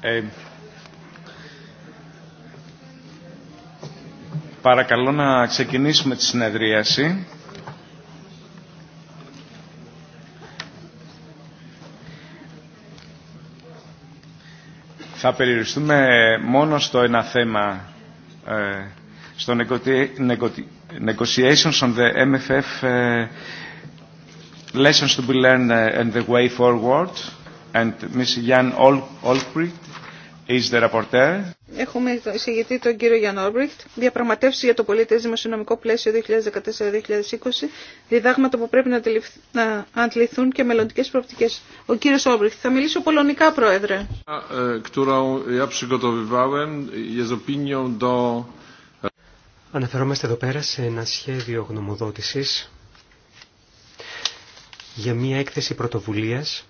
Ε, παρακαλώ να ξεκινήσουμε τη συνεδρίαση. Θα περιοριστούμε μόνο στο ένα θέμα, ε, στο negotiations on the MFF ε, lessons to be learned and the way forward. Έχουμε εισηγητή τον κύριο Γιάνν Όλμπριχτ. Διαπραγματεύσει για το πολιτέ δημοσιονομικό πλαίσιο 2014-2020. Διδάγματα που πρέπει να, να αντιληφθούν και μελλοντικέ προοπτικέ. Ο κύριο Όλμπριχτ. Θα μιλήσω πολωνικά, πρόεδρε. Ε, Αναφερόμαστε εδώ πέρα σε ένα σχέδιο γνωμοδότησης για μια έκθεση πρωτοβουλίας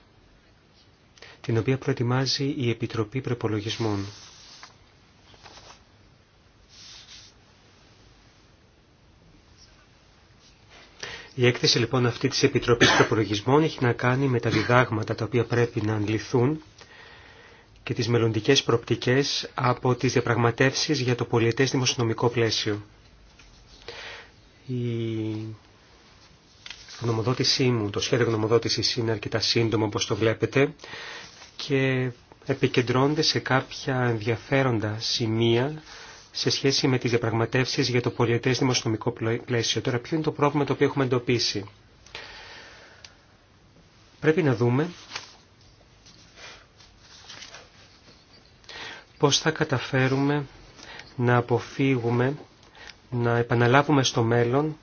την οποία προετοιμάζει η Επιτροπή Προπολογισμών. Η έκθεση λοιπόν αυτή της Επιτροπής Προπολογισμών έχει να κάνει με τα διδάγματα τα οποία πρέπει να αντληθούν και τις μελλοντικέ προπτικές από τις διαπραγματεύσεις για το πολιετές δημοσιονομικό πλαίσιο. Η γνωμοδότησή μου, το σχέδιο γνωμοδότησης είναι αρκετά σύντομο όπως το βλέπετε και επικεντρώνονται σε κάποια ενδιαφέροντα σημεία σε σχέση με τις διαπραγματεύσει για το πολιετές δημοσιονομικό πλαίσιο. Τώρα, ποιο είναι το πρόβλημα το οποίο έχουμε εντοπίσει. Πρέπει να δούμε πώς θα καταφέρουμε να αποφύγουμε να επαναλάβουμε στο μέλλον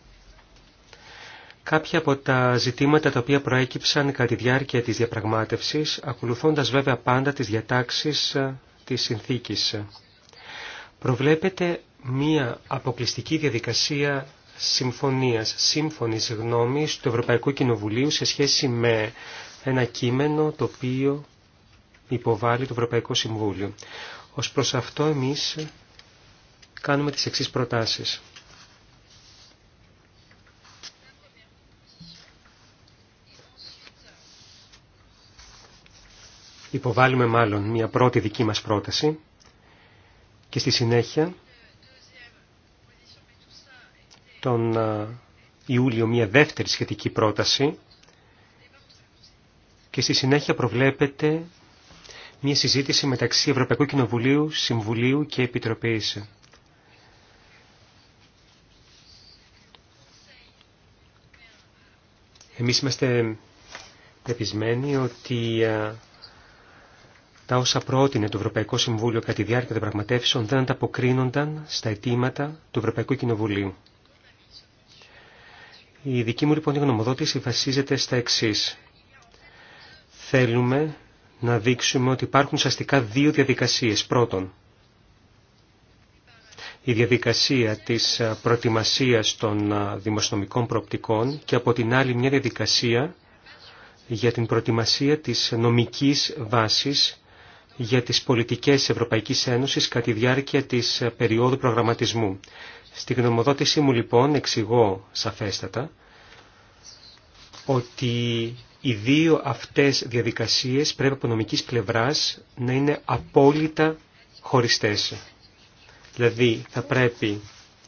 κάποια από τα ζητήματα τα οποία προέκυψαν κατά τη διάρκεια της διαπραγμάτευσης, ακολουθώντας βέβαια πάντα τις διατάξεις ε, της συνθήκης. Προβλέπεται μία αποκλειστική διαδικασία συμφωνίας, σύμφωνης γνώμης του Ευρωπαϊκού Κοινοβουλίου σε σχέση με ένα κείμενο το οποίο υποβάλλει το Ευρωπαϊκό Συμβούλιο. Ως προς αυτό εμείς κάνουμε τις εξής προτάσεις. Υποβάλλουμε μάλλον μια πρώτη δική μας πρόταση και στη συνέχεια τον Ιούλιο μια δεύτερη σχετική πρόταση και στη συνέχεια προβλέπεται μια συζήτηση μεταξύ Ευρωπαϊκού Κοινοβουλίου, Συμβουλίου και Επιτροπής. Εμείς είμαστε πεπισμένοι ότι τα όσα πρότεινε το Ευρωπαϊκό Συμβούλιο κατά τη διάρκεια των πραγματεύσεων δεν ανταποκρίνονταν στα αιτήματα του Ευρωπαϊκού Κοινοβουλίου. Η δική μου λοιπόν γνωμοδότηση βασίζεται στα εξή. Θέλουμε να δείξουμε ότι υπάρχουν ουσιαστικά δύο διαδικασίες. Πρώτον, η διαδικασία της προετοιμασίας των δημοσιονομικών προοπτικών και από την άλλη μια διαδικασία για την προετοιμασία της νομικής βάσης για τις πολιτικές Ευρωπαϊκής Ένωσης κατά τη διάρκεια της ε, περίοδου προγραμματισμού. Στη γνωμοδότησή μου λοιπόν εξηγώ σαφέστατα ότι οι δύο αυτές διαδικασίες πρέπει από νομικής πλευράς να είναι απόλυτα χωριστές. Δηλαδή θα πρέπει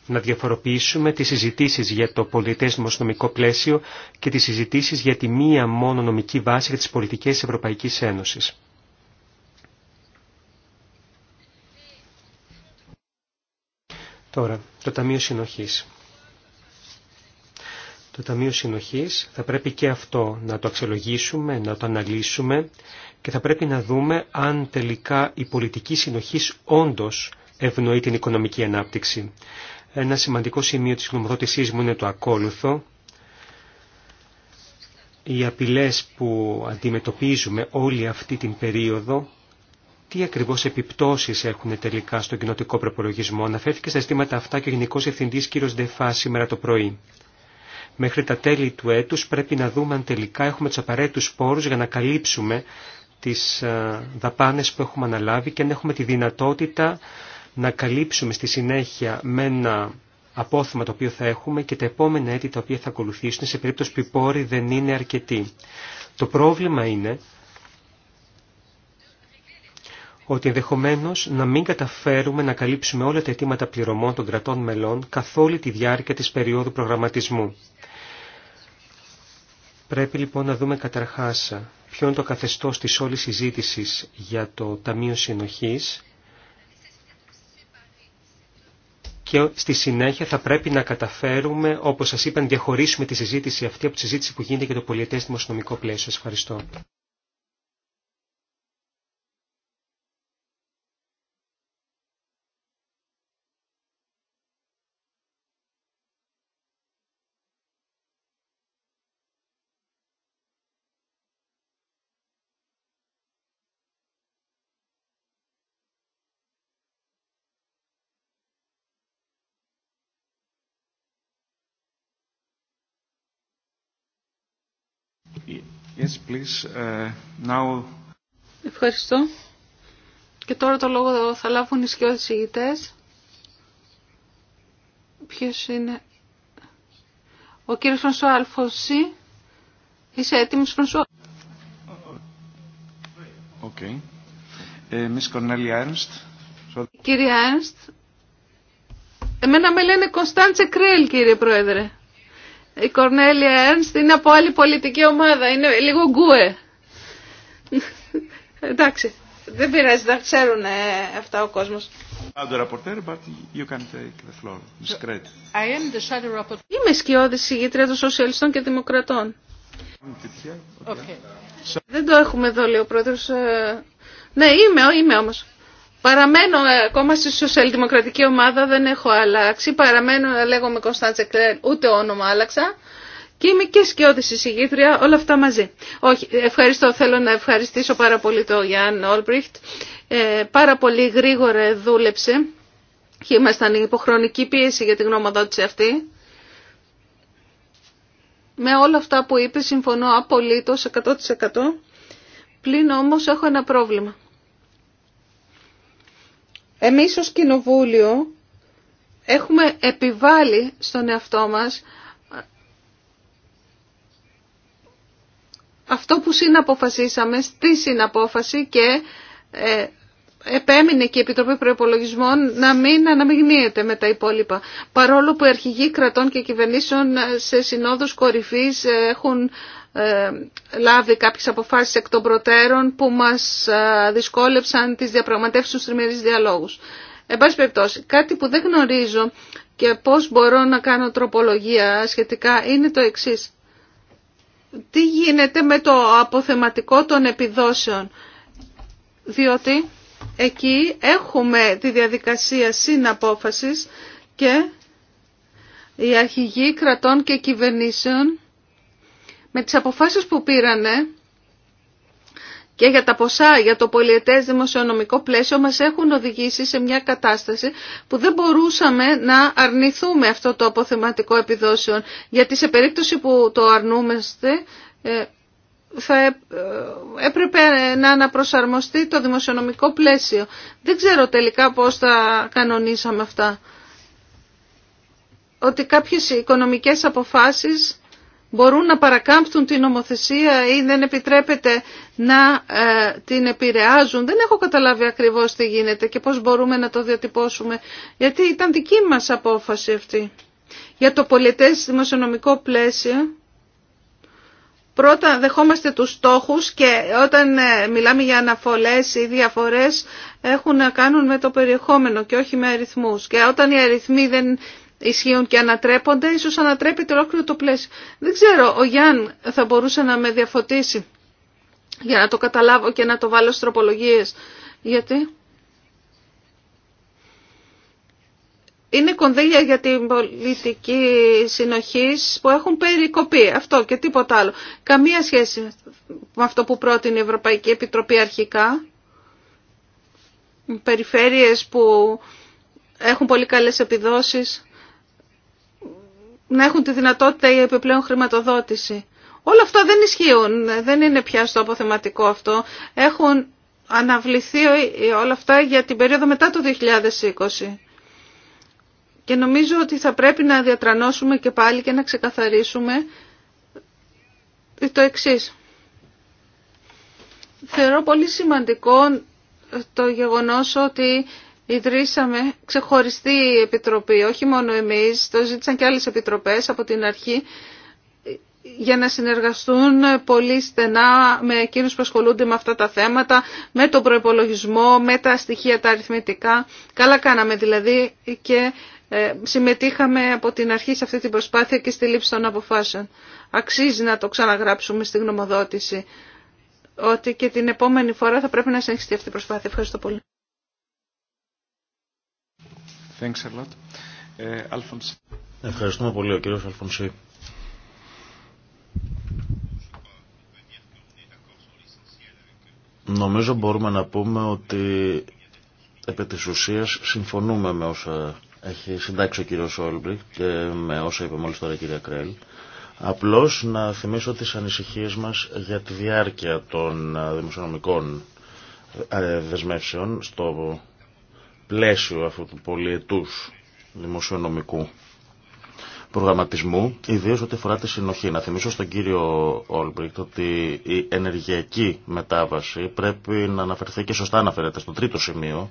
να διαφοροποιήσουμε τις συζητήσεις για το πολιτές νομικό πλαίσιο και τις συζητήσεις για τη μία μόνο νομική βάση για τις πολιτικές Ευρωπαϊκής Ένωσης. Τώρα, το Ταμείο Συνοχής. Το Ταμείο Συνοχής θα πρέπει και αυτό να το αξιολογήσουμε, να το αναλύσουμε και θα πρέπει να δούμε αν τελικά η πολιτική συνοχής όντως ευνοεί την οικονομική ανάπτυξη. Ένα σημαντικό σημείο της γνωμοδότησής μου είναι το ακόλουθο. Οι απειλές που αντιμετωπίζουμε όλη αυτή την περίοδο τι ακριβώ επιπτώσει έχουν τελικά στον κοινοτικό προπολογισμό. Αναφέρθηκε στα ζητήματα αυτά και ο Γενικό Ευθυντή κ. Ντεφά σήμερα το πρωί. Μέχρι τα τέλη του έτου πρέπει να δούμε αν τελικά έχουμε του απαραίτητου πόρου για να καλύψουμε τι ε, δαπάνε που έχουμε αναλάβει και αν έχουμε τη δυνατότητα να καλύψουμε στη συνέχεια με ένα απόθυμα το οποίο θα έχουμε και τα επόμενα έτη τα οποία θα ακολουθήσουν σε περίπτωση που οι πόροι δεν είναι αρκετοί. Το πρόβλημα είναι ότι ενδεχομένω να μην καταφέρουμε να καλύψουμε όλα τα αιτήματα πληρωμών των κρατών μελών καθ' όλη τη διάρκεια της περίοδου προγραμματισμού. Πρέπει λοιπόν να δούμε καταρχάς ποιο είναι το καθεστώς της όλης συζήτησης για το Ταμείο Συνοχής και στη συνέχεια θα πρέπει να καταφέρουμε, όπως σας είπα, να διαχωρίσουμε τη συζήτηση αυτή από τη συζήτηση που γίνεται για το πολιετές δημοσιονομικό πλαίσιο. Σας ευχαριστώ. Uh, Ευχαριστώ. Και τώρα το λόγο θα λάβουν οι σκιώδεις Ποιος είναι... Ο κύριος Φρανσουά Αλφωσή. Είσαι έτοιμος Φρανσουά. Ε, κύριε Ernst. Εμένα με λένε Κωνσταντσε Κρέλ κύριε Πρόεδρε. Η Κορνέλια Έρνστ είναι από άλλη πολιτική ομάδα. Είναι λίγο γκούε. Εντάξει. Δεν πειράζει, δεν ξέρουν ε, αυτά ο κόσμος. Είμαι σκιώδης συγγήτρια των Σοσιαλιστών και Δημοκρατών. Okay. Δεν το έχουμε εδώ, λέει ο πρόεδρος. Ε, ναι, είμαι, είμαι όμως. Παραμένω ε, ακόμα στη σοσιαλδημοκρατική ομάδα, δεν έχω αλλάξει. Παραμένω, ε, λέγομαι Κωνσταντζε Κλέρ, ούτε όνομα άλλαξα. Και είμαι και σκιώδη συγγήτρια, όλα αυτά μαζί. Όχι, ευχαριστώ, θέλω να ευχαριστήσω πάρα πολύ τον Γιάνν Όλμπριχτ. Ε, πάρα πολύ γρήγορα δούλεψε και ήμασταν υποχρονική πίεση για την γνωμοδότηση αυτή. Με όλα αυτά που είπε συμφωνώ απολύτως 100%. Πλην όμως έχω ένα πρόβλημα. Εμείς ως Κοινοβούλιο έχουμε επιβάλει στον εαυτό μας αυτό που συναποφασίσαμε στη συναπόφαση και ε, επέμεινε και η Επιτροπή Προπολογισμών να μην αναμειγνύεται με τα υπόλοιπα. Παρόλο που οι αρχηγοί κρατών και κυβερνήσεων σε συνόδους κορυφής έχουν ε, λάβει κάποιες αποφάσεις εκ των προτέρων που μας ε, δυσκόλεψαν τις διαπραγματεύσεις στους τριμερείς διαλόγους. Εν πάση περιπτώσει, κάτι που δεν γνωρίζω και πώς μπορώ να κάνω τροπολογία σχετικά είναι το εξής. Τι γίνεται με το αποθεματικό των επιδόσεων, διότι εκεί έχουμε τη διαδικασία συναπόφασης και η αρχηγοί κρατών και κυβερνήσεων με τις αποφάσεις που πήρανε και για τα ποσά, για το πολιετές δημοσιονομικό πλαίσιο μας έχουν οδηγήσει σε μια κατάσταση που δεν μπορούσαμε να αρνηθούμε αυτό το αποθεματικό επιδόσεων. Γιατί σε περίπτωση που το αρνούμαστε ε, θα ε, ε, έπρεπε να αναπροσαρμοστεί το δημοσιονομικό πλαίσιο. Δεν ξέρω τελικά πώς θα κανονίσαμε αυτά. Ότι κάποιες οικονομικές αποφάσεις μπορούν να παρακάμπτουν την νομοθεσία ή δεν επιτρέπεται να ε, την επηρεάζουν. Δεν έχω καταλάβει ακριβώς τι γίνεται και πώς μπορούμε να το διατυπώσουμε, γιατί ήταν δική μας απόφαση αυτή. Για το πολιτές δημοσιονομικό πλαίσιο, πρώτα δεχόμαστε τους στόχους και όταν ε, μιλάμε για αναφορές ή διαφορές έχουν να κάνουν με το περιεχόμενο και όχι με αριθμούς. Και όταν οι αριθμοί δεν ισχύουν και ανατρέπονται, ίσως ανατρέπεται ολόκληρο το πλαίσιο. Δεν ξέρω, ο Γιάν θα μπορούσε να με διαφωτίσει για να το καταλάβω και να το βάλω στις τροπολογίες. Γιατί είναι κονδύλια για την πολιτική συνοχή που έχουν περικοπεί. Αυτό και τίποτα άλλο. Καμία σχέση με αυτό που πρότεινε η Ευρωπαϊκή Επιτροπή αρχικά. Περιφέρειες που έχουν πολύ καλές επιδόσεις να έχουν τη δυνατότητα η επιπλέον χρηματοδότηση. Όλα αυτά δεν ισχύουν, δεν είναι πια στο αποθεματικό αυτό. Έχουν αναβληθεί όλα αυτά για την περίοδο μετά το 2020. Και νομίζω ότι θα πρέπει να διατρανώσουμε και πάλι και να ξεκαθαρίσουμε το εξής. Θεωρώ πολύ σημαντικό το γεγονός ότι ιδρύσαμε ξεχωριστή επιτροπή, όχι μόνο εμείς, το ζήτησαν και άλλες επιτροπές από την αρχή, για να συνεργαστούν πολύ στενά με εκείνους που ασχολούνται με αυτά τα θέματα, με τον προϋπολογισμό, με τα στοιχεία τα αριθμητικά. Καλά κάναμε δηλαδή και ε, συμμετείχαμε από την αρχή σε αυτή την προσπάθεια και στη λήψη των αποφάσεων. Αξίζει να το ξαναγράψουμε στη γνωμοδότηση ότι και την επόμενη φορά θα πρέπει να συνεχιστεί αυτή η προσπάθεια. Ευχαριστώ πολύ. Uh, Ευχαριστούμε πολύ ο κύριος Αλφονσί. Νομίζω μπορούμε να πούμε ότι επί της ουσίας συμφωνούμε με όσα έχει συντάξει ο κύριος Όλμπρι και με όσα είπε μόλις τώρα η κυρία Κρέλ. Απλώς να θυμίσω τις ανησυχίες μας για τη διάρκεια των δημοσιονομικών ε, δεσμεύσεων στο πλαίσιο αυτού του πολιετούς δημοσιονομικού προγραμματισμού, ιδίως ό,τι αφορά τη συνοχή. Να θυμίσω στον κύριο Όλμπρικτ ότι η ενεργειακή μετάβαση πρέπει να αναφερθεί και σωστά αναφέρεται στο τρίτο σημείο,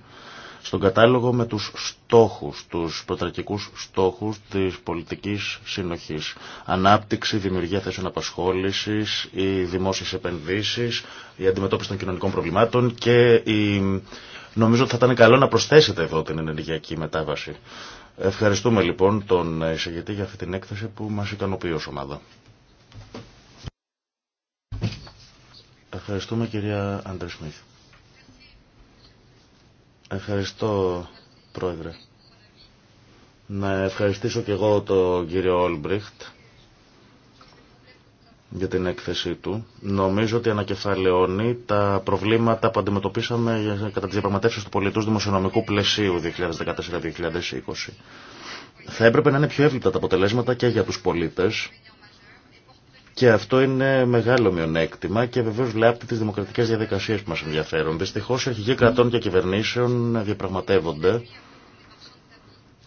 στον κατάλογο με τους στόχους, τους πρωταρχικούς στόχους της πολιτικής συνοχής. Ανάπτυξη, δημιουργία θέσεων απασχόληση, οι δημόσιες επενδύσεις, η αντιμετώπιση των κοινωνικών προβλημάτων και η Νομίζω ότι θα ήταν καλό να προσθέσετε εδώ την ενεργειακή μετάβαση. Ευχαριστούμε λοιπόν τον εισηγητή για αυτή την έκθεση που μας ικανοποιεί ως ομάδα. Ευχαριστούμε κυρία Άντρε Σμιθ. Ευχαριστώ πρόεδρε. Να ευχαριστήσω και εγώ τον κύριο Όλμπριχτ για την έκθεσή του. Νομίζω ότι ανακεφαλαιώνει τα προβλήματα που αντιμετωπίσαμε κατά τι διαπραγματεύσει του πολιτού δημοσιονομικού πλαισίου 2014-2020. Θα έπρεπε να είναι πιο εύληπτα τα αποτελέσματα και για τους πολίτες και αυτό είναι μεγάλο μειονέκτημα και βεβαίω βλάπτει τι δημοκρατικέ διαδικασίε που μα ενδιαφέρουν. Δυστυχώ οι αρχηγοί κρατών και κυβερνήσεων διαπραγματεύονται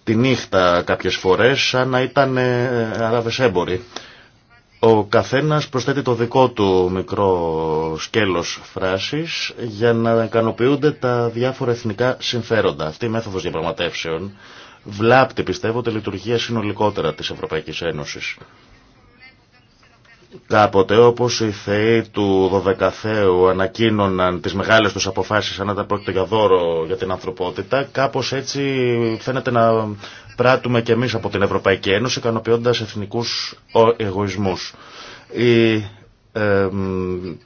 τη νύχτα κάποιε φορέ σαν να ήταν ε, αράβε έμποροι ο καθένας προσθέτει το δικό του μικρό σκέλος φράσης για να ικανοποιούνται τα διάφορα εθνικά συμφέροντα. Αυτή η μέθοδος διαπραγματεύσεων βλάπτει πιστεύω τη λειτουργία συνολικότερα της Ευρωπαϊκής Ένωσης. Κάποτε όπως οι θεοί του 12 ανακοίνωναν τις μεγάλες τους αποφάσεις ανά τα πρόκειται για δώρο για την ανθρωπότητα, κάπως έτσι φαίνεται να πράττουμε κι εμείς από την Ευρωπαϊκή Ένωση ικανοποιώντα εθνικούς εγωισμούς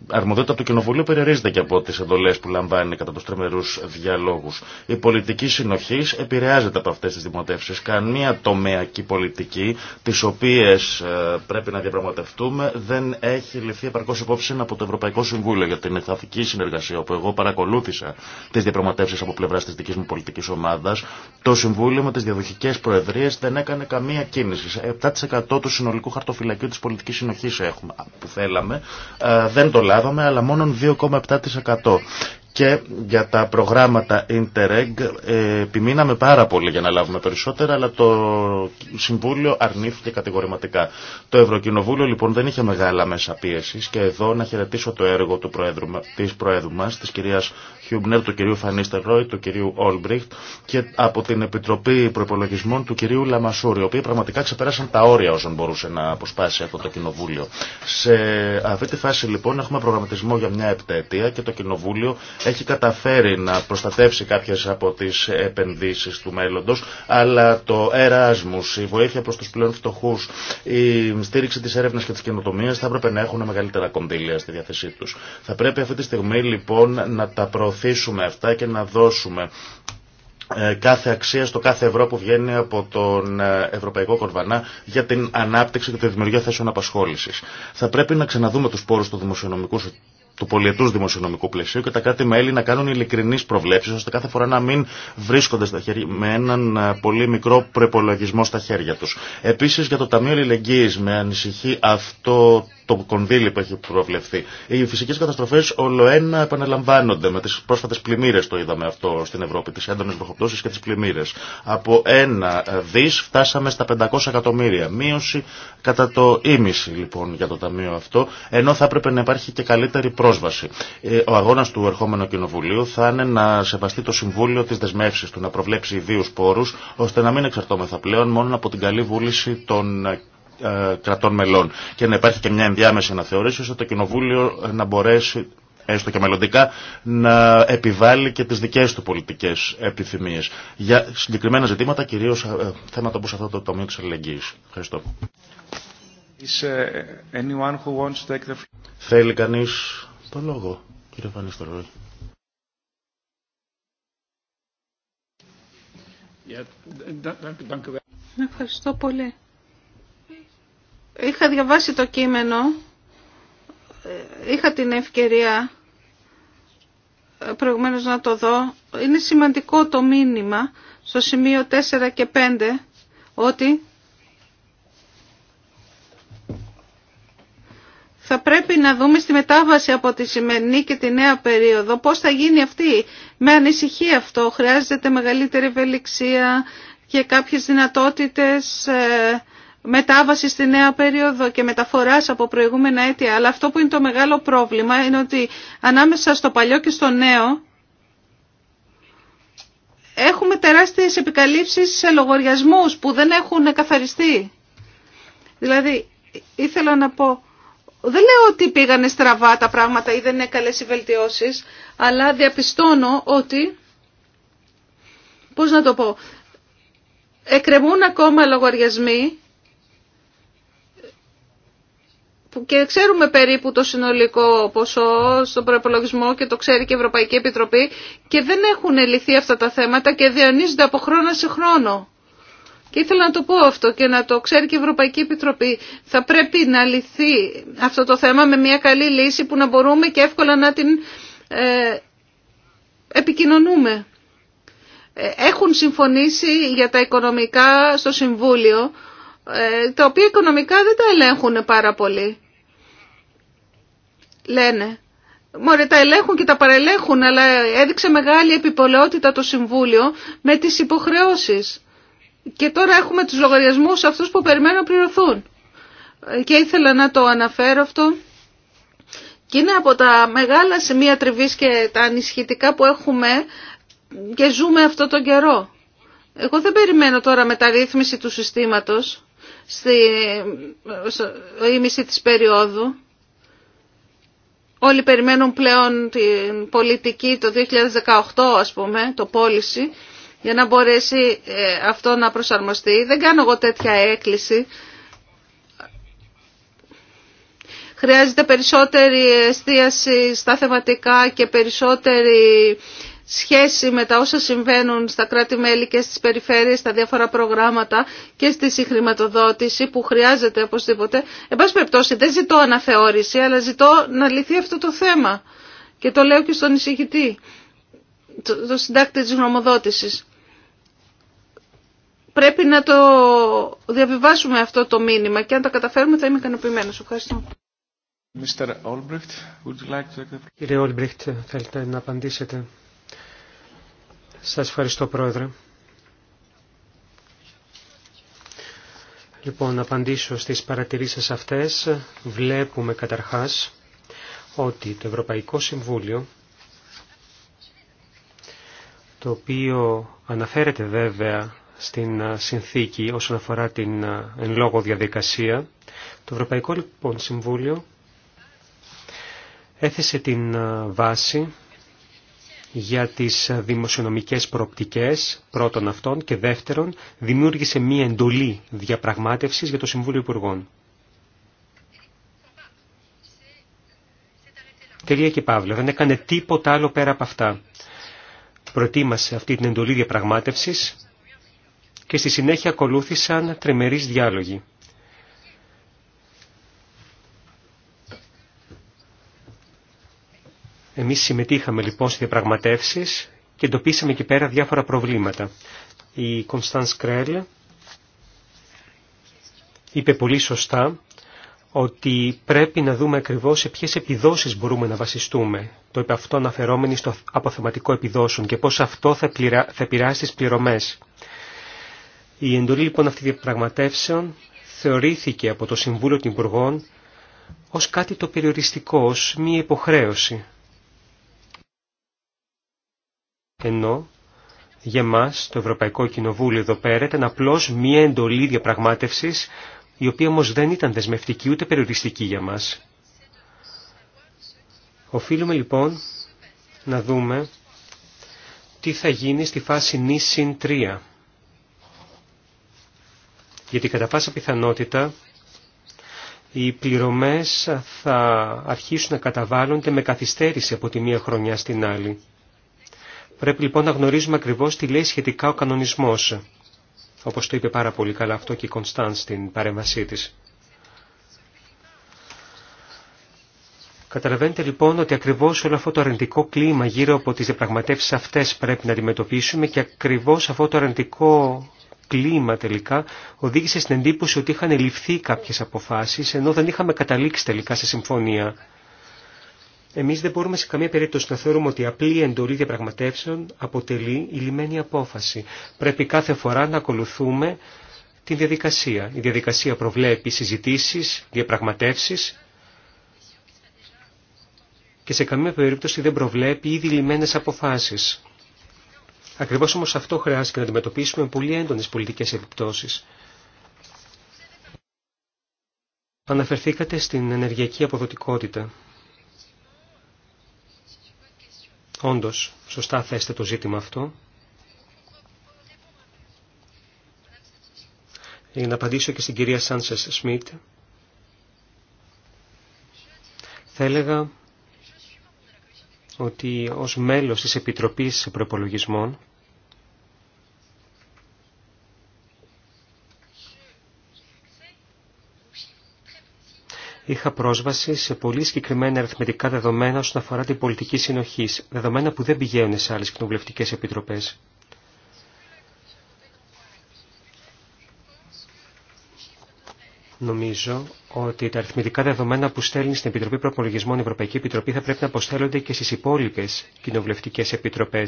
αρμοδιότητα του Κοινοβουλίου περιορίζεται και από τις εντολές που λαμβάνει κατά τους τρεμερούς διαλόγους. Η πολιτική συνοχής επηρεάζεται από αυτές τις δημοτεύσεις. Καμία τομεακή πολιτική, τις οποίες ε, πρέπει να διαπραγματευτούμε, δεν έχει ληφθεί επαρκώς υπόψη από το Ευρωπαϊκό Συμβούλιο για την Εθνική Συνεργασία, όπου εγώ παρακολούθησα τις διαπραγματεύσεις από πλευρά της δικής μου πολιτικής ομάδας. Το Συμβούλιο με τι διαδοχικέ προεδρίες δεν έκανε καμία κίνηση. 7% του συνολικού χαρτοφυλακίου της πολιτικής συνοχής έχουμε, που θέλαμε ε, δεν το λάβαμε, αλλά μόνο 2,7%. Και για τα προγράμματα Interreg ε, επιμείναμε πάρα πολύ για να λάβουμε περισσότερα, αλλά το Συμβούλιο αρνήθηκε κατηγορηματικά. Το Ευρωκοινοβούλιο λοιπόν δεν είχε μεγάλα μέσα πίεση και εδώ να χαιρετήσω το έργο του Προέδρου, της Προέδρου μας, της κυρίας Χιούμπνερ, του κυρίου Φανίστερ Ρόι, του κυρίου Όλμπριχτ και από την Επιτροπή Προπολογισμών του κυρίου Λαμασούρη, οι οποίοι πραγματικά ξεπέρασαν τα όρια όσων μπορούσε να αποσπάσει αυτό το κοινοβούλιο. Σε αυτή τη φάση λοιπόν έχουμε προγραμματισμό για μια επταετία και το κοινοβούλιο έχει καταφέρει να προστατεύσει κάποιε από τι επενδύσει του μέλλοντο, αλλά το Εράσμου, η βοήθεια προ του πλέον φτωχού, η στήριξη τη έρευνα και τη καινοτομία θα έπρεπε να έχουν μεγαλύτερα κονδύλια στη διάθεσή του. Θα πρέπει αυτή τη στιγμή λοιπόν να τα προωθήσουμε προωθήσουμε αυτά και να δώσουμε ε, κάθε αξία στο κάθε ευρώ που βγαίνει από τον ε, Ευρωπαϊκό Κορβανά για την ανάπτυξη και τη δημιουργία θέσεων απασχόλησης. Θα πρέπει να ξαναδούμε τους πόρους του δημοσιονομικού του πολιετούς δημοσιονομικού πλαισίου και τα κράτη-μέλη να κάνουν ειλικρινείς προβλέψεις ώστε κάθε φορά να μην βρίσκονται στα χέρια, με έναν ε, πολύ μικρό προπολογισμό στα χέρια τους. Επίσης, για το Ταμείο Λιλεγγύης με ανησυχεί αυτό το κονδύλι που έχει προβλεφθεί. Οι φυσικές καταστροφές ολοένα επαναλαμβάνονται. Με τι πρόσφατες πλημμύρε, το είδαμε αυτό στην Ευρώπη, τι έντονες βροχοπτώσει και τι πλημμύρε. Από ένα δι φτάσαμε στα 500 εκατομμύρια. Μείωση κατά το ίμιση λοιπόν για το ταμείο αυτό, ενώ θα έπρεπε να υπάρχει και καλύτερη πρόσβαση. Ε, ο αγώνα του ερχόμενου κοινοβουλίου θα είναι να σεβαστεί το Συμβούλιο τη δεσμεύση του, να προβλέψει ιδίου πόρου, ώστε να μην εξαρτώμεθα πλέον μόνο από την καλή βούληση των κρατών μελών και να υπάρχει και μια ενδιάμεση αναθεώρηση ώστε το Κοινοβούλιο να μπορέσει έστω και μελλοντικά, να επιβάλλει και τις δικές του πολιτικές επιθυμίες για συγκεκριμένα ζητήματα, κυρίως θέματα όπως αυτό το τομείο της αλληλεγγύης. Ευχαριστώ. Θέλει κανείς το λόγο, κύριε Φανίστορο. Yeah, Ευχαριστώ πολύ. Είχα διαβάσει το κείμενο, είχα την ευκαιρία ε, προηγουμένως να το δω. Είναι σημαντικό το μήνυμα στο σημείο 4 και 5 ότι θα πρέπει να δούμε στη μετάβαση από τη σημερινή και τη νέα περίοδο πώς θα γίνει αυτή. Με ανησυχεί αυτό. Χρειάζεται μεγαλύτερη ευελιξία και κάποιες δυνατότητες ε, μετάβαση στη νέα περίοδο και μεταφοράς από προηγούμενα αίτια. Αλλά αυτό που είναι το μεγάλο πρόβλημα είναι ότι ανάμεσα στο παλιό και στο νέο έχουμε τεράστιες επικαλύψεις σε λογοριασμούς που δεν έχουν καθαριστεί. Δηλαδή, ήθελα να πω, δεν λέω ότι πήγανε στραβά τα πράγματα ή δεν είναι καλές οι βελτιώσεις, αλλά διαπιστώνω ότι, πώς να το πω, εκκρεμούν ακόμα λογαριασμοί και ξέρουμε περίπου το συνολικό ποσό στον προπολογισμό και το ξέρει και η Ευρωπαϊκή Επιτροπή και δεν έχουν λυθεί αυτά τα θέματα και διανύζονται από χρόνο σε χρόνο. Και ήθελα να το πω αυτό και να το ξέρει και η Ευρωπαϊκή Επιτροπή. Θα πρέπει να λυθεί αυτό το θέμα με μια καλή λύση που να μπορούμε και εύκολα να την ε, επικοινωνούμε. Ε, έχουν συμφωνήσει για τα οικονομικά στο Συμβούλιο, ε, τα οποία οικονομικά δεν τα ελέγχουν πάρα πολύ λένε Μωρέ, τα ελέγχουν και τα παρελέχουν, αλλά έδειξε μεγάλη επιπολαιότητα το Συμβούλιο με τις υποχρεώσεις. Και τώρα έχουμε τους λογαριασμούς αυτούς που περιμένουν να πληρωθούν. Και ήθελα να το αναφέρω αυτό. Και είναι από τα μεγάλα σημεία τριβής και τα ανισχυτικά που έχουμε και ζούμε αυτό τον καιρό. Εγώ δεν περιμένω τώρα μεταρρύθμιση του συστήματος στη ίμιση της περίοδου Όλοι περιμένουν πλέον την πολιτική το 2018, ας πούμε, το πώληση, για να μπορέσει ε, αυτό να προσαρμοστεί. Δεν κάνω εγώ τέτοια έκκληση. Χρειάζεται περισσότερη εστίαση στα θεματικά και περισσότερη σχέση με τα όσα συμβαίνουν στα κράτη-μέλη και στις περιφέρειες, στα διάφορα προγράμματα και στη συγχρηματοδότηση που χρειάζεται οπωσδήποτε. Εν πάση περιπτώσει δεν ζητώ αναθεώρηση, αλλά ζητώ να λυθεί αυτό το θέμα. Και το λέω και στον εισηγητή, το συντάκτη της γνωμοδότησης. Πρέπει να το διαβιβάσουμε αυτό το μήνυμα και αν τα καταφέρουμε θα είμαι ικανοποιημένος. Ευχαριστώ. Κύριε Όλμπριχτ, θέλετε να απαντήσετε. Σας ευχαριστώ Πρόεδρε. Λοιπόν, να απαντήσω στις παρατηρήσεις αυτές. Βλέπουμε καταρχάς ότι το Ευρωπαϊκό Συμβούλιο, το οποίο αναφέρεται βέβαια στην συνθήκη όσον αφορά την εν λόγω διαδικασία, το Ευρωπαϊκό λοιπόν, Συμβούλιο έθεσε την βάση για τις δημοσιονομικές προοπτικές πρώτον αυτών και δεύτερον δημιούργησε μία εντολή διαπραγμάτευσης για το Συμβούλιο Υπουργών. Τελεία και Παύλα, δεν έκανε τίποτα άλλο πέρα από αυτά. Προετοίμασε αυτή την εντολή διαπραγμάτευσης και στη συνέχεια ακολούθησαν τριμερείς διάλογοι. Εμείς συμμετείχαμε λοιπόν στις διαπραγματεύσεις και εντοπίσαμε εκεί πέρα διάφορα προβλήματα. Η Κωνσταντ Κρέλ είπε πολύ σωστά ότι πρέπει να δούμε ακριβώς σε ποιες επιδόσεις μπορούμε να βασιστούμε. Το είπε αυτό αναφερόμενοι στο αποθεματικό επιδόσεων και πώς αυτό θα, πληρα... θα επηρεάσει τις πληρωμές. Η εντολή λοιπόν αυτή διαπραγματεύσεων θεωρήθηκε από το Συμβούλιο των Υπουργών ως κάτι το περιοριστικό, ως μία υποχρέωση. ενώ για μας το Ευρωπαϊκό Κοινοβούλιο εδώ πέρα ήταν απλώς μία εντολή διαπραγμάτευσης, η οποία όμως δεν ήταν δεσμευτική ούτε περιοριστική για μας. Οφείλουμε λοιπόν να δούμε τι θα γίνει στη φάση νη-συν-τρία. 3. Γιατί κατά πάσα πιθανότητα οι πληρωμές θα αρχίσουν να καταβάλλονται με καθυστέρηση από τη μία χρονιά στην άλλη. Πρέπει λοιπόν να γνωρίζουμε ακριβώς τι λέει σχετικά ο κανονισμός, όπως το είπε πάρα πολύ καλά αυτό και η Κωνσταντ στην παρέμβασή της. Καταλαβαίνετε λοιπόν ότι ακριβώς όλο αυτό το αρνητικό κλίμα γύρω από τις διαπραγματεύσει, αυτές πρέπει να αντιμετωπίσουμε και ακριβώς αυτό το αρνητικό κλίμα τελικά οδήγησε στην εντύπωση ότι είχαν ληφθεί κάποιες αποφάσεις ενώ δεν είχαμε καταλήξει τελικά σε συμφωνία. Εμείς δεν μπορούμε σε καμία περίπτωση να θεωρούμε ότι η απλή εντολή διαπραγματεύσεων αποτελεί η λιμένη απόφαση. Πρέπει κάθε φορά να ακολουθούμε τη διαδικασία. Η διαδικασία προβλέπει συζητήσεις, διαπραγματεύσεις και σε καμία περίπτωση δεν προβλέπει ήδη λιμένες αποφάσεις. Ακριβώς όμως αυτό χρειάζεται να αντιμετωπίσουμε πολύ έντονες πολιτικές επιπτώσεις. Αναφερθήκατε στην ενεργειακή αποδοτικότητα. Όντως, σωστά θέστε το ζήτημα αυτό. Για να απαντήσω και στην κυρία Σάντσες Σμιτ, θα έλεγα ότι ως μέλος της Επιτροπής Προπολογισμών είχα πρόσβαση σε πολύ συγκεκριμένα αριθμητικά δεδομένα όσον αφορά την πολιτική συνοχή, δεδομένα που δεν πηγαίνουν σε άλλε κοινοβουλευτικέ επιτροπέ. Νομίζω ότι τα αριθμητικά δεδομένα που στέλνει στην Επιτροπή Προπολογισμών η Ευρωπαϊκή Επιτροπή θα πρέπει να αποστέλλονται και στι υπόλοιπε κοινοβουλευτικέ επιτροπέ.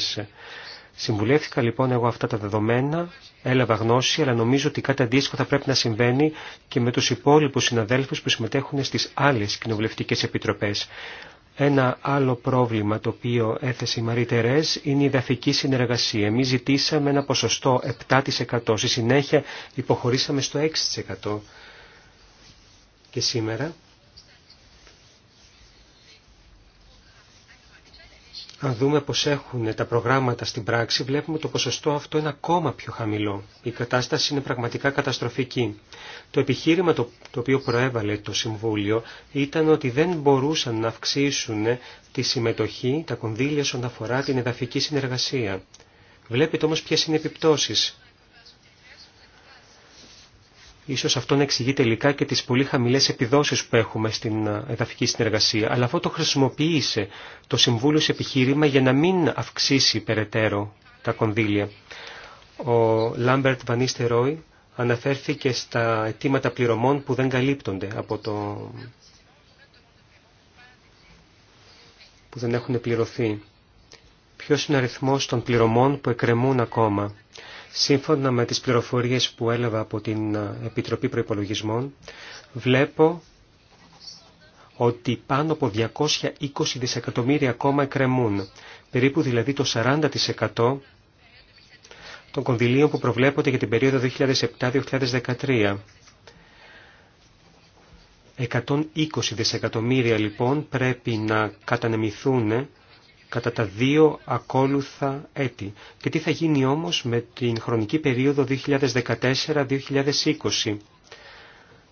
Συμβουλεύτηκα λοιπόν εγώ αυτά τα δεδομένα, έλαβα γνώση, αλλά νομίζω ότι κάτι αντίστοιχο θα πρέπει να συμβαίνει και με τους υπόλοιπους συναδέλφους που συμμετέχουν στις άλλες κοινοβουλευτικές επιτροπές. Ένα άλλο πρόβλημα το οποίο έθεσε η Μαρή Τερές είναι η δαφική συνεργασία. Εμείς ζητήσαμε ένα ποσοστό 7%, στη συνέχεια υποχωρήσαμε στο 6%. Και σήμερα Αν δούμε πως έχουν τα προγράμματα στην πράξη, βλέπουμε το ποσοστό αυτό είναι ακόμα πιο χαμηλό. Η κατάσταση είναι πραγματικά καταστροφική. Το επιχείρημα το, οποίο προέβαλε το Συμβούλιο ήταν ότι δεν μπορούσαν να αυξήσουν τη συμμετοχή, τα κονδύλια όσον αφορά την εδαφική συνεργασία. Βλέπετε όμως ποιες είναι οι επιπτώσεις. Ίσως αυτό να εξηγεί τελικά και τις πολύ χαμηλές επιδόσεις που έχουμε στην ε, εδαφική συνεργασία. Αλλά αυτό το χρησιμοποίησε το Συμβούλιο σε επιχείρημα για να μην αυξήσει περαιτέρω τα κονδύλια. Ο Λάμπερτ Βανίστε Ρόι αναφέρθηκε στα αιτήματα πληρωμών που δεν καλύπτονται από το... που δεν έχουν πληρωθεί. Ποιος είναι ο αριθμός των πληρωμών που εκκρεμούν ακόμα. Σύμφωνα με τις πληροφορίες που έλαβα από την ε, Επιτροπή Προϋπολογισμών, βλέπω ότι πάνω από 220 δισεκατομμύρια ακόμα εκκρεμούν, περίπου δηλαδή το 40% των κονδυλίων που προβλέπονται για την περίοδο 2007-2013. 120 δισεκατομμύρια λοιπόν πρέπει να κατανεμηθούν κατά τα δύο ακόλουθα έτη. Και τι θα γίνει όμως με την χρονική περίοδο 2014-2020.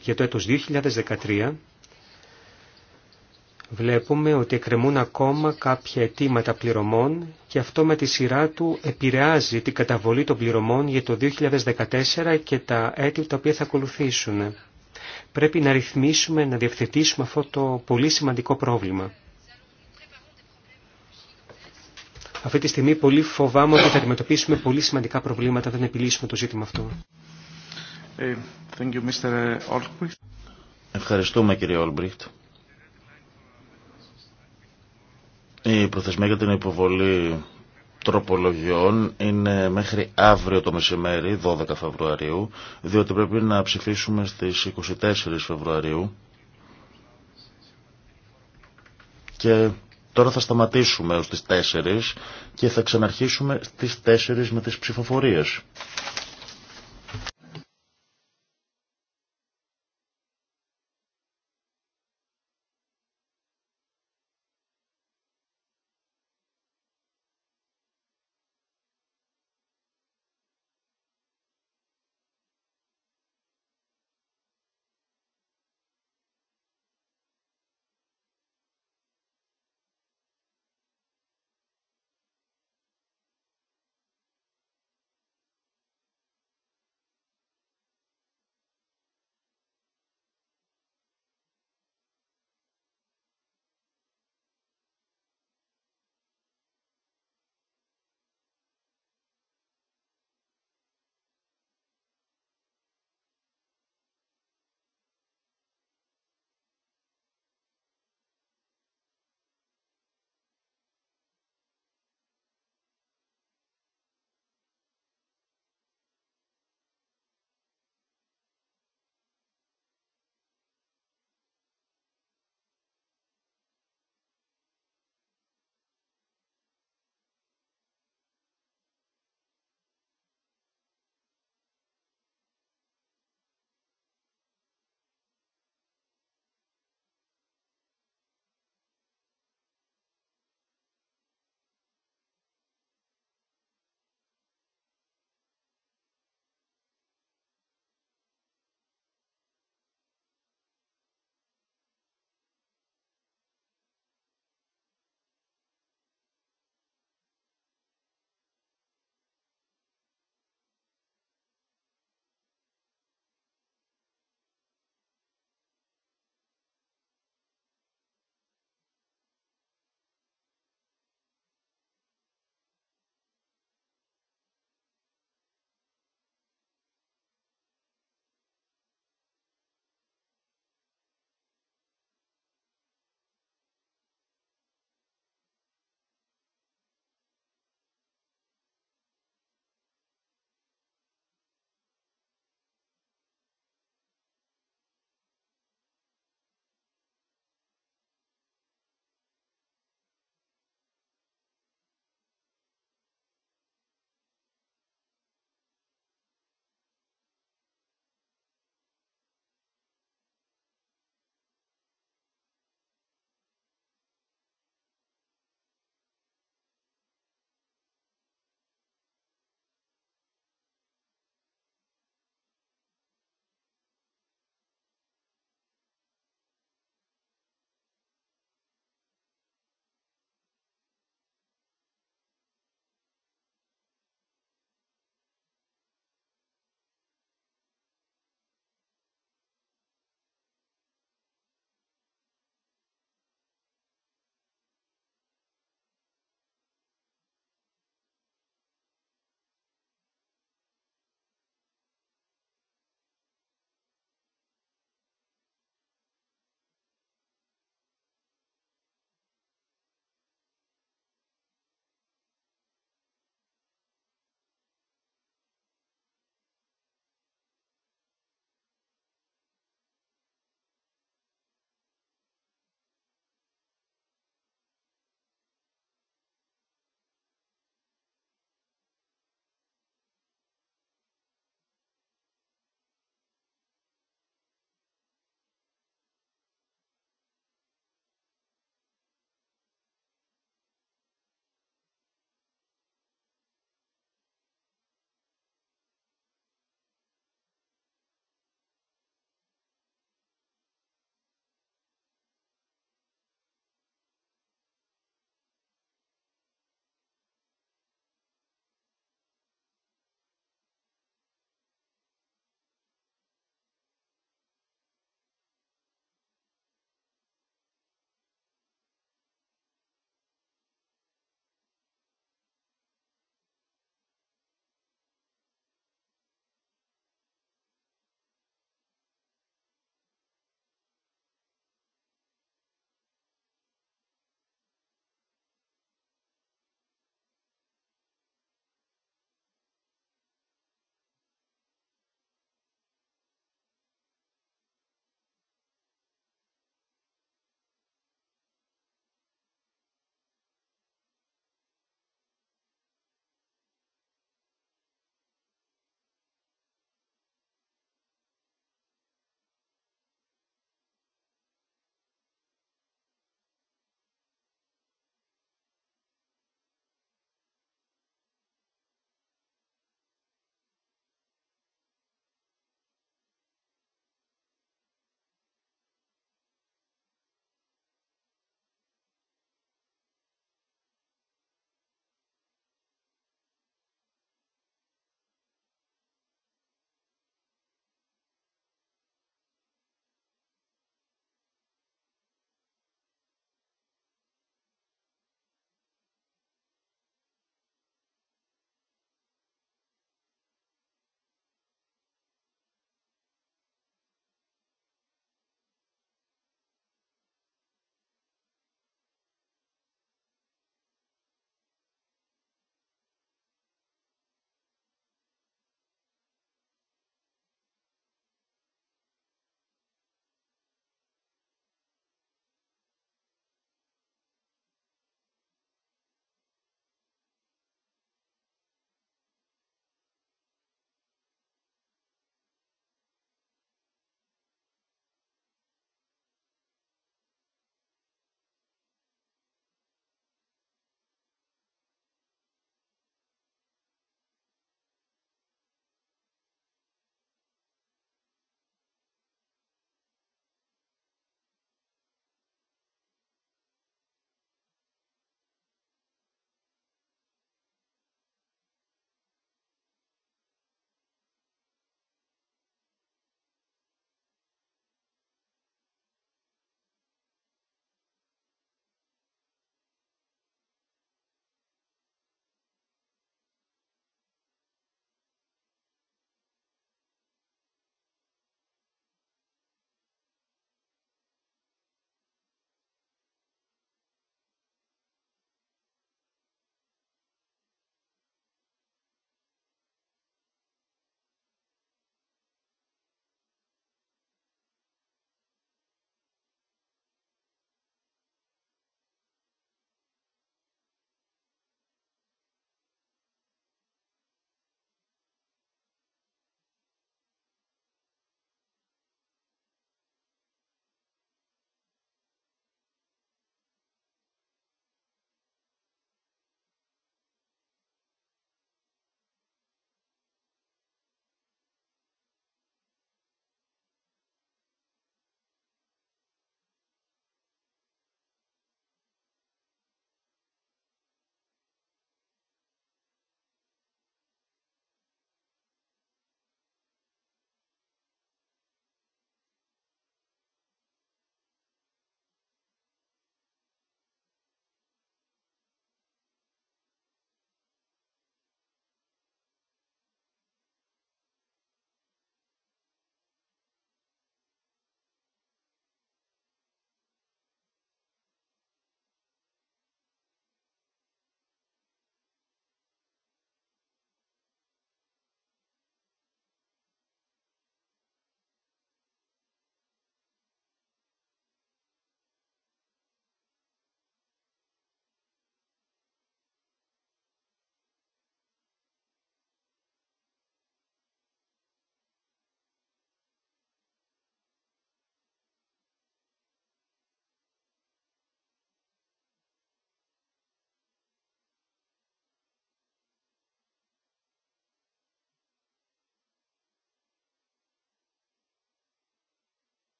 Για το έτος 2013 βλέπουμε ότι εκκρεμούν ακόμα κάποια αιτήματα πληρωμών και αυτό με τη σειρά του επηρεάζει την καταβολή των πληρωμών για το 2014 και τα έτη τα οποία θα ακολουθήσουν. Πρέπει να ρυθμίσουμε, να διευθετήσουμε αυτό το πολύ σημαντικό πρόβλημα. Αυτή τη στιγμή πολύ φοβάμαι ότι θα αντιμετωπίσουμε πολύ σημαντικά προβλήματα δεν επιλύσουμε το ζήτημα αυτό. Ε, thank you, Mr. Ευχαριστούμε κύριε Όλμπριχτ. Η προθεσμία για την υποβολή τροπολογιών είναι μέχρι αύριο το μεσημέρι, 12 Φεβρουαρίου, διότι πρέπει να ψηφίσουμε στις 24 Φεβρουαρίου και Τώρα θα σταματήσουμε στις 4 και θα ξαναρχίσουμε στις 4 με τις ψηφοφορίες.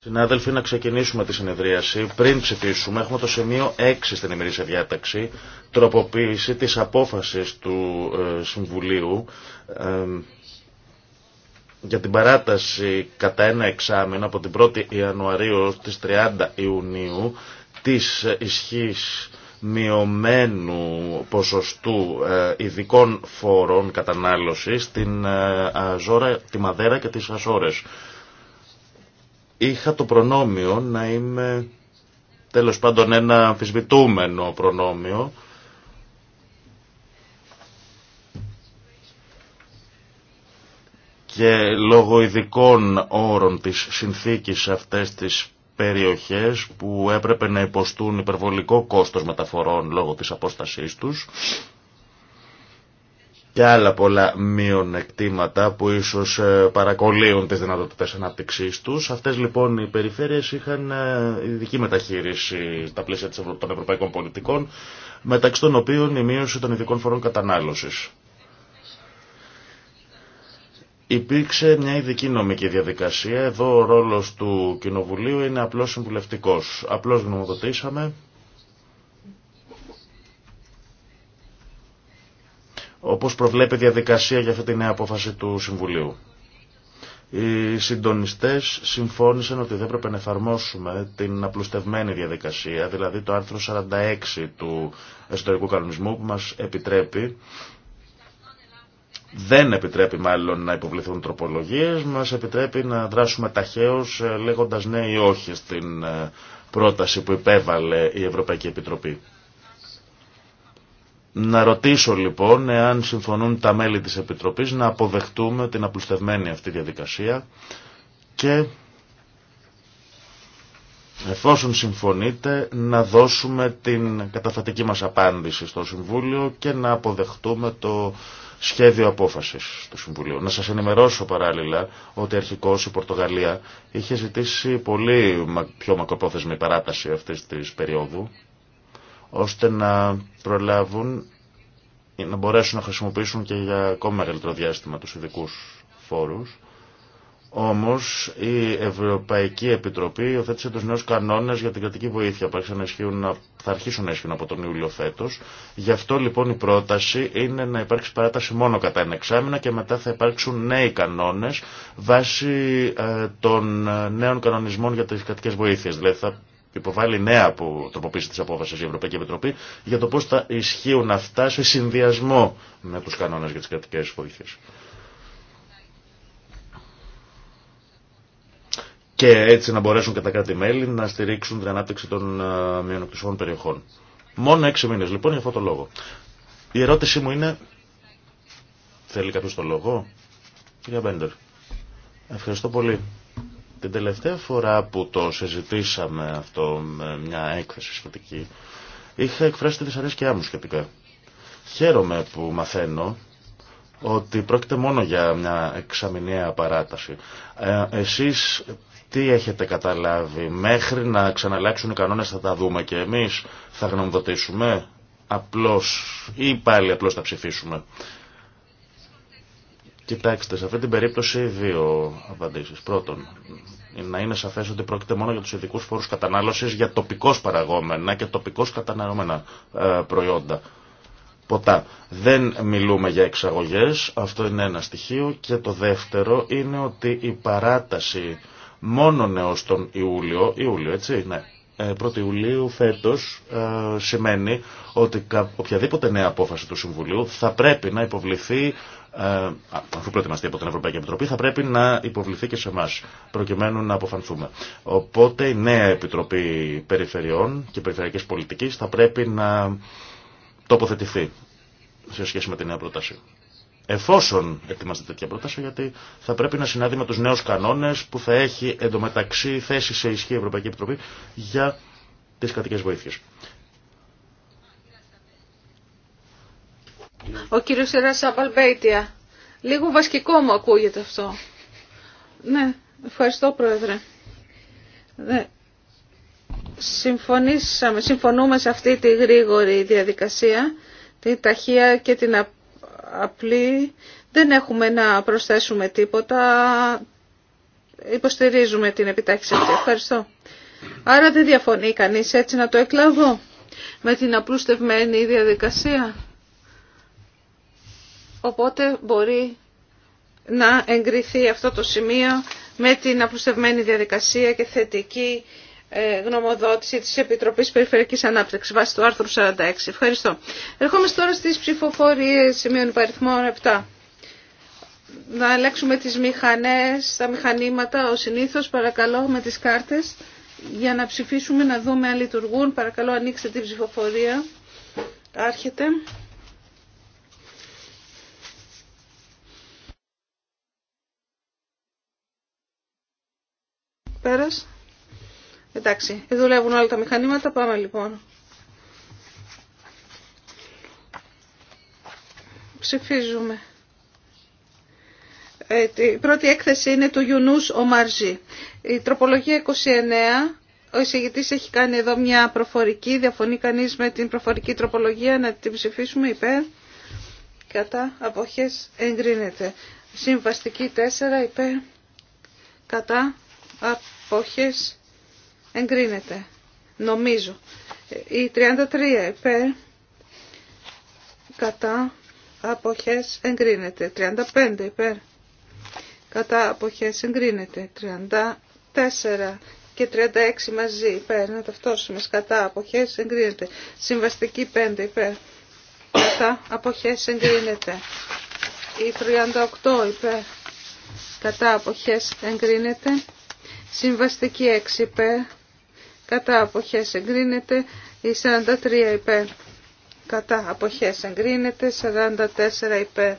Συνάδελφοι, να ξεκινήσουμε τη συνεδρίαση. Πριν ψηφίσουμε, έχουμε το σημείο 6 στην ημερήσια διάταξη, τροποποίηση της απόφασης του ε, Συμβουλίου ε, για την παράταση κατά ένα εξάμεινο από την 1η Ιανουαρίου στις 30 Ιουνίου της ε, ισχύς μειωμένου ποσοστού ε, ειδικών φόρων κατανάλωσης στην ε, Αζόρα, τη Μαδέρα και τις Ασόρες. Είχα το προνόμιο να είμαι τέλος πάντων ένα αμφισβητούμενο προνόμιο και λόγω ειδικών όρων της συνθήκης αυτές της περιοχές που έπρεπε να υποστούν υπερβολικό κόστος μεταφορών λόγω της απόστασής τους και άλλα πολλά εκτήματα που ίσως ε, παρακολύουν τις δυνατότητες ανάπτυξής τους. Αυτές λοιπόν οι περιφέρειες είχαν ε, ειδική μεταχείριση στα πλαίσια των ευρωπαϊκών πολιτικών, μεταξύ των οποίων η μείωση των ειδικών φορών κατανάλωσης. Υπήρξε μια ειδική νομική διαδικασία. Εδώ ο ρόλος του Κοινοβουλίου είναι απλώς συμβουλευτικός. Απλώς γνωμοδοτήσαμε. όπως προβλέπει η διαδικασία για αυτή τη νέα απόφαση του Συμβουλίου. Οι συντονιστές συμφώνησαν ότι δεν έπρεπε να εφαρμόσουμε την απλουστευμένη διαδικασία, δηλαδή το άρθρο 46 του εσωτερικού κανονισμού που μας επιτρέπει δεν επιτρέπει μάλλον να υποβληθούν τροπολογίες, μας επιτρέπει να δράσουμε ταχαίως ε, λέγοντας ναι ή όχι στην ε, πρόταση που υπέβαλε η Ευρωπαϊκή Επιτροπή. Να ρωτήσω λοιπόν εάν συμφωνούν τα μέλη της Επιτροπής να αποδεχτούμε την απλουστευμένη αυτή διαδικασία και εφόσον συμφωνείτε να δώσουμε την καταφατική μας απάντηση στο Συμβούλιο και να αποδεχτούμε το σχέδιο απόφαση του Συμβουλίου. Να σα ενημερώσω παράλληλα ότι αρχικώ η Πορτογαλία είχε ζητήσει πολύ πιο μακροπρόθεσμη παράταση αυτή τη περίοδου, ώστε να προλάβουν να μπορέσουν να χρησιμοποιήσουν και για ακόμη μεγαλύτερο διάστημα του ειδικού φόρους όμως η Ευρωπαϊκή Επιτροπή υιοθέτησε τους νέους κανόνες για την κρατική βοήθεια που θα αρχίσουν να ισχύουν από τον Ιούλιο φέτος. Γι' αυτό λοιπόν η πρόταση είναι να υπάρξει παράταση μόνο κατά ένα εξάμεινα και μετά θα υπάρξουν νέοι κανόνες βάσει ε, των ε, νέων κανονισμών για τις κρατικές βοήθειες. Δηλαδή θα υποβάλει νέα που τροποποίηση της απόφαση η Ευρωπαϊκή Επιτροπή για το πώς θα ισχύουν αυτά σε συνδυασμό με τους κανόνες για τις κρατικές βοήθειες. και έτσι να μπορέσουν και τα κράτη-μέλη να στηρίξουν την ανάπτυξη των ε, μειονεκτουσών περιοχών. Μόνο έξι μήνες λοιπόν για αυτό το λόγο. Η ερώτησή μου είναι, θέλει κάποιος το λόγο, κυρία Μπέντερ. Ευχαριστώ πολύ. Την τελευταία φορά που το συζητήσαμε αυτό με μια έκθεση σχετική, είχα εκφράσει τη δυσαρέσκειά μου σχετικά. Χαίρομαι που μαθαίνω ότι πρόκειται μόνο για μια εξαμηνιαία παράταση. Ε, εσείς τι έχετε καταλάβει, μέχρι να ξαναλλάξουν οι κανόνες θα τα δούμε και εμείς, θα γνωμοδοτήσουμε απλώς ή πάλι απλώς θα ψηφίσουμε. Κοιτάξτε, σε αυτή την περίπτωση δύο απαντήσεις. Πρώτον, να είναι σαφές ότι πρόκειται μόνο για τους ειδικούς φόρους κατανάλωσης για τοπικώς παραγόμενα και τοπικώς καταναλωμένα ε, προϊόντα. Ποτά. Δεν μιλούμε για εξαγωγές, αυτό είναι ένα στοιχείο και το δεύτερο είναι ότι η παράταση μόνον έως τον Ιούλιο, Ιούλιο έτσι, ναι, 1η ε, Ιουλίου φέτος ε, σημαίνει ότι οποιαδήποτε νέα απόφαση του Συμβουλίου θα πρέπει να υποβληθεί, ε, αφού προετοιμαστεί από την Ευρωπαϊκή Επιτροπή, θα πρέπει να υποβληθεί και σε εμά, προκειμένου να αποφανθούμε. Οπότε η νέα Επιτροπή Περιφερειών και Περιφερειακής Πολιτικής θα πρέπει να τοποθετηθεί σε σχέση με τη νέα πρόταση εφόσον ετοιμάζεται τέτοια πρόταση, γιατί θα πρέπει να συνάδει με τους νέους κανόνες που θα έχει εντωμεταξύ θέση σε ισχύ η Ευρωπαϊκή Επιτροπή για τις κρατικές βοήθειες. Ο κύριος Ιράσαμπαλ Μπέιτια. Λίγο βασκικό μου ακούγεται αυτό. Ναι, ευχαριστώ Πρόεδρε. Ναι. Συμφωνήσαμε, συμφωνούμε σε αυτή τη γρήγορη διαδικασία, τη ταχεία και την απλή. Δεν έχουμε να προσθέσουμε τίποτα. Υποστηρίζουμε την επιτάξη αυτή. Ευχαριστώ. Άρα δεν διαφωνεί κανείς έτσι να το εκλάβω με την απλούστευμένη διαδικασία. Οπότε μπορεί να εγκριθεί αυτό το σημείο με την απλουστευμένη διαδικασία και θετική ε, γνωμοδότηση της Επιτροπής Περιφερειακής Ανάπτυξης βάσει του άρθρου 46. Ευχαριστώ. Ερχόμαστε τώρα στις ψηφοφορίες σημείων υπαριθμών 7. Να ελέγξουμε τις μηχανές, τα μηχανήματα, ο συνήθως παρακαλώ με τις κάρτες για να ψηφίσουμε, να δούμε αν λειτουργούν. Παρακαλώ ανοίξτε την ψηφοφορία. Άρχεται. Πέρας. Εντάξει, δουλεύουν όλα τα μηχανήματα, πάμε λοιπόν. Ψηφίζουμε. Ε, Η πρώτη έκθεση είναι του Γιουνούς Ομαρζή. Η τροπολογία 29, ο εισηγητής έχει κάνει εδώ μια προφορική, διαφωνεί κανείς με την προφορική τροπολογία, να την ψηφίσουμε υπέρ. Κατά αποχές εγκρίνεται. Συμβαστική 4 υπέρ. Κατά αποχές εγκρίνεται. Νομίζω. Η 33 υπέρ κατά αποχές εγκρίνεται. 35 υπέρ κατά αποχές εγκρίνεται. 34 και 36 μαζί υπέρ. Να ταυτόσιμες κατά αποχές εγκρίνεται. Συμβαστική 5 υπέρ κατά αποχές εγκρίνεται. Η 38 υπέρ κατά αποχές εγκρίνεται. Συμβαστική 6 υπέρ κατά αποχές εγκρίνεται, η 43 υπέρ κατά αποχές εγκρίνεται, 44 υπέρ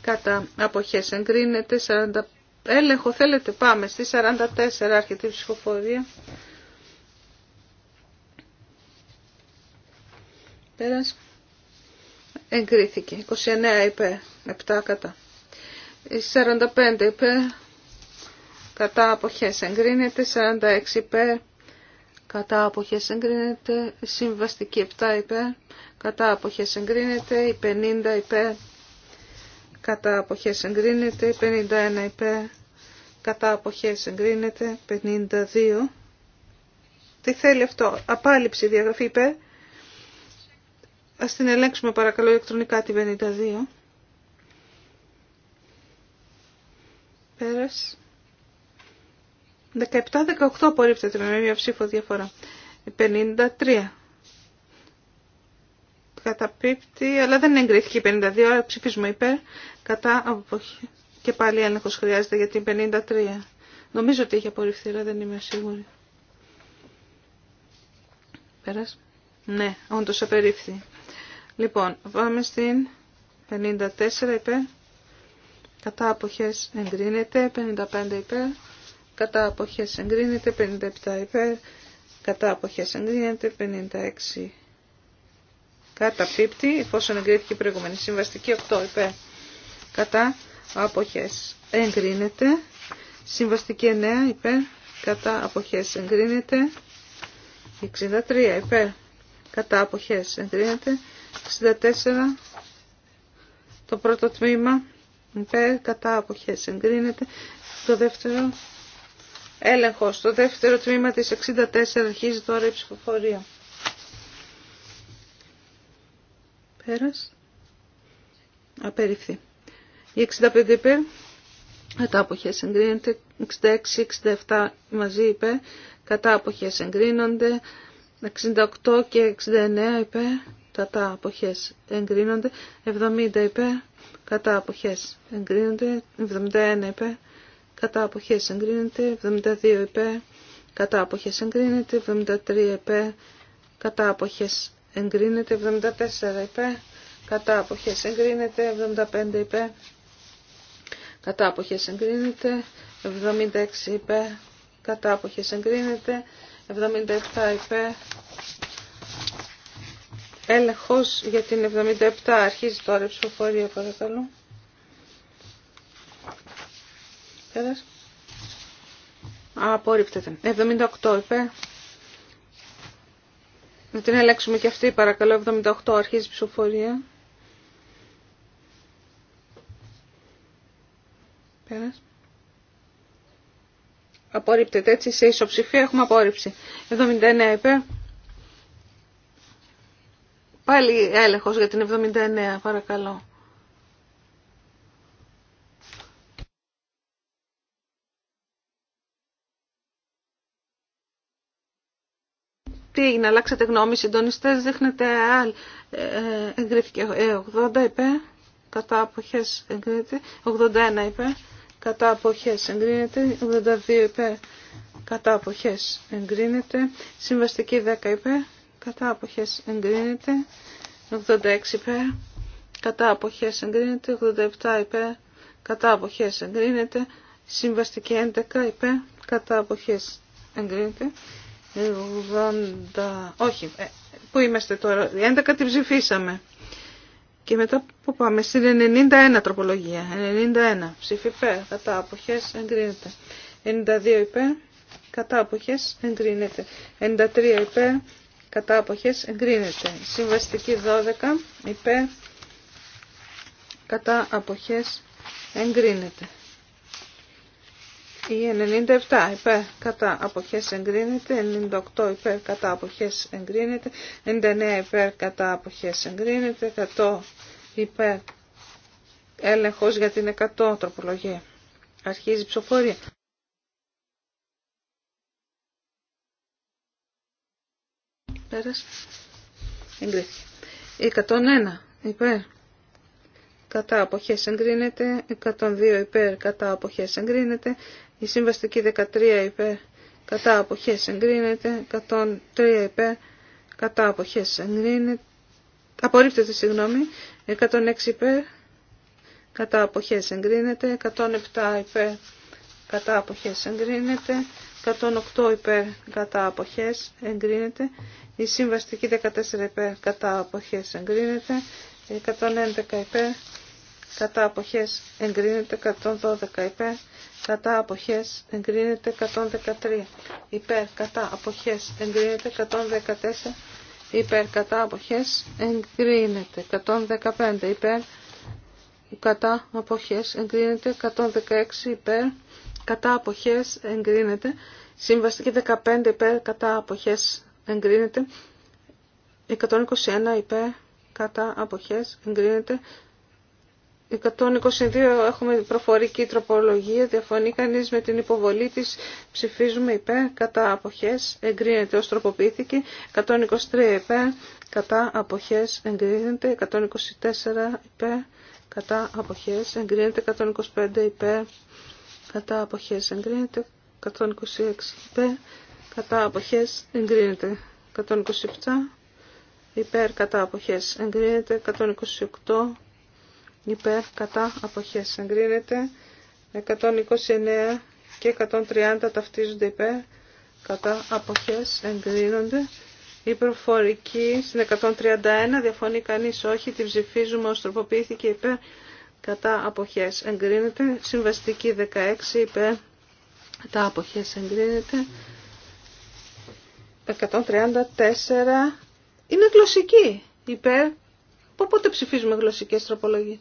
κατά αποχές εγκρίνεται, 40... έλεγχο θέλετε πάμε στη 44 αρχιτή ψηφοφορία. Πέρας. Εγκρίθηκε. 29 ειπέ. 7 κατά. 45 υπέρ, κατά αποχές εγκρίνεται, 46 υπέρ, κατά αποχές εγκρίνεται, συμβαστική 7 υπέρ, κατά αποχές εγκρίνεται, η 50 υπέρ, κατά αποχές εγκρίνεται, η 51 υπέρ, κατά αποχές εγκρίνεται, 52. Τι θέλει αυτό, απάλληψη διαγραφή υπέρ. Ας την ελέγξουμε παρακαλώ ηλεκτρονικά τη 52. Πέρας. 17-18 απορρίπτεται με μία ψήφο διαφορά. 53. Καταπίπτει, αλλά δεν εγκρίθηκε 52, αλλά ψηφίζουμε υπέρ. Κατά αποχή. Και πάλι έλεγχο χρειάζεται για την 53. Νομίζω ότι είχε απορριφθεί, αλλά δεν είμαι σίγουρη. Πέρας. Ναι, όντως απερίφθη. Λοιπόν, πάμε στην 54 υπέρ. Κατά αποχές εγκρίνεται. 55 υπέρ κατά αποχές εγκρίνεται 57 υπέρ, κατά αποχές εγκρίνεται 56 κατά πίπτη, εφόσον εγκρίθηκε η προηγούμενη συμβαστική 8 υπέρ, κατά αποχές εγκρίνεται, συμβαστική 9 υπέρ, κατά αποχές εγκρίνεται, 63 υπέρ, κατά αποχές εγκρίνεται, 64 το πρώτο τμήμα υπέρ κατά αποχές εγκρίνεται το δεύτερο έλεγχος. Το δεύτερο τμήμα της 64 αρχίζει τώρα η ψηφοφορία. Πέρας. Απεριφθεί. Η 65 είπε. κατα Κατά αποχές εγκρίνεται. 66-67 μαζί είπε. Κατά αποχές εγκρίνονται. 68 και 69 είπε. Κατά αποχές εγκρίνονται. 70 είπε. Κατά αποχές εγκρίνονται. 71 είπε κατά αποχές εγκρίνεται, 72 υπέρ, κατά αποχές εγκρίνεται, 73 υπέρ, κατά αποχές εγκρίνεται, 74 υπέρ, κατά αποχές εγκρίνεται, 75 υπέρ, κατά αποχές εγκρίνεται, 76 υπέρ, κατά αποχές εγκρίνεται, 77 υπέρ, έλεγχος για την 77 αρχίζει τώρα η ψηφοφορία παρακαλώ. Πέρας. Απορρίπτεται. 78 είπε. Να την ελέγξουμε και αυτή παρακαλώ. 78 αρχίζει η ψηφοφορία. Πέρας. Απορρίπτεται έτσι σε ισοψηφία έχουμε απόρριψη. 79 είπε. Πάλι έλεγχος για την 79 παρακαλώ. τι έγινε, αλλάξατε γνώμη, συντονιστές, δείχνετε άλλη. Ε, ε, εγκρίθηκε 80 ε, είπε, κατά αποχές εγκρίνεται, 81 είπε, κατά αποχές εγκρίνεται, 82 είπε, κατά αποχές εγκρίνεται, συμβαστική 10 είπε, κατά αποχές εγκρίνεται, 86 είπε, κατά αποχές εγκρίνεται, 87 είπε, κατά αποχές εγκρίνεται, συμβαστική 11 είπε, κατά αποχές εγκρίνεται, 80... Όχι, ε, πού είμαστε τώρα, 11 την ψηφίσαμε. Και μετά που πάμε στην 91 τροπολογία, 91 ψήφι κατά αποχές εγκρίνεται. 92 υπέ κατά αποχές εγκρίνεται. 93 υπέ κατά αποχές εγκρίνεται. Συμβαστική 12 υπέ κατά αποχές εγκρίνεται. Η 97 υπέρ κατά αποχές εγκρίνεται, 98 υπέρ κατά αποχές εγκρίνεται, 99 υπέρ κατά αποχές εγκρίνεται, 100 υπέρ έλεγχος για την 100 τροπολογία. Αρχίζει η ψηφοφορία. Πέρασε. Εγκρίθηκε. 101 υπέρ κατά αποχές εγκρίνεται, 102 υπέρ κατά αποχές εγκρίνεται, η συμβαστική 13 υπέρ κατά αποχές εγκρίνεται. 103 υπέρ κατά αποχές εγκρίνεται. Απορρίπτεται, συγγνώμη. 106 υπέρ κατά αποχές εγκρίνεται. 107 υπέρ κατά αποχές εγκρίνεται. 108 υπέρ κατά αποχές εγκρίνεται. Η συμβαστική 14 υπέρ κατά αποχές εγκρίνεται. 111 υπέρ κατά αποχές εγκρίνεται. 112 υπέρ κατά αποχές εγκρίνεται 113, υπέρ κατά αποχές εγκρίνεται 114, υπέρ κατά αποχές εγκρίνεται 115, υπέρ κατά αποχές εγκρίνεται 116, υπέρ κατά αποχές εγκρίνεται Συμβαστική 15 υπέρ κατά αποχές εγκρίνεται. 121 υπέρ κατά αποχές εγκρίνεται. 122 έχουμε προφορική τροπολογία, διαφωνεί κανείς με την υποβολή της, ψηφίζουμε υπέρ, κατά αποχές, εγκρίνεται ως τροποποιήθηκε, 123 υπέρ, κατά αποχές, εγκρίνεται, 124 υπέρ, κατά αποχές, εγκρίνεται, 125 υπέρ, κατά αποχές, εγκρίνεται, 126 υπέρ, κατά αποχές, εγκρίνεται, 127 υπέρ κατά αποχές εγκρίνεται 128 υπέρ κατά αποχές εγκρίνεται 129 και 130 ταυτίζονται υπέρ κατά αποχές εγκρίνονται η προφορική στην 131 διαφωνεί κανείς όχι τη ψηφίζουμε ως τροποποιήθηκε υπέρ κατά αποχές εγκρίνεται συμβαστική 16 υπέρ κατά αποχές εγκρίνεται 134 είναι γλωσσική υπέρ Πότε ψηφίζουμε γλωσσικές τροπολογίες.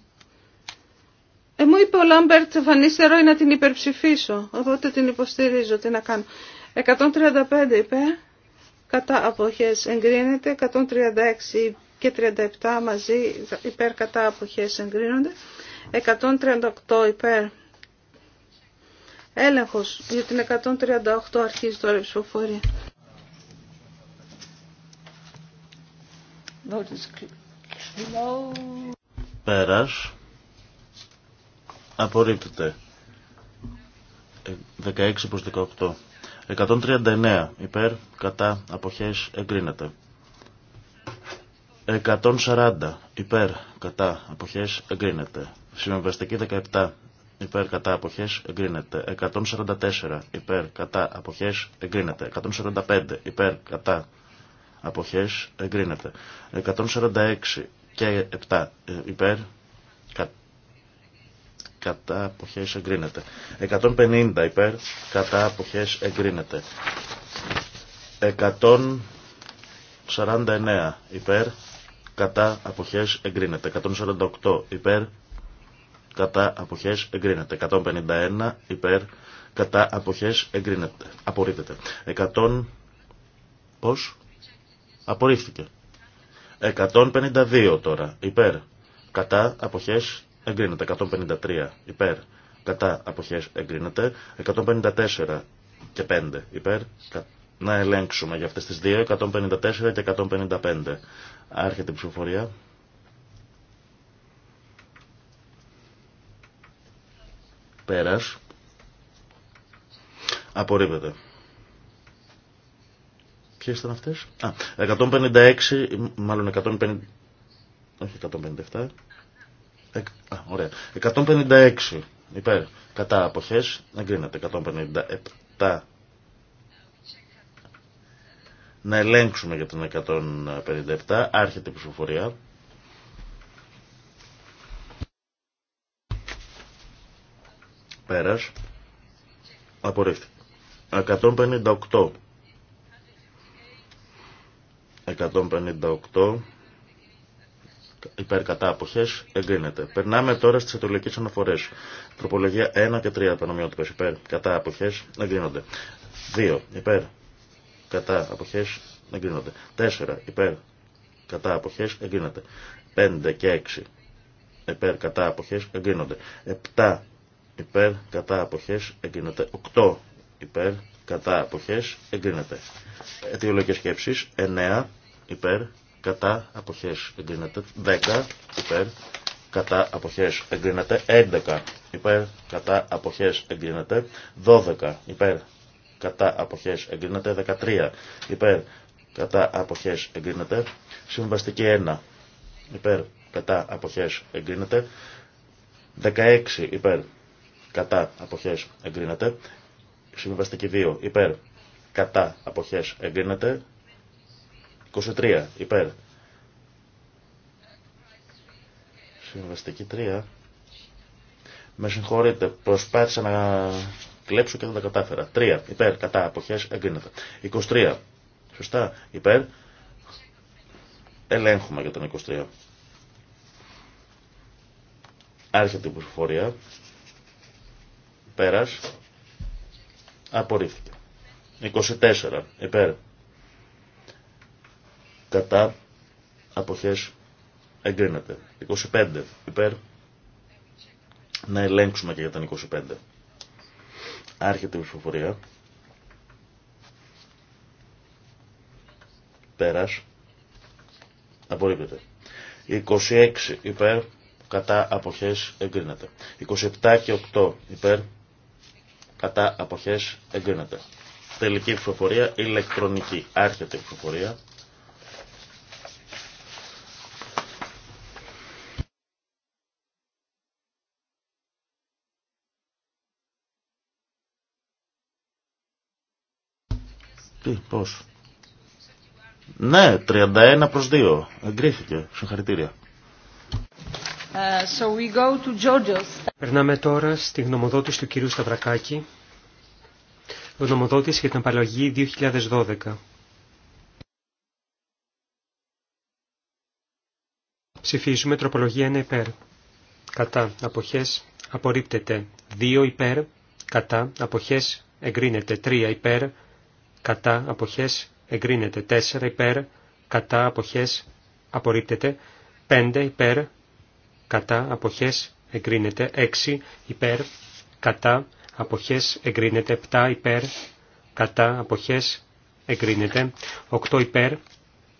Ε, μου είπε ο Λάμπερτ Βανίστερο να την υπερψηφίσω, οπότε την υποστηρίζω, τι να κάνω. 135 είπε, κατά αποχές εγκρίνεται, 136 και 37 μαζί υπέρ κατά αποχές εγκρίνονται, 138 υπέρ έλεγχος για την 138 αρχίζει τώρα η ψηφοφορία. Πέρας. Απορρίπτεται. 16 προς 18. 139 υπέρ, κατά, αποχές, εγκρίνεται. 140 υπέρ, κατά, αποχές, εγκρίνεται. Συμβαστική 17 υπέρ, κατά, αποχές, εγκρίνεται. 144 υπέρ, κατά, αποχές, εγκρίνεται. 145 υπέρ, κατά, αποχές, εγκρίνεται. 146 και 7 ε, υπέρ, κατά αποχές εγκρίνεται. 150 υπέρ, κατά αποχές εγκρίνεται. 149 υπέρ, κατά αποχές εγκρίνεται. 148 υπέρ, κατά αποχές εγκρίνεται. 151 υπέρ, κατά αποχές εγκρίνεται. Απορρίπτεται. 100 πώς απορρίφθηκε. 152 τώρα υπέρ, κατά αποχές εγκρίνεται. 153 υπέρ κατά αποχές εγκρίνεται. 154 και 5 υπέρ να ελέγξουμε για αυτές τις δύο 154 και 155. Άρχεται η ψηφοφορία. Πέρας. απορρίβεται Ποιε ήταν αυτέ. Α, 156, μάλλον 150. Όχι 157 α, ωραία. 156 υπέρ κατά αποχές εγκρίνεται. 157 να ελέγξουμε για τον 157 άρχεται η ψηφοφορία. Πέρας. Απορρίφθηκε. 158. 158 υπέρ κατά αποχέ εγκρίνεται. Περνάμε τώρα στι ατολικέ αναφορέ. Τροπολογία 1 και 3 πανομοιότυπες υπέρ κατά αποχέ εγκρίνονται. 2 υπέρ κατά αποχέ εγκρίνονται. 4 υπέρ κατά αποχέ εγκρίνεται. 5 και 6 υπέρ κατά αποχέ εγκρίνονται. 7 υπέρ κατά αποχέ εγκρίνεται. 8 υπέρ κατά αποχές εγκρίνεται. Αιτιολογικές σκέψει 9 υπέρ κατά αποχές εγκρίνεται 10 υπέρ κατά αποχές εγκρίνεται 11 υπέρ κατά αποχές εγκρίνεται 12 υπέρ κατά αποχές εγκρίνεται 13 υπέρ κατά αποχές εγκρίνεται συμβαστική 1 υπέρ κατά αποχές εγκρίνεται 16 υπέρ κατά αποχές εγκρίνεται συμβαστική 2 υπέρ κατά αποχές εγκρίνεται 23 υπέρ. Συμβαστική 3. Με συγχωρείτε, προσπάθησα να κλέψω και δεν τα κατάφερα. 3 υπέρ, κατά, αποχές, εγκρίνεται. 23. Σωστά, υπέρ. Ελέγχουμε για τον 23. Άρχεται η προσφορία. Πέρας. Απορρίφθηκε. 24. Υπέρ κατά αποχές εγκρίνεται. 25 υπέρ να ελέγξουμε και για τον 25. Άρχεται η ψηφοφορία. Πέρας. Απορρίπτεται. 26 υπέρ κατά αποχές εγκρίνεται. 27 και 8 υπέρ κατά αποχές εγκρίνεται. Τελική ψηφοφορία ηλεκτρονική. Άρχεται η ψηφοφορία. Τι, Ναι, 31 προς 2. Εγκρίθηκε. Συγχαρητήρια. Ε, Περνάμε τώρα στη γνωμοδότηση του κυρίου Σταυρακάκη. Γνωμοδότηση για την απαλλαγή 2012. Ψηφίζουμε τροπολογία 1 υπέρ. Κατά αποχές απορρίπτεται. 2 υπέρ. Κατά αποχές εγκρίνεται. 3 υπέρ κατά αποχές εγκρίνεται. 4 υπέρ κατά αποχές απορρίπτεται. 5 υπέρ κατά αποχές εγκρίνεται. 6 υπέρ κατά αποχές εγκρίνεται. 7 υπέρ κατά αποχές εγκρίνεται. 8 υπέρ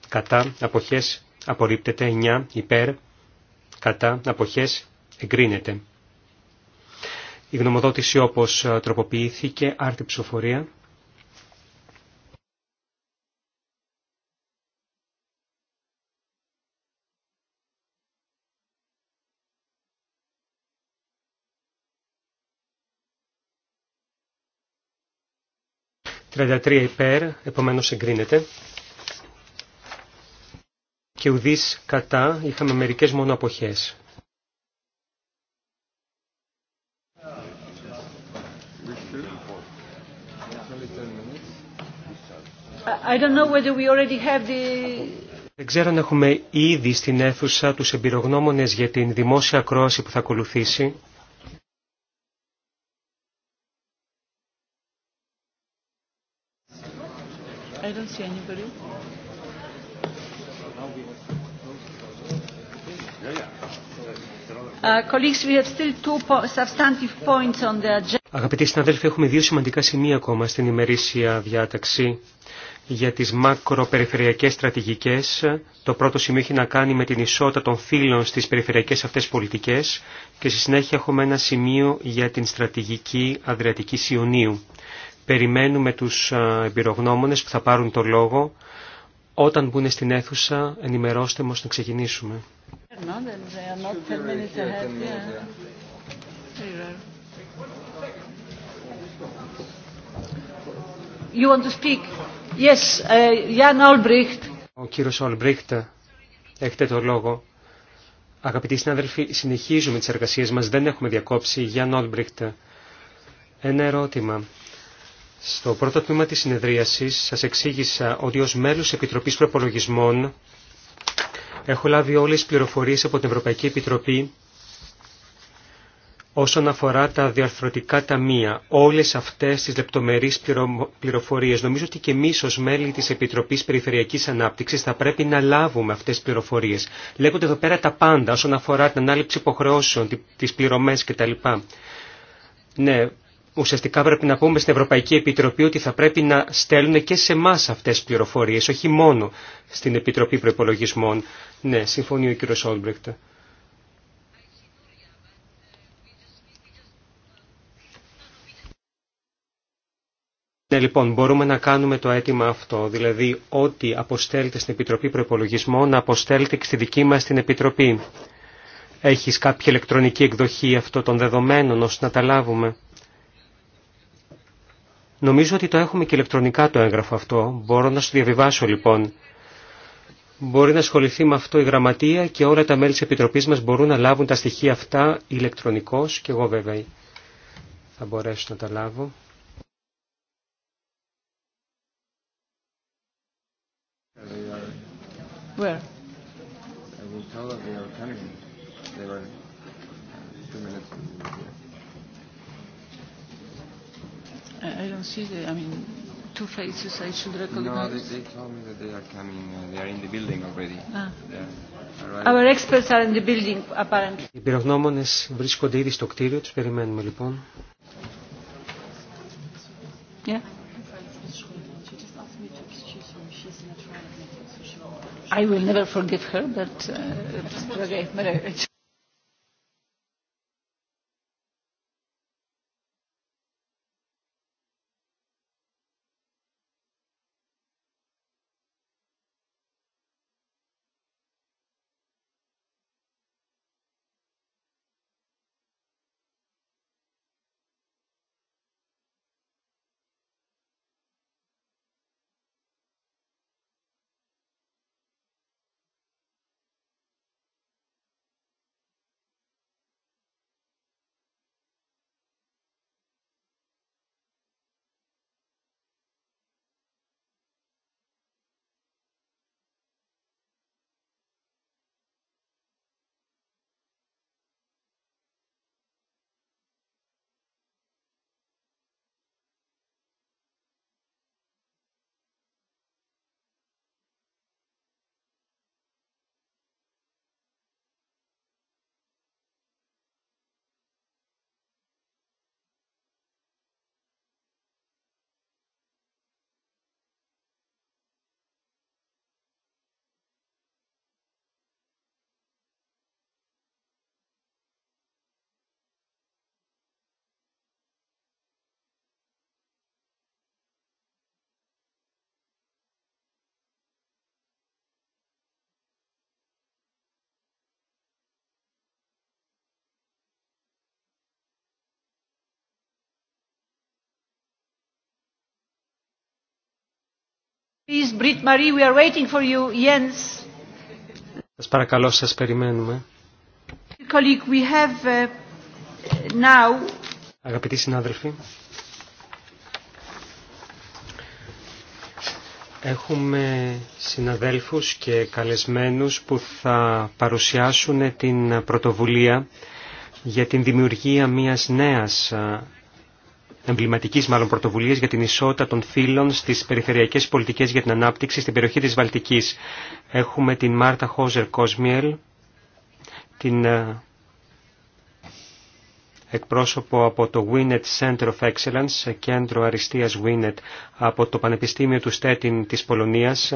κατά αποχές απορρίπτεται. 9 υπέρ κατά αποχές εγκρίνεται. Η γνωμοδότηση όπως ε, τροποποιήθηκε άρτη ψηφοφορία. 33 υπέρ, επομένως εγκρίνεται. Και ουδής κατά, είχαμε μερικές μόνο αποχές. I don't know whether we already have the... Δεν ξέρω αν έχουμε ήδη στην αίθουσα τους εμπειρογνώμονες για την δημόσια ακρόαση που θα ακολουθήσει. see uh, anybody. Αγαπητοί συναδέλφοι, έχουμε δύο σημαντικά σημεία ακόμα στην ημερήσια διάταξη για τις μακροπεριφερειακές στρατηγικές. Το πρώτο σημείο έχει να κάνει με την ισότητα των φύλων στις περιφερειακές αυτές πολιτικές και στη συνέχεια έχουμε ένα σημείο για την στρατηγική Αδριατικής Ιωνίου. Περιμένουμε τους εμπειρογνώμονες που θα πάρουν το λόγο. Όταν μπουν στην αίθουσα, ενημερώστε μας να ξεκινήσουμε. You want to speak? Yes, uh, Jan Ο κύριος Ολμπρίχτ, έχετε το λόγο. Αγαπητοί συνάδελφοι, συνεχίζουμε τις εργασίες μας, δεν έχουμε διακόψει. Jan Ολμπρίχτ, ένα ερώτημα. Στο πρώτο τμήμα της συνεδρίασης σας εξήγησα ότι ως μέλος Επιτροπής Προπολογισμών έχω λάβει όλες τις πληροφορίες από την Ευρωπαϊκή Επιτροπή όσον αφορά τα διαρθρωτικά ταμεία, όλες αυτές τις λεπτομερείς πληροφορίες. Νομίζω ότι και εμείς ως μέλη της Επιτροπής Περιφερειακής Ανάπτυξης θα πρέπει να λάβουμε αυτές τις πληροφορίες. Λέγονται εδώ πέρα τα πάντα όσον αφορά την ανάληψη υποχρεώσεων, τις πληρωμές κτλ. Ναι, ουσιαστικά πρέπει να πούμε στην Ευρωπαϊκή Επιτροπή ότι θα πρέπει να στέλνουν και σε εμά αυτέ τι πληροφορίε, όχι μόνο στην Επιτροπή Προπολογισμών. Ναι, συμφωνεί ο κ. Όλμπρεκτ. Ναι, λοιπόν, μπορούμε να κάνουμε το αίτημα αυτό, δηλαδή ό,τι αποστέλλεται στην Επιτροπή Προπολογισμών να αποστέλλεται και στη δική μας την Επιτροπή. Έχεις κάποια ηλεκτρονική εκδοχή αυτών των δεδομένων ώστε να τα λάβουμε. Νομίζω ότι το έχουμε και ηλεκτρονικά το έγγραφο αυτό. Μπορώ να σου διαβιβάσω λοιπόν. Μπορεί να ασχοληθεί με αυτό η γραμματεία και όλα τα μέλη της Επιτροπής μας μπορούν να λάβουν τα στοιχεία αυτά ηλεκτρονικώς και εγώ βέβαια θα μπορέσω να τα λάβω. Where? I will tell that they uh, I don't see the, I mean, two faces I should recognize. No, they, they told me that they are coming, uh, they are in the building already. Ah. Yeah. Our experts are in the building, apparently. Οι πυρογνώμονες βρίσκονται ήδη στο κτίριο, τους περιμένουμε λοιπόν. Yeah. I will never forgive her, but uh, Σας παρακαλώ, σας περιμένουμε. Uh, Αγαπητοί συνάδελφοι, έχουμε συναδέλφους και καλεσμένους που θα παρουσιάσουν την πρωτοβουλία για την δημιουργία μιας νέας Εμβληματική μάλλον πρωτοβουλία για την ισότητα των φύλων στις περιφερειακές πολιτικές για την ανάπτυξη στην περιοχή της Βαλτικής. Έχουμε την Μάρτα Χόζερ Κόσμιελ, την ε, εκπρόσωπο από το Winnet Center of Excellence, κέντρο αριστείας Winnet από το Πανεπιστήμιο του Στέτιν της Πολωνίας.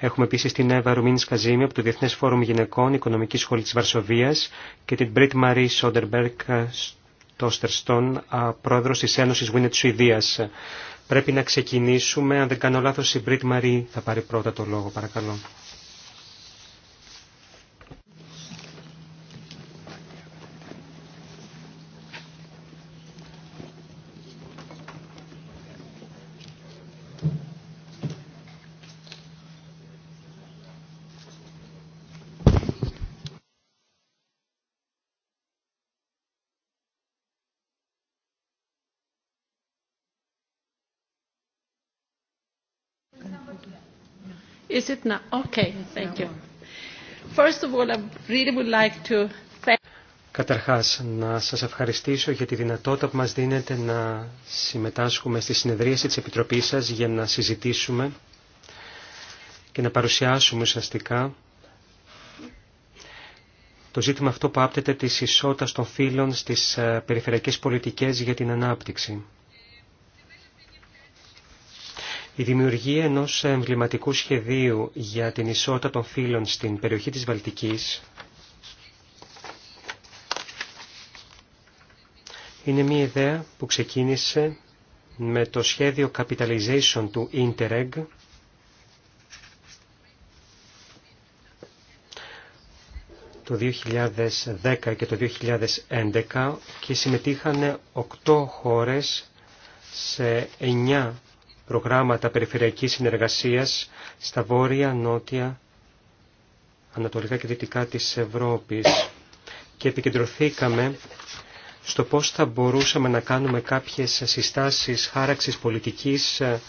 Έχουμε επίσης την Εύα Ρουμίνης Καζίμη από το Διεθνές Φόρουμ Γυναικών Οικονομικής Σχολή της Βαρσοβίας και την Μπρίτ Μαρή Σόντερμπερκ ε, Τόστερστον, πρόεδρος της Ένωσης Γουίνετ Σουηδία. Πρέπει να ξεκινήσουμε, αν δεν κάνω λάθο, η Μπρίτ Μαρή θα πάρει πρώτα το λόγο, παρακαλώ. Καταρχάς, να σας ευχαριστήσω για τη δυνατότητα που μας δίνετε να συμμετάσχουμε στη συνεδρίαση της Επιτροπής σας για να συζητήσουμε και να παρουσιάσουμε ουσιαστικά το ζήτημα αυτό που άπτεται της ισότητας των φύλων στις ε, περιφερειακές πολιτικές για την ανάπτυξη. Η δημιουργία ενός εμβληματικού σχεδίου για την ισότητα των φύλων στην περιοχή της Βαλτικής είναι μια ιδέα που ξεκίνησε με το σχέδιο capitalization του Interreg το 2010 και το 2011 και συμμετείχαν 8 χώρες σε 9 προγράμματα περιφερειακής συνεργασίας στα βόρεια, νότια, ανατολικά και δυτικά της Ευρώπης και επικεντρωθήκαμε στο πώς θα μπορούσαμε να κάνουμε κάποιες συστάσεις χάραξης πολιτικής ε,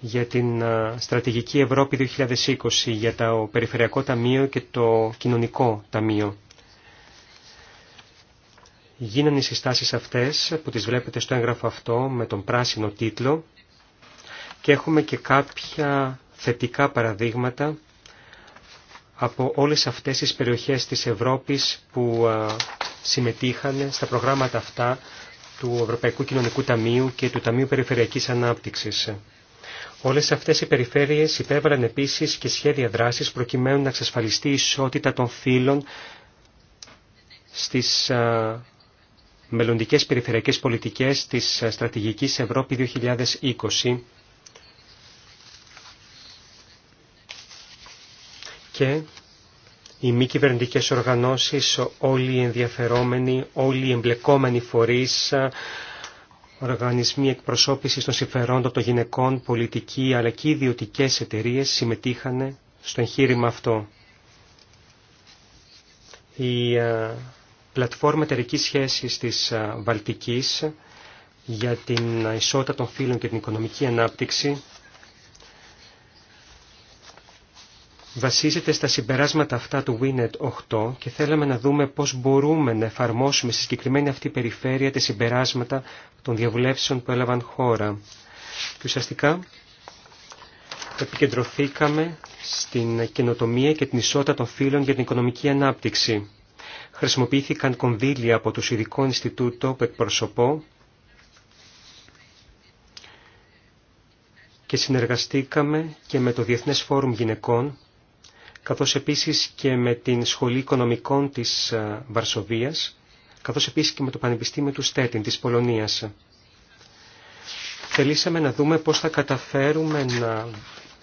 για την ε, Στρατηγική Ευρώπη 2020, για το Περιφερειακό Ταμείο και το Κοινωνικό Ταμείο. Γίνανε οι συστάσεις αυτές που τις βλέπετε στο έγγραφο αυτό με τον πράσινο τίτλο και έχουμε και κάποια θετικά παραδείγματα από όλες αυτές τις περιοχές της Ευρώπης που συμμετείχαν στα προγράμματα αυτά του Ευρωπαϊκού Κοινωνικού Ταμείου και του Ταμείου Περιφερειακής Ανάπτυξης. Όλες αυτές οι περιφέρειες υπέβαλαν επίσης και σχέδια δράσης προκειμένου να εξασφαλιστεί η ισότητα των φύλων στις μελλοντικές περιφερειακές πολιτικές της Στρατηγικής Ευρώπη 2020 και οι μη κυβερνητικέ οργανώσεις, όλοι οι ενδιαφερόμενοι, όλοι οι εμπλεκόμενοι φορείς, οργανισμοί εκπροσώπησης των συμφερόντων των γυναικών, πολιτικοί αλλά και ιδιωτικέ εταιρείε συμμετείχαν στο εγχείρημα αυτό. Η ε, πλατφόρμα εταιρική σχέση της ε, Βαλτικής για την ισότητα των φύλων και την οικονομική ανάπτυξη βασίζεται στα συμπεράσματα αυτά του WINET 8 και θέλαμε να δούμε πώς μπορούμε να εφαρμόσουμε στη συγκεκριμένη αυτή περιφέρεια τα συμπεράσματα των διαβουλεύσεων που έλαβαν χώρα. Και ουσιαστικά επικεντρωθήκαμε στην καινοτομία και την ισότητα των φύλων για την οικονομική ανάπτυξη. Χρησιμοποιήθηκαν κονδύλια από το ειδικών Ινστιτούτο που εκπροσωπώ και συνεργαστήκαμε και με το Διεθνές Φόρουμ Γυναικών καθώς επίσης και με την Σχολή Οικονομικών της ε, Βαρσοβίας, καθώς επίσης και με το Πανεπιστήμιο του Στέτιν της Πολωνίας. Θελήσαμε να δούμε πώς θα καταφέρουμε να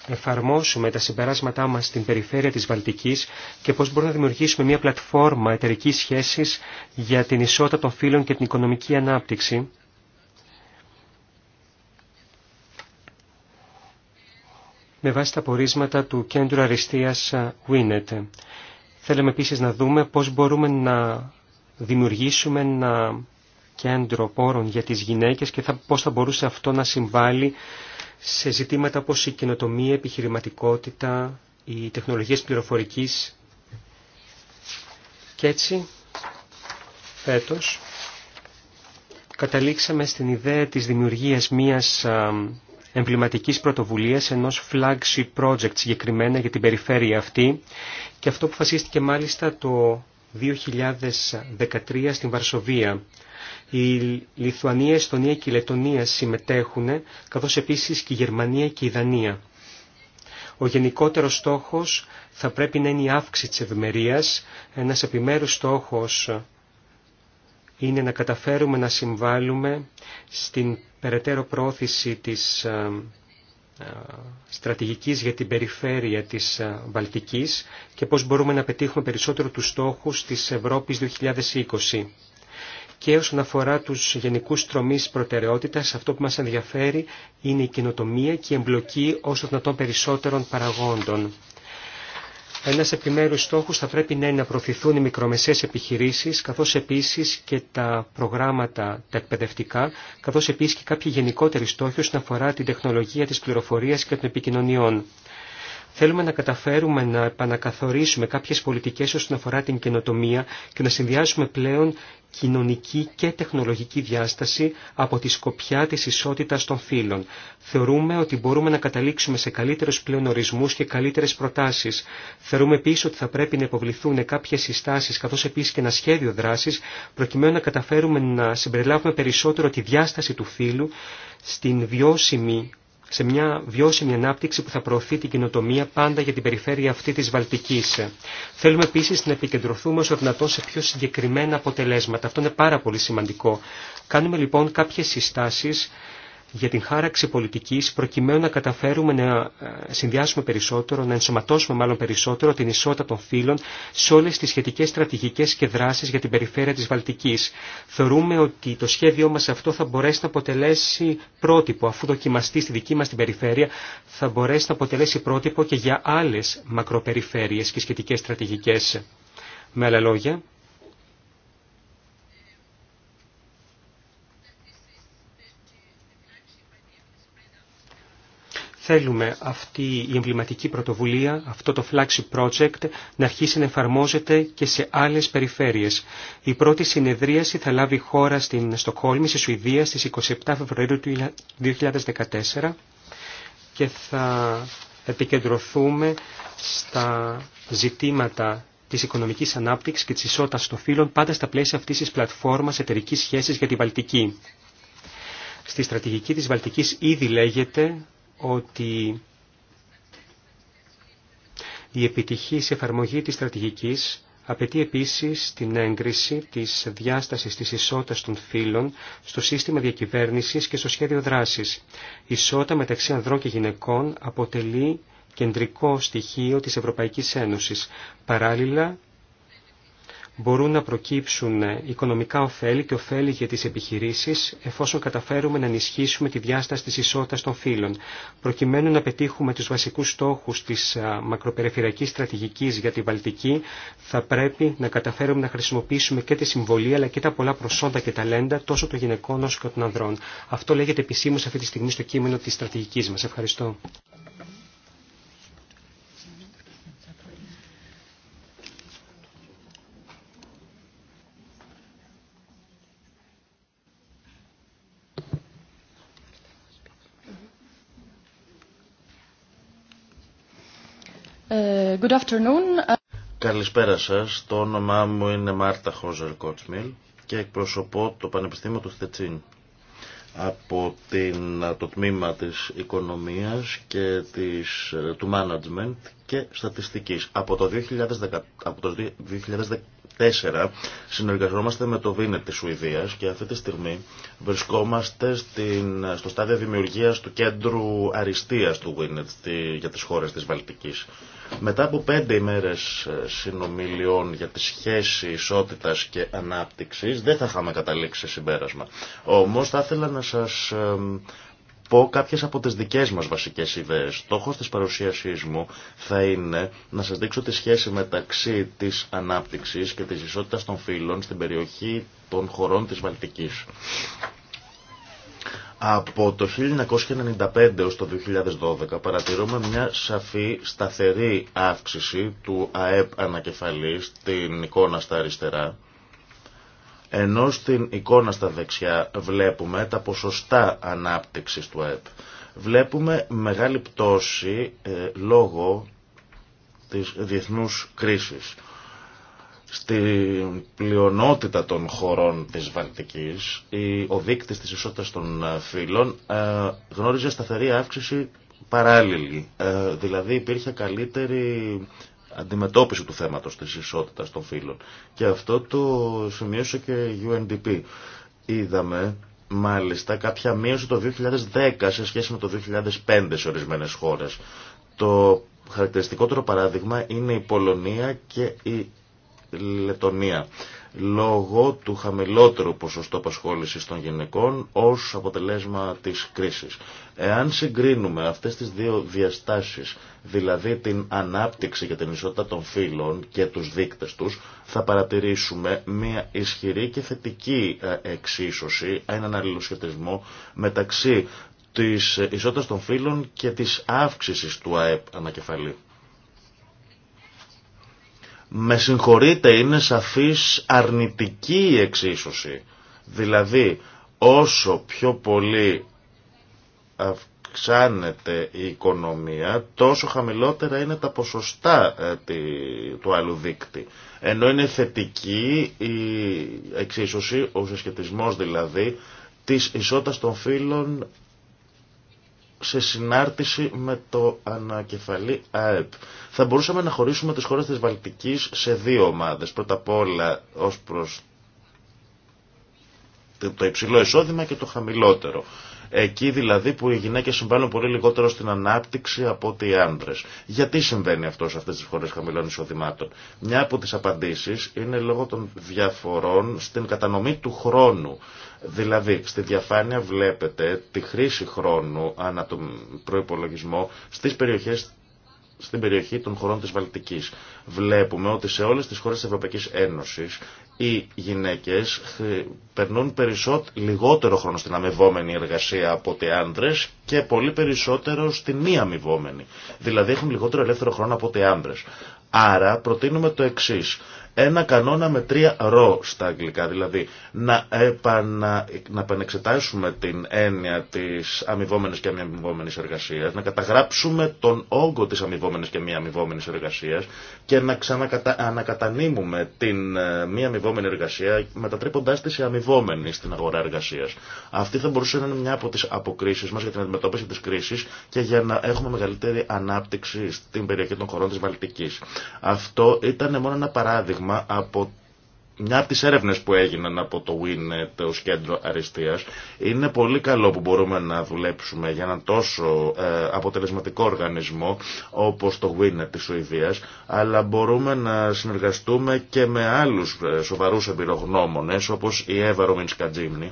εφαρμόσουμε τα συμπεράσματά μας στην περιφέρεια της Βαλτικής και πώς μπορούμε να δημιουργήσουμε μια πλατφόρμα εταιρικής σχέσης για την ισότητα των φύλων και την οικονομική ανάπτυξη με βάση τα πορίσματα του κέντρου αριστείας Winnet. Ε, Θέλαμε επίσης να δούμε πώς μπορούμε να δημιουργήσουμε ένα κέντρο πόρων για τις γυναίκες και θα, πώς θα μπορούσε αυτό να συμβάλλει σε ζητήματα όπως η καινοτομία, η επιχειρηματικότητα, οι τεχνολογίες πληροφορικής. Και έτσι, φέτος, καταλήξαμε στην ιδέα της δημιουργίας μιας ε, εμβληματικής πρωτοβουλίας ενός flagship project συγκεκριμένα για την περιφέρεια αυτή και αυτό που φασίστηκε μάλιστα το 2013 στην Βαρσοβία. Η Λιθουανία, η Εστονία και η Λετωνία συμμετέχουν, καθώς επίσης και η Γερμανία και η Δανία. Ο γενικότερος στόχος θα πρέπει να είναι η αύξηση της ευημερίας, ένας επιμέρους στόχος είναι να καταφέρουμε να συμβάλλουμε στην περαιτέρω πρόθεση της ε, ε, στρατηγικής για την περιφέρεια της ε, Βαλτικής και πώς μπορούμε να πετύχουμε περισσότερο τους στόχους της Ευρώπης 2020. Και όσον αφορά τους γενικούς τρομείς προτεραιότητας, αυτό που μας ενδιαφέρει είναι η κοινοτομία και η εμπλοκή όσο δυνατόν περισσότερων παραγόντων. Ένα επιμέρου στόχο θα πρέπει να είναι να προωθηθούν οι μικρομεσαίε επιχειρήσει, καθώ επίση και τα προγράμματα τα εκπαιδευτικά, καθώ επίση και κάποιοι γενικότεροι στόχοι όσον αφορά την τεχνολογία τη πληροφορία και των επικοινωνιών. Θέλουμε να καταφέρουμε να επανακαθορίσουμε κάποιες πολιτικές όσον αφορά την καινοτομία και να συνδυάσουμε πλέον κοινωνική και τεχνολογική διάσταση από τη σκοπιά της ισότητας των φύλων. Θεωρούμε ότι μπορούμε να καταλήξουμε σε καλύτερους πλέον ορισμούς και καλύτερες προτάσεις. Θεωρούμε επίσης ότι θα πρέπει να υποβληθούν κάποιες συστάσεις καθώς επίσης και ένα σχέδιο δράσης προκειμένου να καταφέρουμε να συμπεριλάβουμε περισσότερο τη διάσταση του φύλου στην βιώσιμη σε μια βιώσιμη ανάπτυξη που θα προωθεί την κοινοτομία πάντα για την περιφέρεια αυτή της Βαλτικής. Θέλουμε επίσης να επικεντρωθούμε όσο δυνατόν σε πιο συγκεκριμένα αποτελέσματα. Αυτό είναι πάρα πολύ σημαντικό. Κάνουμε λοιπόν κάποιες συστάσεις για την χάραξη πολιτικής προκειμένου να καταφέρουμε να ε, συνδυάσουμε περισσότερο, να ενσωματώσουμε μάλλον περισσότερο την ισότητα των φύλων σε όλες τις σχετικές στρατηγικές και δράσεις για την περιφέρεια της Βαλτική. Θεωρούμε ότι το σχέδιό μας αυτό θα μπορέσει να αποτελέσει πρότυπο, αφού δοκιμαστεί στη δική μα την περιφέρεια, θα μπορέσει να αποτελέσει πρότυπο και για άλλες μακροπεριφέρειες και σχετικές στρατηγικές. Με άλλα λόγια, θέλουμε αυτή η εμβληματική πρωτοβουλία, αυτό το flagship project, να αρχίσει να εφαρμόζεται και σε άλλες περιφέρειες. Η πρώτη συνεδρίαση θα λάβει χώρα στην Στοκχόλμη, στη Σουηδία, στις 27 Φεβρουαρίου του 2014 και θα επικεντρωθούμε στα ζητήματα τη οικονομική ανάπτυξη και τη ισότητα των φύλων πάντα στα πλαίσια αυτή τη πλατφόρμα εταιρική σχέση για τη Βαλτική. Στη στρατηγική τη Βαλτική ήδη λέγεται ότι η σε εφαρμογή της στρατηγικής απαιτεί επίσης την έγκριση της διάστασης της ισότητας των φύλων στο σύστημα διακυβέρνησης και στο σχέδιο δράσης. Η ισότητα μεταξύ ανδρών και γυναικών αποτελεί κεντρικό στοιχείο της Ευρωπαϊκής Ένωσης. Παράλληλα, μπορούν να προκύψουν οικονομικά ωφέλη και ωφέλη για τις επιχειρήσεις εφόσον καταφέρουμε να ενισχύσουμε τη διάσταση της ισότητας των φύλων. Προκειμένου να πετύχουμε τους βασικούς στόχους της μακροπεριφερειακής στρατηγικής για τη Βαλτική θα πρέπει να καταφέρουμε να χρησιμοποιήσουμε και τη συμβολή αλλά και τα πολλά προσόντα και ταλέντα τόσο των γυναικών όσο και των ανδρών. Αυτό λέγεται επισήμως αυτή τη στιγμή στο κείμενο της στρατηγικής μας. Ευχαριστώ. Good afternoon. Καλησπέρα σας. Το όνομά μου είναι Μάρτα Χόζερ Κότσμιλ και εκπροσωπώ το Πανεπιστήμιο του Θετσίν από την, το τμήμα της οικονομίας και της, του management και στατιστικής. Από το, 2010, από το 2004 συνεργαζόμαστε με το Βίνετ της Σουηδίας και αυτή τη στιγμή βρισκόμαστε στο στάδιο δημιουργίας του κέντρου αριστείας του Βίνετ για τις χώρες της Βαλτικής. Μετά από πέντε ημέρες ε, συνομιλιών για τη σχέση ισότητας και ανάπτυξης δεν θα είχαμε καταλήξει σε συμπέρασμα. Όμως θα ήθελα να σας ε, πω κάποιες από τις δικές μας βασικές ιδέες. Στόχος της παρουσίασής μου θα είναι να σας δείξω τη σχέση μεταξύ της ανάπτυξης και της ισότητας των φύλων στην περιοχή των χωρών της Βαλτικής. Από το 1995 έως το 2012 παρατηρούμε μια σαφή σταθερή αύξηση του ΑΕΠ ανακεφαλής στην εικόνα στα αριστερά ενώ στην εικόνα στα δεξιά βλέπουμε τα ποσοστά ανάπτυξης του ΑΕΠ. Βλέπουμε μεγάλη πτώση ε, λόγω της διεθνούς κρίσης. Στην πλειονότητα των χωρών της Βαλτικής, ο δείκτης της ισότητας των ε, φύλων ε, γνώριζε σταθερή αύξηση παράλληλη. δηλαδή υπήρχε καλύτερη αντιμετώπιση του θέματος της ισότητας των φύλων. Και αυτό το σημείωσε και η UNDP. Είδαμε μάλιστα κάποια μείωση το 2010 σε σχέση με το 2005 σε ορισμένες χώρες. Το χαρακτηριστικότερο παράδειγμα είναι η Πολωνία και η Λετωνία λόγω του χαμηλότερου ποσοστό απασχόλησης των γυναικών ως αποτελέσμα της κρίσης. Εάν συγκρίνουμε αυτές τις δύο διαστάσεις, δηλαδή την ανάπτυξη και την ισότητα των φύλων και τους δείκτες τους, θα παρατηρήσουμε μια ισχυρή και θετική ε, εξίσωση, έναν αλληλοσχετισμό μεταξύ της ισότητας των φύλων και της αύξησης του ΑΕΠ ανακεφαλή. Με συγχωρείτε, είναι σαφής αρνητική η εξίσωση. Δηλαδή, όσο πιο πολύ αυξάνεται η οικονομία, τόσο χαμηλότερα είναι τα ποσοστά ε, του άλλου δίκτυ. Ενώ είναι θετική η εξίσωση, ο συσχετισμός δηλαδή, της ισότητας των φύλων σε συνάρτηση με το ανακεφαλή ΑΕΠ. Θα μπορούσαμε να χωρίσουμε τις χώρες της Βαλτικής σε δύο ομάδες. Πρώτα απ' όλα ως προς το υψηλό εισόδημα και το χαμηλότερο. Εκεί δηλαδή που οι γυναίκες συμβάλλουν πολύ λιγότερο στην ανάπτυξη από ότι οι άντρε. Γιατί συμβαίνει αυτό σε αυτές τις χώρες χαμηλών εισοδημάτων. Μια από τις απαντήσεις είναι λόγω των διαφορών στην κατανομή του χρόνου. Δηλαδή, στη διαφάνεια βλέπετε τη χρήση χρόνου ανά τον προϋπολογισμό στις περιοχές στην περιοχή των χωρών της Βαλτικής. Βλέπουμε ότι σε όλες τις χώρες της Ευρωπαϊκής Ένωσης οι γυναίκες περνούν περισσότερο, λιγότερο χρόνο στην αμοιβόμενη εργασία από ότι άνδρες και πολύ περισσότερο στην μη αμοιβόμενη. Δηλαδή έχουν λιγότερο ελεύθερο χρόνο από ότι άνδρες. Άρα προτείνουμε το εξής ένα κανόνα με τρία ρο στα αγγλικά, δηλαδή να, επανα, να επανεξετάσουμε την έννοια της αμοιβόμενη και μη αμοιβόμενη εργασίας, να καταγράψουμε τον όγκο της αμοιβόμενη και μη αμοιβόμενη εργασίας και να ξανακατανείμουμε την ε, μη αμοιβόμενη εργασία μετατρέποντάς τη σε αμοιβόμενη στην αγορά εργασίας. Αυτή θα μπορούσε να είναι μια από τις αποκρίσεις μας για την αντιμετώπιση της κρίσης και για να έχουμε μεγαλύτερη ανάπτυξη στην περιοχή των χωρών της Βαλτικής. Αυτό ήταν μόνο ένα παράδειγμα από μια από τις έρευνες που έγιναν από το WinNet ω κέντρο αριστείας είναι πολύ καλό που μπορούμε να δουλέψουμε για έναν τόσο ε, αποτελεσματικό οργανισμό όπως το WINET της Σουηδίας αλλά μπορούμε να συνεργαστούμε και με άλλους ε, σοβαρούς εμπειρογνώμονες όπως η Εύα Τζίμνη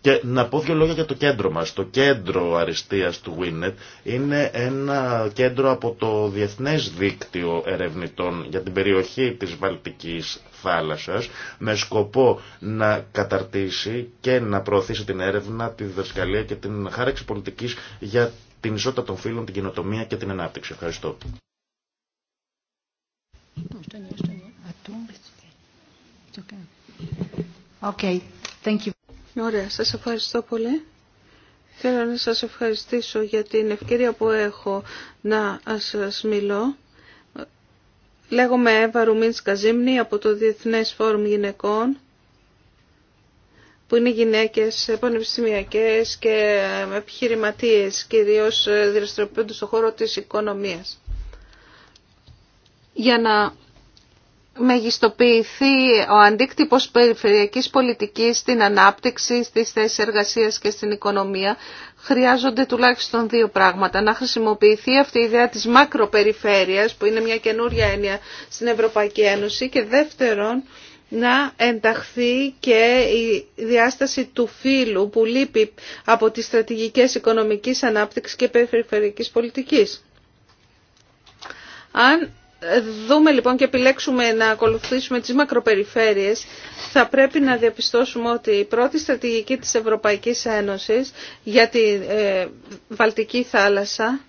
και να πω δύο λόγια για το κέντρο μας. Το κέντρο αριστείας του Winnet είναι ένα κέντρο από το Διεθνές Δίκτυο Ερευνητών για την περιοχή της Βαλτικής Θάλασσας με σκοπό να καταρτήσει και να προωθήσει την έρευνα, τη διδασκαλία και την χάραξη πολιτικής για την ισότητα των φύλων, την κοινοτομία και την ανάπτυξη. Ευχαριστώ. Ωραία, σας ευχαριστώ πολύ. Θέλω να σας ευχαριστήσω για την ευκαιρία που έχω να σας μιλώ. Λέγομαι Εύα Ρουμίνσκα Καζίμνη από το Διεθνές Φόρουμ Γυναικών που είναι γυναίκες πανεπιστημιακές και επιχειρηματίες, κυρίως ε, δραστηριοποιούνται στον χώρο της οικονομίας. Για να μεγιστοποιηθεί ο αντίκτυπος περιφερειακής πολιτικής στην ανάπτυξη, στις θέσεις εργασίας και στην οικονομία, χρειάζονται τουλάχιστον δύο πράγματα. Να χρησιμοποιηθεί αυτή η ιδέα της μακροπεριφέρειας, που είναι μια καινούρια έννοια στην Ευρωπαϊκή Ένωση, και δεύτερον, να ενταχθεί και η διάσταση του φύλου που λείπει από τις στρατηγικές οικονομικής ανάπτυξης και περιφερειακής πολιτικής δούμε λοιπόν και επιλέξουμε να ακολουθήσουμε τις μακροπεριφέρειες, θα πρέπει να διαπιστώσουμε ότι η πρώτη στρατηγική της Ευρωπαϊκής Ένωσης για τη ε, Βαλτική θάλασσα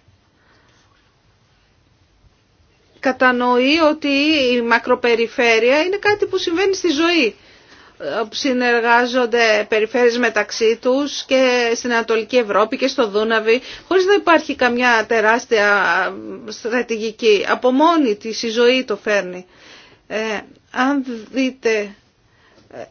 κατανοεί ότι η μακροπεριφέρεια είναι κάτι που συμβαίνει στη ζωή συνεργάζονται περιφέρειες μεταξύ τους και στην Ανατολική Ευρώπη και στο Δούναβι χωρίς να υπάρχει καμιά τεράστια στρατηγική. Από μόνη της η ζωή το φέρνει. Ε, αν δείτε ε,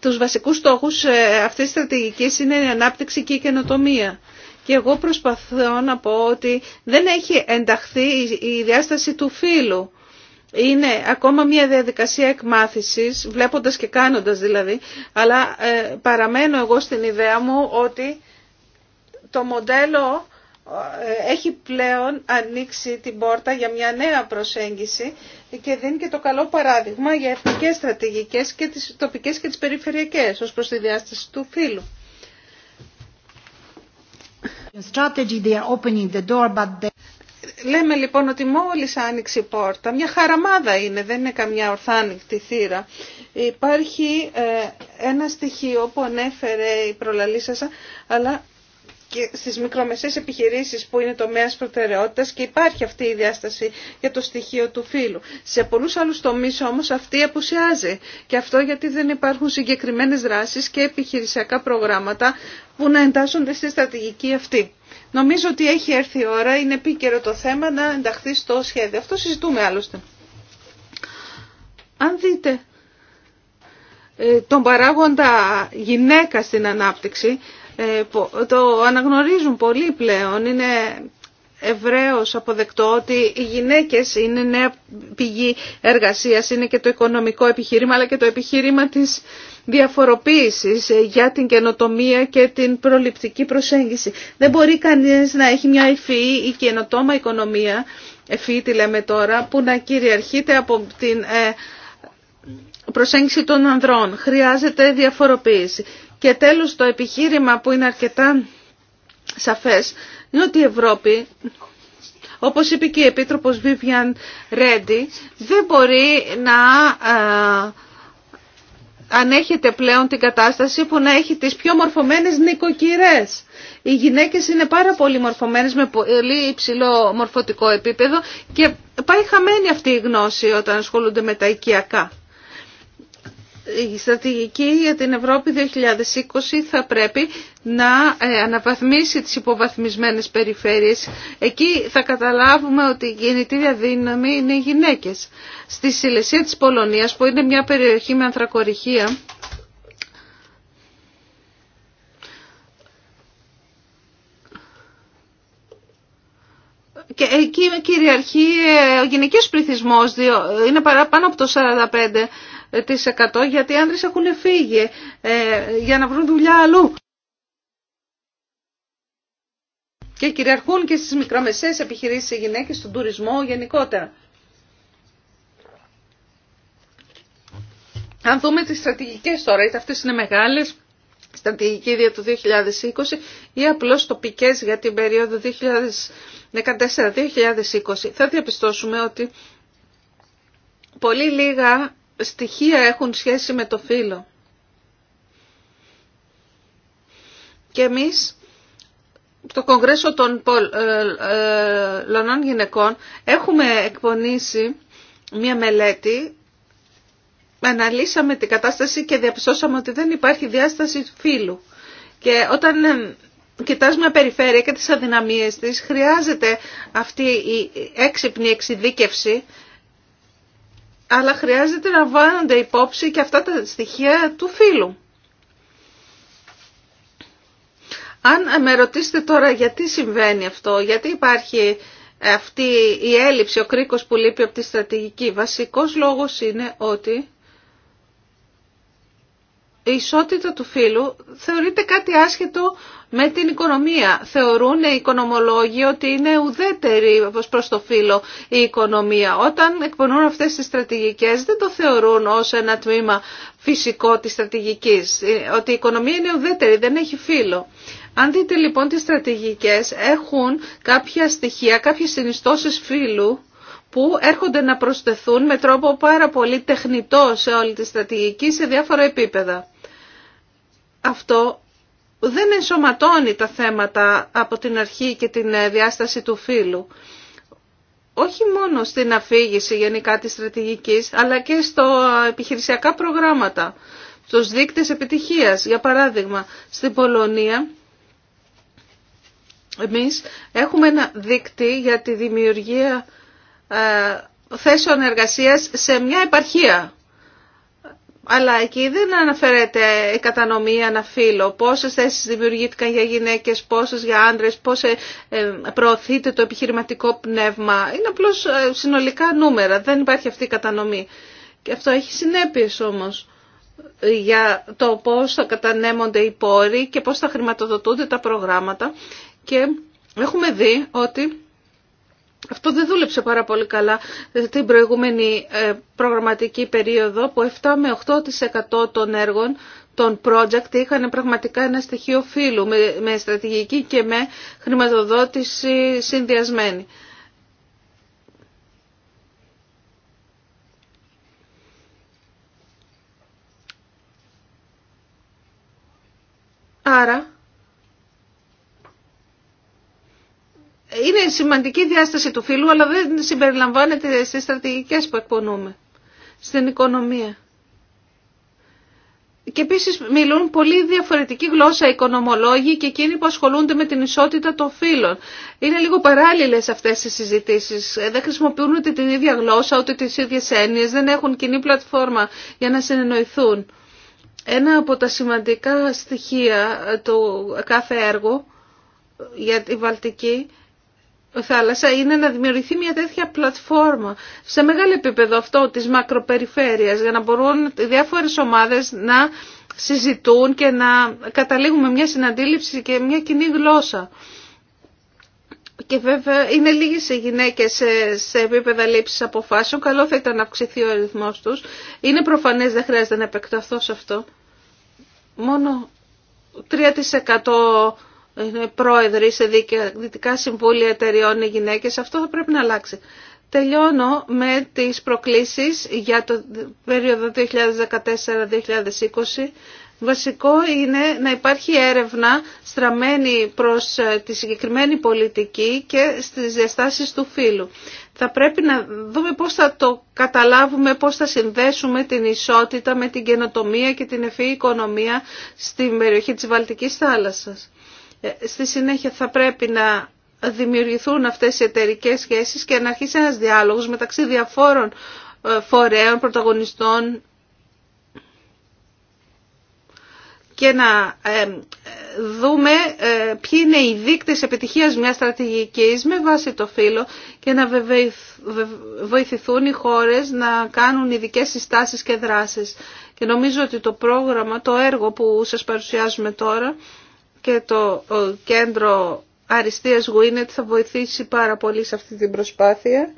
τους βασικούς στόχους ε, αυτής της στρατηγικής είναι η ανάπτυξη και η καινοτομία. Και εγώ προσπαθώ να πω ότι δεν έχει ενταχθεί η διάσταση του φύλου είναι ακόμα μια διαδικασία εκμάθησης, βλέποντας και κάνοντας δηλαδή, αλλά ε, παραμένω εγώ στην ιδέα μου ότι το μοντέλο ε, έχει πλέον ανοίξει την πόρτα για μια νέα προσέγγιση και δίνει και το καλό παράδειγμα για εθνικές στρατηγικές και τις τοπικές και τις περιφερειακές ως προς τη διάσταση του φύλου. Λέμε λοιπόν ότι μόλις άνοιξε η πόρτα, μια χαραμάδα είναι, δεν είναι καμιά ανοιχτή θύρα. Υπάρχει ε, ένα στοιχείο που ανέφερε η προλαλήσασα, αλλά και στις μικρομεσαίες επιχειρήσεις που είναι τομέας προτεραιότητας και υπάρχει αυτή η διάσταση για το στοιχείο του φύλου. Σε πολλούς άλλους τομείς όμως αυτή απουσιάζει και αυτό γιατί δεν υπάρχουν συγκεκριμένες δράσεις και επιχειρησιακά προγράμματα που να εντάσσονται στη στρατηγική αυτή. Νομίζω ότι έχει έρθει η ώρα, είναι επίκαιρο το θέμα να ενταχθεί στο σχέδιο. Αυτό συζητούμε άλλωστε. Αν δείτε ε, τον παράγοντα γυναίκα στην ανάπτυξη, ε, το αναγνωρίζουν πολύ πλέον, είναι ευρέως αποδεκτό ότι οι γυναίκες είναι νέα πηγή εργασίας, είναι και το οικονομικό επιχείρημα αλλά και το επιχείρημα της διαφοροποίησης ε, για την καινοτομία και την προληπτική προσέγγιση. Δεν μπορεί κανείς να έχει μια ευφυή ή καινοτόμα οικονομία, ευφυή τη λέμε τώρα, που να κυριαρχείται από την ε, προσέγγιση των ανδρών. Χρειάζεται διαφοροποίηση. Και τέλος το επιχείρημα που είναι αρκετά σαφές είναι ότι η Ευρώπη όπως είπε και η Επίτροπος Βίβιαν Ρέντι, δεν μπορεί να ε, αν έχετε πλέον την κατάσταση που να έχει τις πιο μορφωμένες νοικοκυρές. Οι γυναίκες είναι πάρα πολύ μορφωμένες με πολύ υψηλό μορφωτικό επίπεδο και πάει χαμένη αυτή η γνώση όταν ασχολούνται με τα οικιακά η στρατηγική για την Ευρώπη 2020 θα πρέπει να ε, αναβαθμίσει τις υποβαθμισμένες περιφέρειες. Εκεί θα καταλάβουμε ότι η γεννητήρια δύναμη είναι οι γυναίκες. Στη Σιλεσία της Πολωνίας που είναι μια περιοχή με ανθρακοριχία, και εκεί κυριαρχεί ε, ο γυναικείος πληθυσμός, είναι πάνω από το 45% γιατί οι άνδρες έχουν φύγει ε, για να βρουν δουλειά αλλού. Και κυριαρχούν και στις μικρομεσαίες επιχειρήσεις οι γυναίκες, στον τουρισμό γενικότερα. Αν δούμε τις στρατηγικές τώρα, είτε αυτές είναι μεγάλες, στρατηγική δια του 2020 ή απλώς τοπικές για την περίοδο 2014-2020, θα διαπιστώσουμε ότι πολύ λίγα στοιχεία έχουν σχέση με το φύλλο. Και εμείς στο Κογκρέσο των ε, ε, Λονών Γυναικών έχουμε εκπονήσει μία μελέτη, αναλύσαμε την κατάσταση και διαπιστώσαμε ότι δεν υπάρχει διάσταση φύλου. Και όταν ε, κοιτάς μια περιφέρεια και τις αδυναμίες της, χρειάζεται αυτή η έξυπνη εξειδίκευση αλλά χρειάζεται να βάνονται υπόψη και αυτά τα στοιχεία του φίλου. Αν με ρωτήσετε τώρα γιατί συμβαίνει αυτό, γιατί υπάρχει αυτή η έλλειψη, ο κρίκος που λείπει από τη στρατηγική, βασικός λόγος είναι ότι η ισότητα του φίλου θεωρείται κάτι άσχετο με την οικονομία. Θεωρούν οι οικονομολόγοι ότι είναι ουδέτερη προς το φύλλο η οικονομία. Όταν εκπονούν αυτές τις στρατηγικές δεν το θεωρούν ως ένα τμήμα φυσικό της στρατηγικής. Ότι η οικονομία είναι ουδέτερη, δεν έχει φύλλο. Αν δείτε λοιπόν τις στρατηγικές έχουν κάποια στοιχεία, κάποιες συνιστώσεις φύλλου που έρχονται να προσθεθούν με τρόπο πάρα πολύ τεχνητό σε όλη τη στρατηγική σε διάφορα επίπεδα. Αυτό δεν ενσωματώνει τα θέματα από την αρχή και την ε, διάσταση του φίλου, Όχι μόνο στην αφήγηση γενικά της στρατηγικής, αλλά και στο ε, επιχειρησιακά προγράμματα, στους δείκτες επιτυχίας. Για παράδειγμα, στην Πολωνία εμείς έχουμε ένα δείκτη για τη δημιουργία ε, θέσεων εργασίας σε μια επαρχία. Αλλά εκεί δεν αναφέρεται η κατανομή ένα φύλλο. Πόσες θέσεις δημιουργήθηκαν για γυναίκες, πόσες για άντρες, πώς ε, προωθείται το επιχειρηματικό πνεύμα. Είναι απλώς ε, συνολικά νούμερα. Δεν υπάρχει αυτή η κατανομή. Και αυτό έχει συνέπειες όμως για το πώς θα κατανέμονται οι πόροι και πώς θα χρηματοδοτούνται τα προγράμματα. Και έχουμε δει ότι αυτό δεν δούλεψε πάρα πολύ καλά την προηγούμενη ε, προγραμματική περίοδο που 7 με 8% των έργων των project είχαν πραγματικά ένα στοιχείο φύλου με στρατηγική και με χρηματοδότηση συνδυασμένη. Άρα είναι σημαντική διάσταση του φύλου, αλλά δεν συμπεριλαμβάνεται στις στρατηγικές που εκπονούμε, στην οικονομία. Και επίση μιλούν πολύ διαφορετική γλώσσα οικονομολόγοι και εκείνοι που ασχολούνται με την ισότητα των φύλων. Είναι λίγο παράλληλες αυτές οι συζητήσεις. Ε, δεν χρησιμοποιούν ούτε την ίδια γλώσσα, ούτε τι ίδιε έννοιε. δεν έχουν κοινή πλατφόρμα για να συνεννοηθούν. Ένα από τα σημαντικά στοιχεία του κάθε έργου για τη Βαλτική θάλασσα είναι να δημιουργηθεί μια τέτοια πλατφόρμα σε μεγάλο επίπεδο αυτό της μακροπεριφέρειας για να μπορούν οι διάφορες ομάδες να συζητούν και να καταλήγουμε μια συναντήληψη και μια κοινή γλώσσα. Και βέβαια είναι λίγε οι γυναίκε σε, επίπεδα λήψη αποφάσεων. Καλό θα ήταν να αυξηθεί ο αριθμό του. Είναι προφανέ, δεν χρειάζεται να επεκταθώ σε αυτό. Μόνο 3% είναι πρόεδροι σε δυτικά συμβούλια εταιριών οι γυναίκες. Αυτό θα πρέπει να αλλάξει. Τελειώνω με τις προκλήσεις για το περίοδο 2014-2020. Βασικό είναι να υπάρχει έρευνα στραμμένη προς ε, τη συγκεκριμένη πολιτική και στις διαστάσεις του φύλου. Θα πρέπει να δούμε πώς θα το καταλάβουμε, πώς θα συνδέσουμε την ισότητα με την καινοτομία και την ευφυή οικονομία στην περιοχή της Βαλτικής θάλασσας. Ε, στη συνέχεια θα πρέπει να δημιουργηθούν αυτές οι εταιρικές σχέσεις και να αρχίσει ένας διάλογος μεταξύ διαφόρων ε, φορέων, πρωταγωνιστών και να ε, δούμε ποιοι είναι οι δείκτες επιτυχίας μιας στρατηγικής με βάση το φύλλο και να βοηθηθούν οι χώρες να κάνουν ειδικές συστάσεις και δράσεις. Και νομίζω ότι το πρόγραμμα, το έργο που σας παρουσιάζουμε τώρα και το κέντρο αριστείας Γουίνετ θα βοηθήσει πάρα πολύ σε αυτή την προσπάθεια.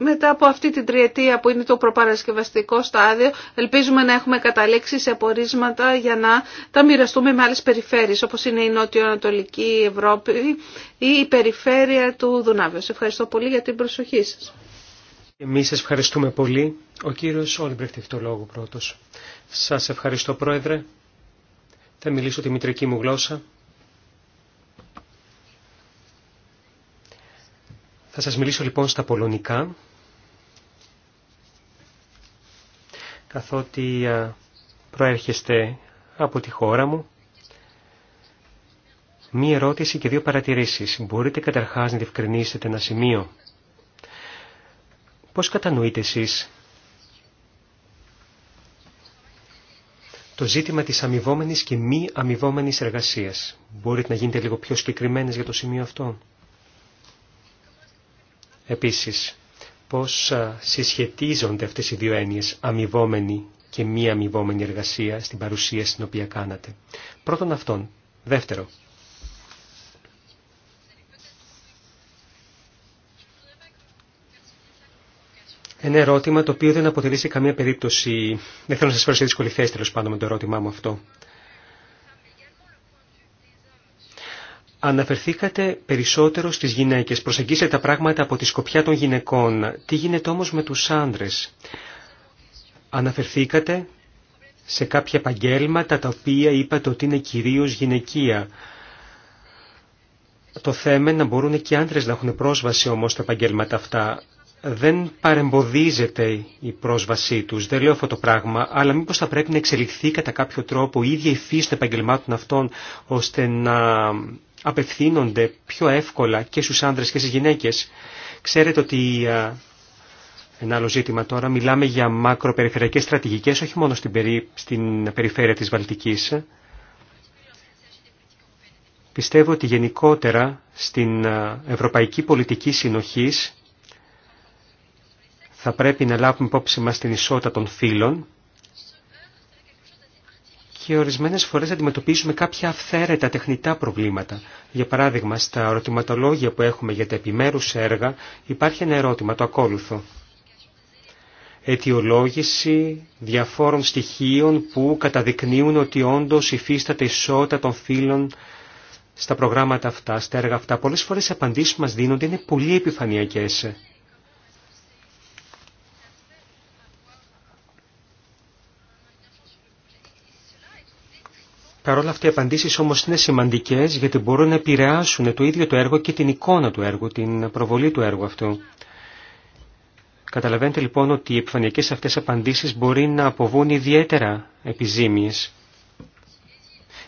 Μετά από αυτή την τριετία που είναι το προπαρασκευαστικό στάδιο, ελπίζουμε να έχουμε καταλήξει σε απορίσματα για να τα μοιραστούμε με άλλες περιφέρειες, όπως είναι η Νότιο-Ανατολική Ευρώπη ή η περιφέρεια του Δουνάβιου. ευχαριστώ πολύ για την προσοχή σας. Εμείς σας ευχαριστούμε πολύ. Ο κύριος Όλμπρεχτ έχει το λόγο πρώτος. Σας ευχαριστώ πρόεδρε. Θα μιλήσω τη μητρική μου γλώσσα. Θα σας μιλήσω λοιπόν στα πολωνικά. Καθότι προέρχεστε από τη χώρα μου. Μία ερώτηση και δύο παρατηρήσεις. Μπορείτε καταρχάς να διευκρινίσετε ένα σημείο Πώς κατανοείτε εσείς το ζήτημα της αμοιβόμενη και μη αμοιβόμενη εργασίας. Μπορείτε να γίνετε λίγο πιο συγκεκριμένες για το σημείο αυτό. Επίσης, πώς συσχετίζονται αυτές οι δύο έννοιες αμοιβόμενη και μη αμοιβόμενη εργασία στην παρουσία στην οποία κάνατε. Πρώτον αυτόν. Δεύτερο, ένα ερώτημα το οποίο δεν αποτελεί σε καμία περίπτωση, δεν θέλω να σας φέρω σε δύσκολη θέση τέλος πάντων με το ερώτημά μου αυτό. Αναφερθήκατε περισσότερο στις γυναίκες, προσεγγίσετε τα πράγματα από τη σκοπιά των γυναικών. Τι γίνεται όμως με τους άντρες. Αναφερθήκατε σε κάποια επαγγέλματα τα οποία είπατε ότι είναι κυρίως γυναικεία. Το θέμα είναι να μπορούν και οι άντρες να έχουν πρόσβαση όμως στα επαγγέλματα αυτά δεν παρεμποδίζεται η πρόσβασή τους. Δεν λέω αυτό το πράγμα, αλλά μήπως θα πρέπει να εξελιχθεί κατά κάποιο τρόπο η ίδια η φύση των επαγγελμάτων αυτών, ώστε να απευθύνονται πιο εύκολα και στους άνδρες και στις γυναίκες. Ξέρετε ότι ένα άλλο ζήτημα τώρα, μιλάμε για μακροπεριφερειακές στρατηγικές, όχι μόνο στην, περι... στην περιφέρεια της Βαλτικής. Πιστεύω ότι γενικότερα στην ευρωπαϊκή πολιτική συνοχής θα πρέπει να λάβουμε υπόψη μας την ισότητα των φύλων και ορισμένες φορές αντιμετωπίζουμε κάποια αυθαίρετα τεχνητά προβλήματα. Για παράδειγμα, στα ερωτηματολόγια που έχουμε για τα επιμέρους έργα υπάρχει ένα ερώτημα, το ακόλουθο. Αιτιολόγηση διαφόρων στοιχείων που καταδεικνύουν ότι όντως υφίσταται ισότητα των φύλων στα προγράμματα αυτά, στα έργα αυτά. Πολλές φορές οι απαντήσεις που μας δίνονται είναι πολύ επιφανειακές. Παρ' όλα αυτά οι απαντήσεις όμως είναι σημαντικές γιατί μπορούν να επηρεάσουν το ίδιο το έργο και την εικόνα του έργου, την προβολή του έργου αυτού. Καταλαβαίνετε λοιπόν ότι οι επιφανειακές αυτές απαντήσεις μπορεί να αποβούν ιδιαίτερα επιζήμιες.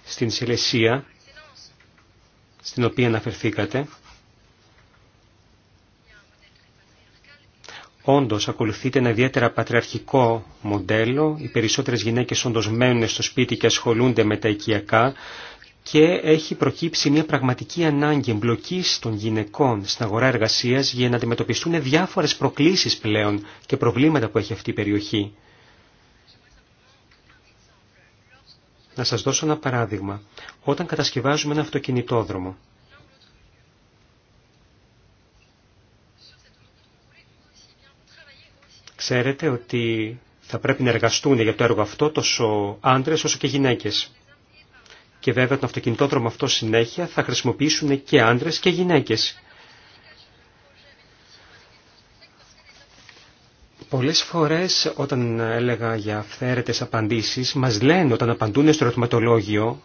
Στην Σιλεσία, στην οποία αναφερθήκατε, Όντως ακολουθείται ένα ιδιαίτερα πατριαρχικό μοντέλο. Οι περισσότερες γυναίκες όντως μένουν στο σπίτι και ασχολούνται με τα οικιακά και έχει προκύψει μια πραγματική ανάγκη εμπλοκή των γυναικών στην αγορά εργασίας για να αντιμετωπιστούν διάφορες προκλήσεις πλέον και προβλήματα που έχει αυτή η περιοχή. Να σας δώσω ένα παράδειγμα. Όταν κατασκευάζουμε ένα αυτοκινητόδρομο, Ξέρετε ότι θα πρέπει να εργαστούν για το έργο αυτό τόσο άντρες όσο και γυναίκες. Και βέβαια τον αυτοκινητόδρομο αυτό συνέχεια θα χρησιμοποιήσουν και άντρες και γυναίκες. Πολλές φορές όταν έλεγα για αυθαίρετες απαντήσεις, μας λένε όταν απαντούν στο ερωτηματολόγιο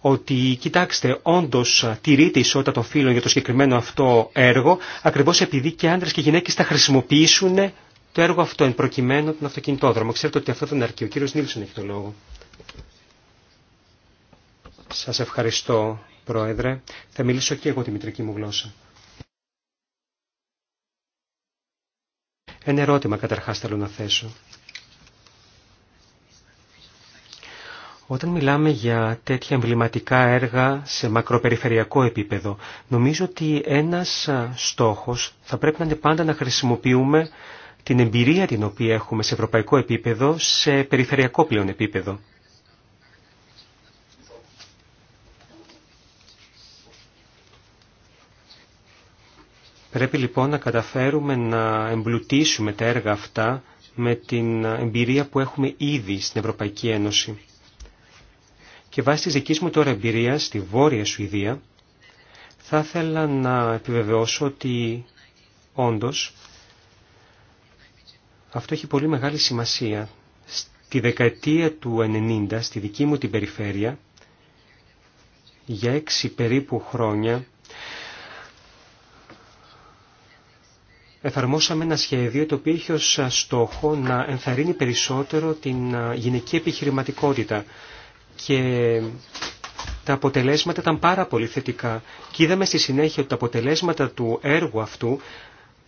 ότι κοιτάξτε, όντω τηρείται η ισότητα των φύλων για το συγκεκριμένο αυτό έργο, ακριβώ επειδή και άντρε και γυναίκε θα χρησιμοποιήσουν το έργο αυτό εν προκειμένου τον αυτοκινητόδρομο. Ξέρετε ότι αυτό δεν αρκεί. Ο κύριος Νίλσον έχει το λόγο. Σας ευχαριστώ, Πρόεδρε. Θα μιλήσω και εγώ τη μητρική μου γλώσσα. Ένα ερώτημα καταρχάς θέλω να θέσω. Όταν μιλάμε για τέτοια εμβληματικά έργα σε μακροπεριφερειακό επίπεδο, νομίζω ότι ένας στόχος θα πρέπει να είναι πάντα να χρησιμοποιούμε την εμπειρία την οποία έχουμε σε ευρωπαϊκό επίπεδο, σε περιφερειακό πλέον επίπεδο. Πρέπει λοιπόν να καταφέρουμε να εμπλουτίσουμε τα έργα αυτά με την εμπειρία που έχουμε ήδη στην Ευρωπαϊκή Ένωση. Και βάσει της δικής μου τώρα εμπειρία στη Βόρεια Σουηδία, θα ήθελα να επιβεβαιώσω ότι όντως αυτό έχει πολύ μεγάλη σημασία. Στη δεκαετία του 90, στη δική μου την περιφέρεια, για έξι περίπου χρόνια, εφαρμόσαμε ένα σχέδιο το οποίο είχε ως στόχο να ενθαρρύνει περισσότερο την γυναική επιχειρηματικότητα και τα αποτελέσματα ήταν πάρα πολύ θετικά και είδαμε στη συνέχεια ότι τα αποτελέσματα του έργου αυτού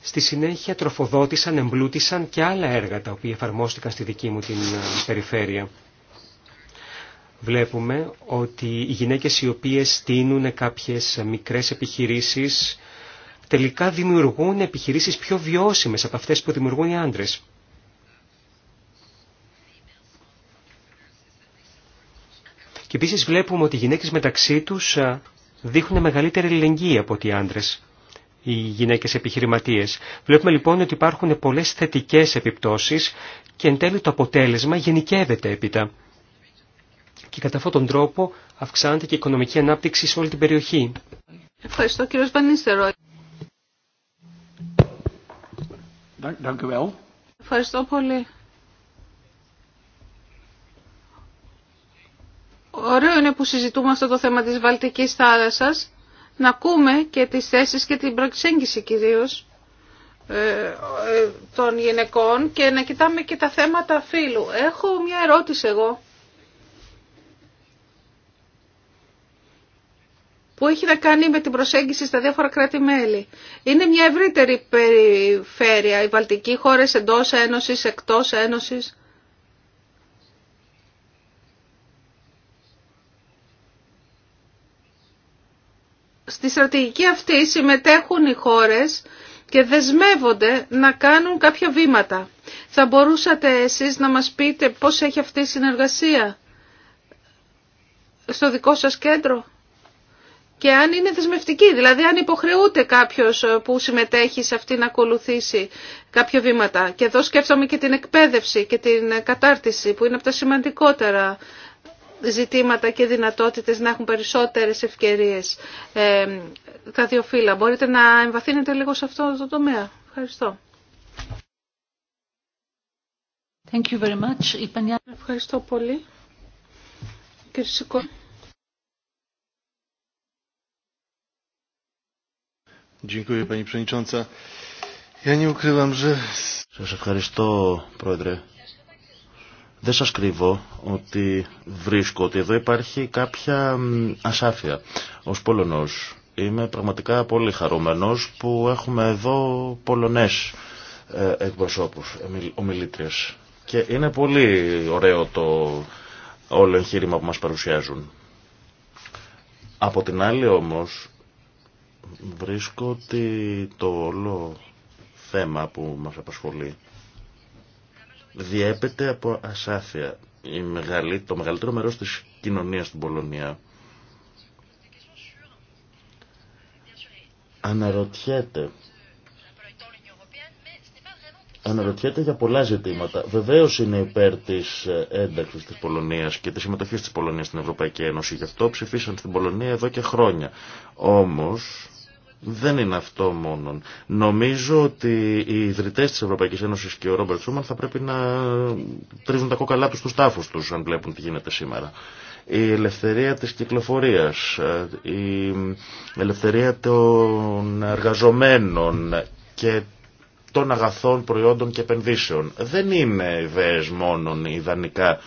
Στη συνέχεια τροφοδότησαν, εμπλούτησαν και άλλα έργα τα οποία εφαρμόστηκαν στη δική μου την ε, περιφέρεια. Βλέπουμε ότι οι γυναίκες οι οποίες στείνουν κάποιες μικρές επιχειρήσεις τελικά δημιουργούν επιχειρήσεις πιο βιώσιμες από αυτές που δημιουργούν οι άντρες. Και επίσης βλέπουμε ότι οι γυναίκες μεταξύ τους ε, δείχνουν μεγαλύτερη ελεγγύη από ότι οι άντρες οι γυναίκες επιχειρηματίες. Βλέπουμε λοιπόν ότι υπάρχουν πολλές θετικές επιπτώσεις και εν τέλει το αποτέλεσμα γενικεύεται έπειτα. Και κατά αυτόν τον τρόπο αυξάνεται και η οικονομική ανάπτυξη σε όλη την περιοχή. Ευχαριστώ κύριος Βανίστερο. Ευχαριστώ πολύ. Ωραίο είναι που συζητούμε αυτό το θέμα της Βαλτικής θάλασσας να ακούμε και τις θέσεις και την προσέγγιση κυρίως ε, ε, των γυναικών και να κοιτάμε και τα θέματα φύλου. Έχω μια ερώτηση εγώ που έχει να κάνει με την προσέγγιση στα διάφορα κράτη-μέλη. Είναι μια ευρύτερη περιφέρεια, οι βαλτικοί χώρες εντός ένωσης, εκτός ένωσης. Στη στρατηγική αυτή συμμετέχουν οι χώρες και δεσμεύονται να κάνουν κάποια βήματα. Θα μπορούσατε εσείς να μας πείτε πώς έχει αυτή η συνεργασία στο δικό σας κέντρο και αν είναι δεσμευτική, δηλαδή αν υποχρεούται κάποιος που συμμετέχει σε αυτή να ακολουθήσει κάποια βήματα. Και εδώ σκέφτομαι και την εκπαίδευση και την κατάρτιση που είναι από τα σημαντικότερα ζητήματα και δυνατότητες να έχουν περισσότερες ευκαιρίες ε, τα δύο φύλλα. Μπορείτε να εμβαθύνετε λίγο σε αυτό το τομέα. Ευχαριστώ. Thank you very much. Ευχαριστώ πολύ. Κύριε Σικό. Σας ευχαριστώ, Πρόεδρε. Δεν σας κρύβω ότι βρίσκω ότι εδώ υπάρχει κάποια ασάφεια. Ως Πολωνός είμαι πραγματικά πολύ χαρούμενος που έχουμε εδώ Πολωνές ε, εκπροσώπους, ομιλήτριες. Και είναι πολύ ωραίο το όλο εγχείρημα που μας παρουσιάζουν. Από την άλλη όμως βρίσκω ότι το όλο θέμα που μας απασχολεί διέπεται από ασάφεια. Η μεγαλή, το μεγαλύτερο μέρος της κοινωνίας στην Πολωνία αναρωτιέται αναρωτιέται για πολλά ζητήματα. Βεβαίω είναι υπέρ τη ε, ένταξη τη Πολωνία και τη συμμετοχή τη Πολωνία στην Ευρωπαϊκή Ένωση. Γι' αυτό ψηφίσαν στην Πολωνία εδώ και χρόνια. Όμω δεν είναι αυτό μόνον. Νομίζω ότι οι ιδρυτές της Ευρωπαϊκής Ένωσης και ο Ρόμπερτ Σούμαν θα πρέπει να τρίζουν τα κόκαλά τους στους τάφους τους αν βλέπουν τι γίνεται σήμερα. Η ελευθερία της κυκλοφορίας, η ελευθερία των εργαζομένων και των αγαθών, προϊόντων και επενδύσεων. Δεν είναι ιδέες μόνον ιδανικά.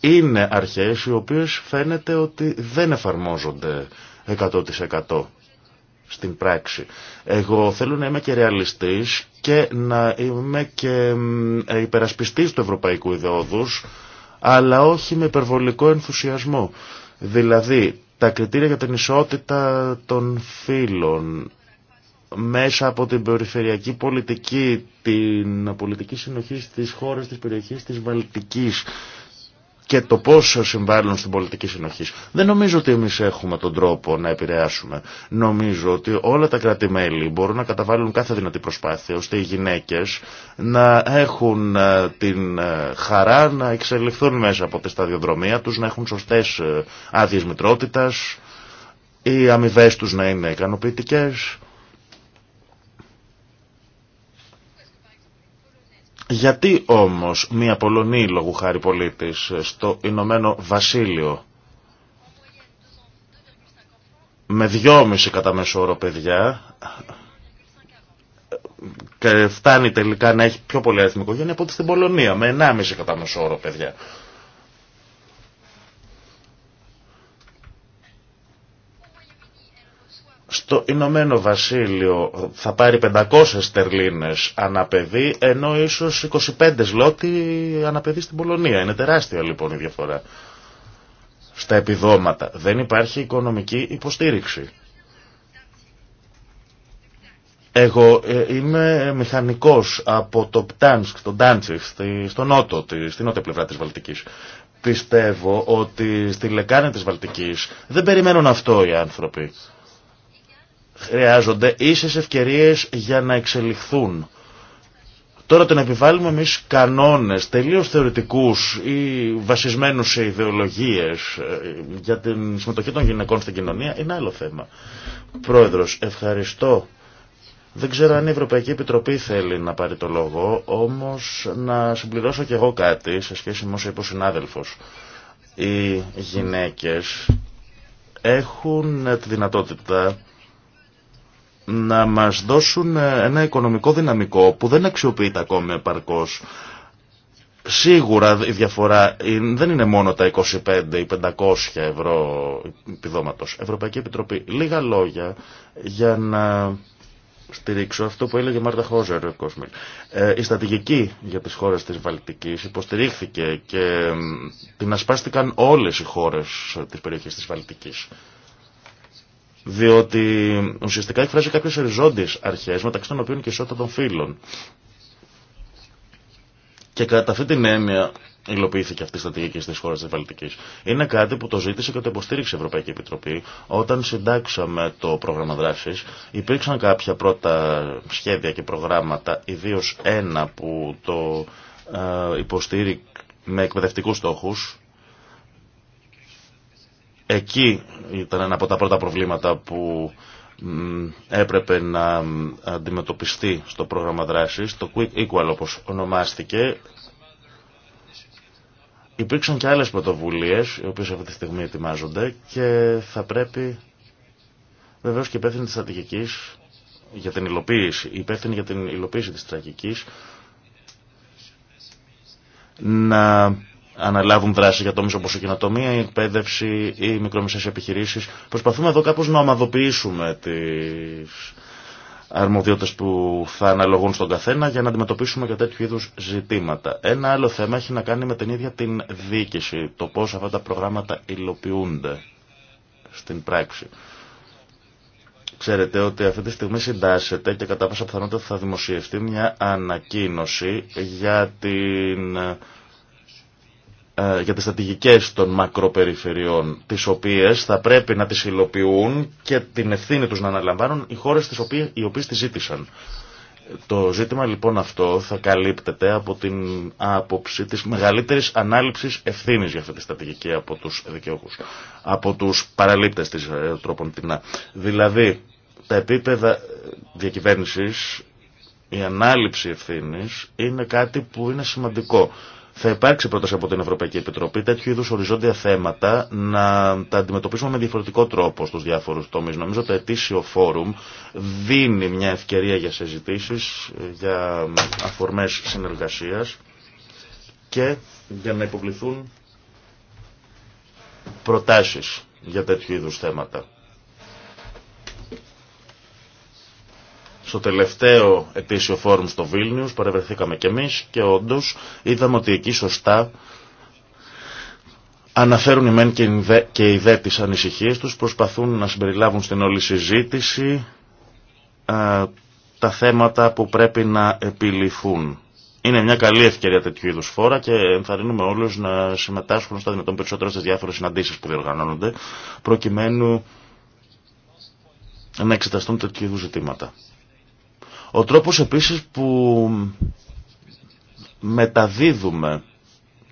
Είναι αρχές οι οποίες φαίνεται ότι δεν εφαρμόζονται 100% στην πράξη. Εγώ θέλω να είμαι και ρεαλιστής και να είμαι και ε, υπερασπιστής του ευρωπαϊκού ιδεόδους, αλλά όχι με υπερβολικό ενθουσιασμό. Δηλαδή, τα κριτήρια για την ισότητα των φύλων μέσα από την περιφερειακή πολιτική, την πολιτική συνοχή στις χώρες της περιοχής της Βαλτικής, και το πόσο συμβάλλουν στην πολιτική συνοχή. Δεν νομίζω ότι εμεί έχουμε τον τρόπο να επηρεάσουμε. Νομίζω ότι όλα τα κράτη-μέλη μπορούν να καταβάλουν κάθε δυνατή προσπάθεια ώστε οι γυναίκες να έχουν ε, την ε, χαρά να εξελιχθούν μέσα από τη σταδιοδρομία του, να έχουν σωστέ ε, άδειε μητρότητα, οι αμοιβέ του να είναι ικανοποιητικέ. Γιατί όμως μια Πολωνή λόγου χάρη πολίτης στο Ηνωμένο Βασίλειο με δυόμιση κατά μέσο όρο παιδιά και φτάνει τελικά να έχει πιο πολύ αριθμικό οικογένεια από ότι στην Πολωνία με 1,5 κατά μέσο όρο παιδιά. στο Ηνωμένο Βασίλειο θα πάρει 500 στερλίνες αναπαιδί, ενώ ίσως 25 σλότι αναπαιδί στην Πολωνία. Είναι τεράστια λοιπόν η διαφορά στα επιδόματα. Δεν υπάρχει οικονομική υποστήριξη. Εγώ ε, είμαι μηχανικός από το Πτάνσκ, τον Τάντσιχ, στο νότο, στην νότια πλευρά της Βαλτικής. Πιστεύω ότι στη λεκάνη της Βαλτικής δεν περιμένουν αυτό οι άνθρωποι. Χρειάζονται ίσες ευκαιρίες για να εξελιχθούν. Τώρα τον επιβάλλουμε εμεί κανόνες τελείως θεωρητικούς ή βασισμένους σε ιδεολογίες ε, για την συμμετοχή των γυναικών στην κοινωνία είναι άλλο θέμα. Πρόεδρος, ευχαριστώ. Δεν ξέρω αν η Ευρωπαϊκή Επιτροπή θέλει να πάρει το λόγο, όμως να συμπληρώσω κι εγώ κάτι σε σχέση με όσο είπε συνάδελφος. Οι γυναίκες έχουν τη δυνατότητα να μας δώσουν ε, ένα οικονομικό δυναμικό που δεν αξιοποιείται ακόμη επαρκώς. Σίγουρα η διαφορά δεν είναι μόνο τα 25 ή 500 ευρώ επιδόματος. Ευρωπαϊκή Επιτροπή, λίγα λόγια για να στηρίξω αυτό που έλεγε Μάρτα Χόζερ, ο Κόσμιλ. Ε, η στρατηγική για τις χώρες της Βαλτικής υποστηρίχθηκε και την ασπάστηκαν όλες οι χώρες της περιοχής της Βαλτικής διότι ουσιαστικά εκφράζει κάποιες οριζόντιες αρχές μεταξύ των οποίων και ισότητα των φύλων. Και κατά αυτή την έννοια υλοποιήθηκε αυτή η στρατηγική στις χώρες της Βαλτικής. Είναι κάτι που το ζήτησε και το υποστήριξε η Ευρωπαϊκή Επιτροπή. Όταν συντάξαμε το πρόγραμμα δράσης υπήρξαν κάποια πρώτα σχέδια και προγράμματα, ιδίως ένα που το ε, υποστήριξε με εκπαιδευτικού στόχους, Εκεί ήταν ένα από τα πρώτα προβλήματα που έπρεπε να αντιμετωπιστεί στο πρόγραμμα δράσης, το Quick Equal όπως ονομάστηκε. Υπήρξαν και άλλες πρωτοβουλίες, οι οποίες αυτή τη στιγμή ετοιμάζονται και θα πρέπει βεβαίως και υπεύθυνη της στρατηγικής για την υλοποίηση, υπεύθυνη για την υλοποίηση της στρατηγικής να αναλάβουν δράση για τόμους όπως η κοινοτομία, η εκπαίδευση, οι μικρομεσαίες επιχειρήσεις. Προσπαθούμε εδώ κάπως να ομαδοποιήσουμε τις αρμοδιότητες που θα αναλογούν στον καθένα για να αντιμετωπίσουμε και τέτοιου είδους ζητήματα. Ένα άλλο θέμα έχει να κάνει με την ίδια την διοίκηση, το πώς αυτά τα προγράμματα υλοποιούνται στην πράξη. Ξέρετε ότι αυτή τη στιγμή συντάσσεται και κατά πάσα πιθανότητα θα δημοσιευτεί μια ανακοίνωση για την ε, για τις στρατηγικές των μακροπεριφερειών, τις οποίες θα πρέπει να τις υλοποιούν και την ευθύνη τους να αναλαμβάνουν οι χώρες τις οποίες, οι οποίες τις ζήτησαν. Το ζήτημα λοιπόν αυτό θα καλύπτεται από την άποψη της μεγαλύτερης ανάληψης ευθύνης για αυτή τη στρατηγική από τους δικαιούχους, από τους παραλήπτες της ε, τρόπον τεινά. Δηλαδή, τα επίπεδα ε, διακυβέρνησης, η ανάληψη ευθύνης είναι κάτι που είναι σημαντικό θα υπάρξει πρόταση από την Ευρωπαϊκή Επιτροπή τέτοιου είδου οριζόντια θέματα να τα αντιμετωπίσουμε με διαφορετικό τρόπο στου διάφορου τομεί. Νομίζω το ετήσιο φόρουμ δίνει μια ευκαιρία για συζητήσει, για αφορμέ συνεργασία και για να υποβληθούν προτάσεις για τέτοιου είδου θέματα. Στο τελευταίο ετήσιο φόρουμ στο Βίλνιους παρευρεθήκαμε κι εμείς και όντως είδαμε ότι εκεί σωστά αναφέρουν οι μεν και οι δε τις ανησυχίες τους, προσπαθούν να συμπεριλάβουν στην όλη συζήτηση ε, τα θέματα που πρέπει να επιληθούν. Είναι μια καλή ευκαιρία τέτοιου είδου φόρα και ενθαρρύνουμε όλου να συμμετάσχουν στα δυνατόν περισσότερα στι διάφορε συναντήσει που διοργανώνονται, προκειμένου να εξεταστούν τέτοιου είδου ζητήματα. Ο τρόπος επίσης που μεταδίδουμε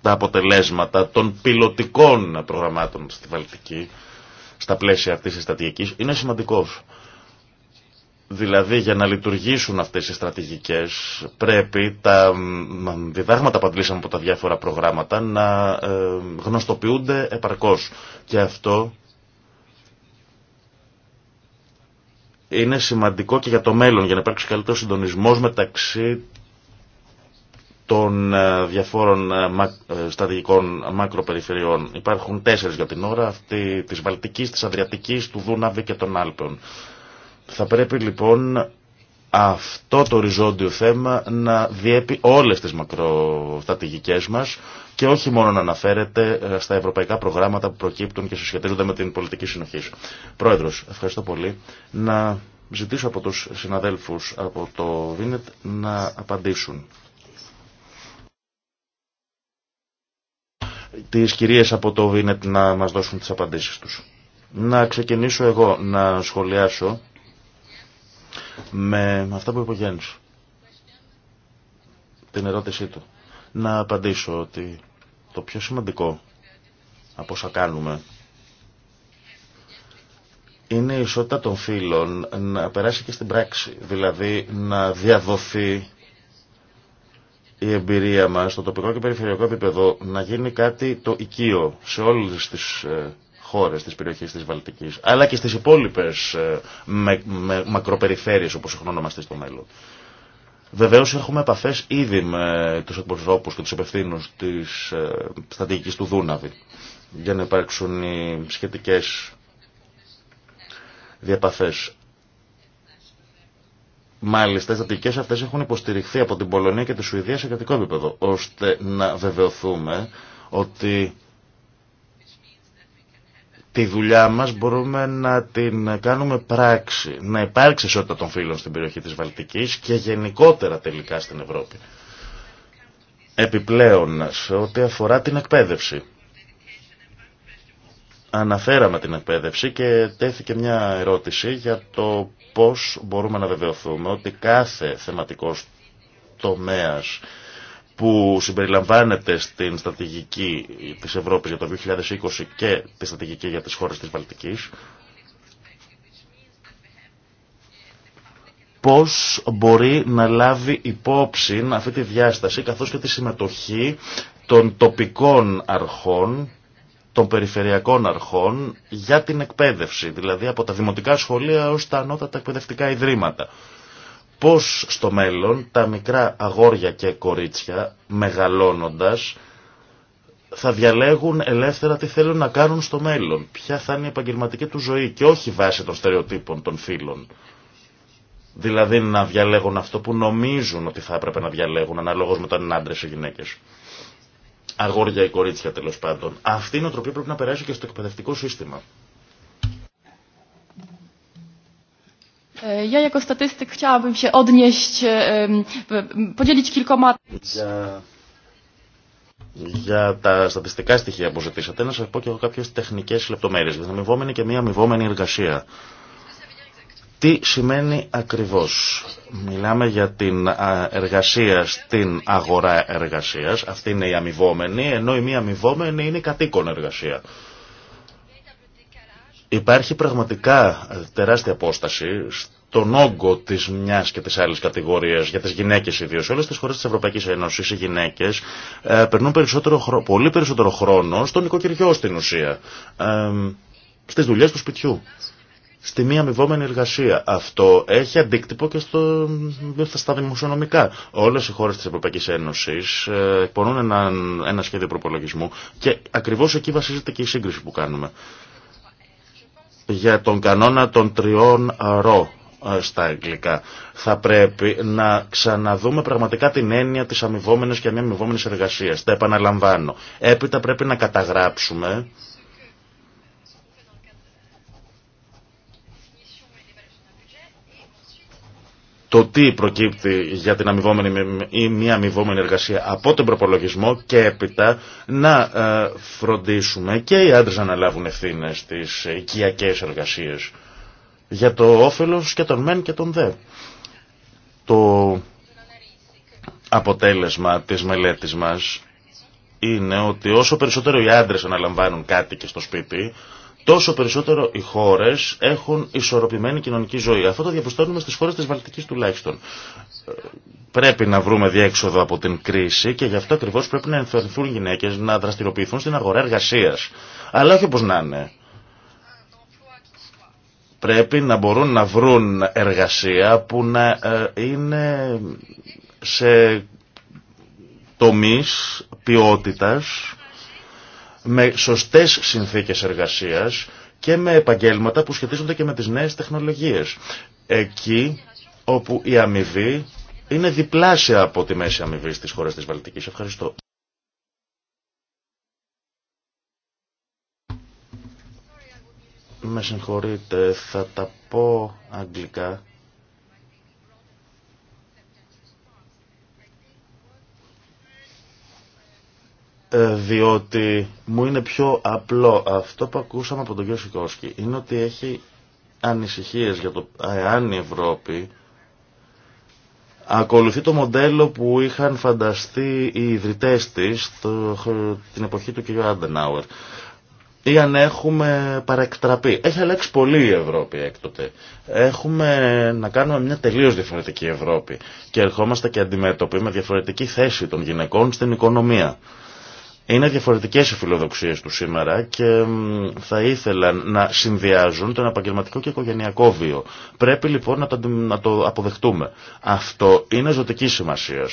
τα αποτελέσματα των πιλωτικών προγραμμάτων στη Βαλτική, στα πλαίσια αυτής της στρατηγικής, είναι σημαντικός. Δηλαδή για να λειτουργήσουν αυτές οι στρατηγικές πρέπει τα διδάγματα που αντλήσαμε από τα διάφορα προγράμματα να ε, γνωστοποιούνται επαρκώς. Και αυτό είναι σημαντικό και για το μέλλον, για να υπάρξει καλύτερο συντονισμός μεταξύ των ε, διαφόρων ε, ε, στρατηγικών μακροπεριφερειών. Υπάρχουν τέσσερις για την ώρα, αυτή της Βαλτικής, της Αδριατικής, του Δούναβη και των Άλπων. Θα πρέπει λοιπόν αυτό το οριζόντιο θέμα να διέπει όλες τις μακροστατηγικές μας και όχι μόνο να αναφέρεται ε, στα ευρωπαϊκά προγράμματα που προκύπτουν και συσχετίζονται με την πολιτική συνοχή. Πρόεδρο, ευχαριστώ πολύ. Να ζητήσω από του συναδέλφου από το Βίνετ να απαντήσουν. τις κυρίες από το Βίνετ να μας δώσουν τις απαντήσεις τους. Να ξεκινήσω εγώ να σχολιάσω με αυτά που είπε ο Την ερώτησή του. Να απαντήσω ότι το πιο σημαντικό από όσα κάνουμε είναι η ισότητα των φύλων να περάσει και στην πράξη. Δηλαδή να διαδοθεί η εμπειρία μας στο τοπικό και περιφερειακό επίπεδο να γίνει κάτι το οικείο σε όλες τις ε, χώρες της περιοχής της Βαλτικής αλλά και στις υπόλοιπες ε, με, με, μακροπεριφέρειες όπως έχουν ονομαστεί στο μέλλον. Βεβαίω έχουμε επαφέ ήδη με του εκπροσώπου και του υπευθύνου τη ε, στρατηγική του Δούναβη για να υπάρξουν οι σχετικέ διαπαθέ. Μάλιστα, οι στρατηγικέ αυτέ έχουν υποστηριχθεί από την Πολωνία και τη Σουηδία σε κρατικό επίπεδο, ώστε να βεβαιωθούμε ότι τη δουλειά μας μπορούμε να την κάνουμε πράξη, να υπάρξει ισότητα των φύλων στην περιοχή της Βαλτικής και γενικότερα τελικά στην Ευρώπη. Επιπλέον, σε ό,τι αφορά την εκπαίδευση. Αναφέραμε την εκπαίδευση και τέθηκε μια ερώτηση για το πώς μπορούμε να βεβαιωθούμε ότι κάθε θεματικός τομέας που συμπεριλαμβάνεται στην στρατηγική της Ευρώπης για το 2020 και τη στρατηγική για τις χώρες της Βαλτικής, πώς μπορεί να λάβει υπόψη αυτή τη διάσταση καθώς και τη συμμετοχή των τοπικών αρχών, των περιφερειακών αρχών για την εκπαίδευση, δηλαδή από τα δημοτικά σχολεία ως τα ανώτατα εκπαιδευτικά ιδρύματα πώς στο μέλλον τα μικρά αγόρια και κορίτσια μεγαλώνοντας θα διαλέγουν ελεύθερα τι θέλουν να κάνουν στο μέλλον, ποια θα είναι η επαγγελματική του ζωή και όχι βάσει των στερεοτύπων των φίλων. Δηλαδή να διαλέγουν αυτό που νομίζουν ότι θα έπρεπε να διαλέγουν αναλόγως με το αν είναι άντρες ή γυναίκες. Αγόρια η νοοτροπία πρέπει να περάσει και στο εκπαιδευτικό σύστημα. E, ja jako statystyk chciałabym się odnieść, e, podzielić kilkoma... Για... Για τα στατιστικά στοιχεία που ζητήσατε, να σας πω και εγώ κάποιες τεχνικές λεπτομέρειες. Για την αμοιβόμενη και μια αμοιβόμενη εργασία. Τι σημαίνει ακριβώς. Μιλάμε για την εργασία στην αγορά εργασίας, αυτή είναι η αμοιβόμενη, ενώ η μη αμοιβόμενη είναι η κατοίκον εργασία. Υπάρχει πραγματικά ε, τεράστια απόσταση στον όγκο τη μια και τη άλλη κατηγορία, για τι γυναίκε ιδίω. Όλε τι χώρε τη Ευρωπαϊκή Ένωση οι γυναίκε ε, περνούν περισσότερο, πολύ περισσότερο χρόνο στον νοικοκυριό στην ουσία. Ε, Στι δουλειέ του σπιτιού. Στη μία αμοιβόμενη εργασία. Αυτό έχει αντίκτυπο και στο, στα δημοσιονομικά. Όλε οι χώρε τη Ευρωπαϊκή Ένωση ε, εκπονούν ένα, ένα σχέδιο προπολογισμού και ακριβώ εκεί βασίζεται και η σύγκριση που κάνουμε για τον κανόνα των τριών ρο ε, στα αγγλικά. Θα πρέπει να ξαναδούμε πραγματικά την έννοια της αμοιβόμενης και αμοιβόμενης εργασίας. Τα επαναλαμβάνω. Έπειτα πρέπει να καταγράψουμε το τι προκύπτει για την αμοιβόμενη ή μια αμοιβόμενη εργασία από τον προπολογισμό και έπειτα να ε, φροντίσουμε και οι άντρες να αναλάβουν ευθύνε στις οικιακές εργασίες για το όφελος και των μεν και των δε. Το αποτέλεσμα της μελέτης μας είναι ότι όσο περισσότερο οι άντρες αναλαμβάνουν κάτι και στο σπίτι, τόσο περισσότερο οι χώρε έχουν ισορροπημένη κοινωνική ζωή. Αυτό το διαπιστώνουμε στι χώρε τη Βαλτική τουλάχιστον. Ε, πρέπει να βρούμε διέξοδο από την κρίση και γι' αυτό ακριβώ πρέπει να ενθαρρυνθούν γυναίκε να δραστηριοποιηθούν στην αγορά εργασία. Αλλά όχι όπω να είναι. Πρέπει να μπορούν να βρουν εργασία που να ε, είναι σε τομείς ποιότητας με σωστές συνθήκες εργασίας και με επαγγέλματα που σχετίζονται και με τις νέες τεχνολογίες. Εκεί όπου η αμοιβή είναι διπλάσια από τη μέση αμοιβή στις χώρες της Βαλτικής. Ευχαριστώ. Με συγχωρείτε, θα τα πω αγγλικά Ε, διότι μου είναι πιο απλό. Αυτό που ακούσαμε από τον κ. Σικόσκι είναι ότι έχει ανησυχίες για το αν η Ευρώπη ακολουθεί το μοντέλο που είχαν φανταστεί οι ιδρυτές της το, την εποχή του κ. Άντενάουερ ή αν έχουμε παρεκτραπεί. Έχει αλλάξει πολύ η Ευρώπη έκτοτε. Έχουμε να κάνουμε μια τελείως διαφορετική Ευρώπη και ερχόμαστε και αντιμέτωποι με διαφορετική θέση των γυναικών στην οικονομία. Είναι διαφορετικές οι φιλοδοξίες του σήμερα και θα ήθελαν να συνδυάζουν τον επαγγελματικό και οικογενειακό βίο. Πρέπει λοιπόν να το αποδεχτούμε. Αυτό είναι ζωτική σημασία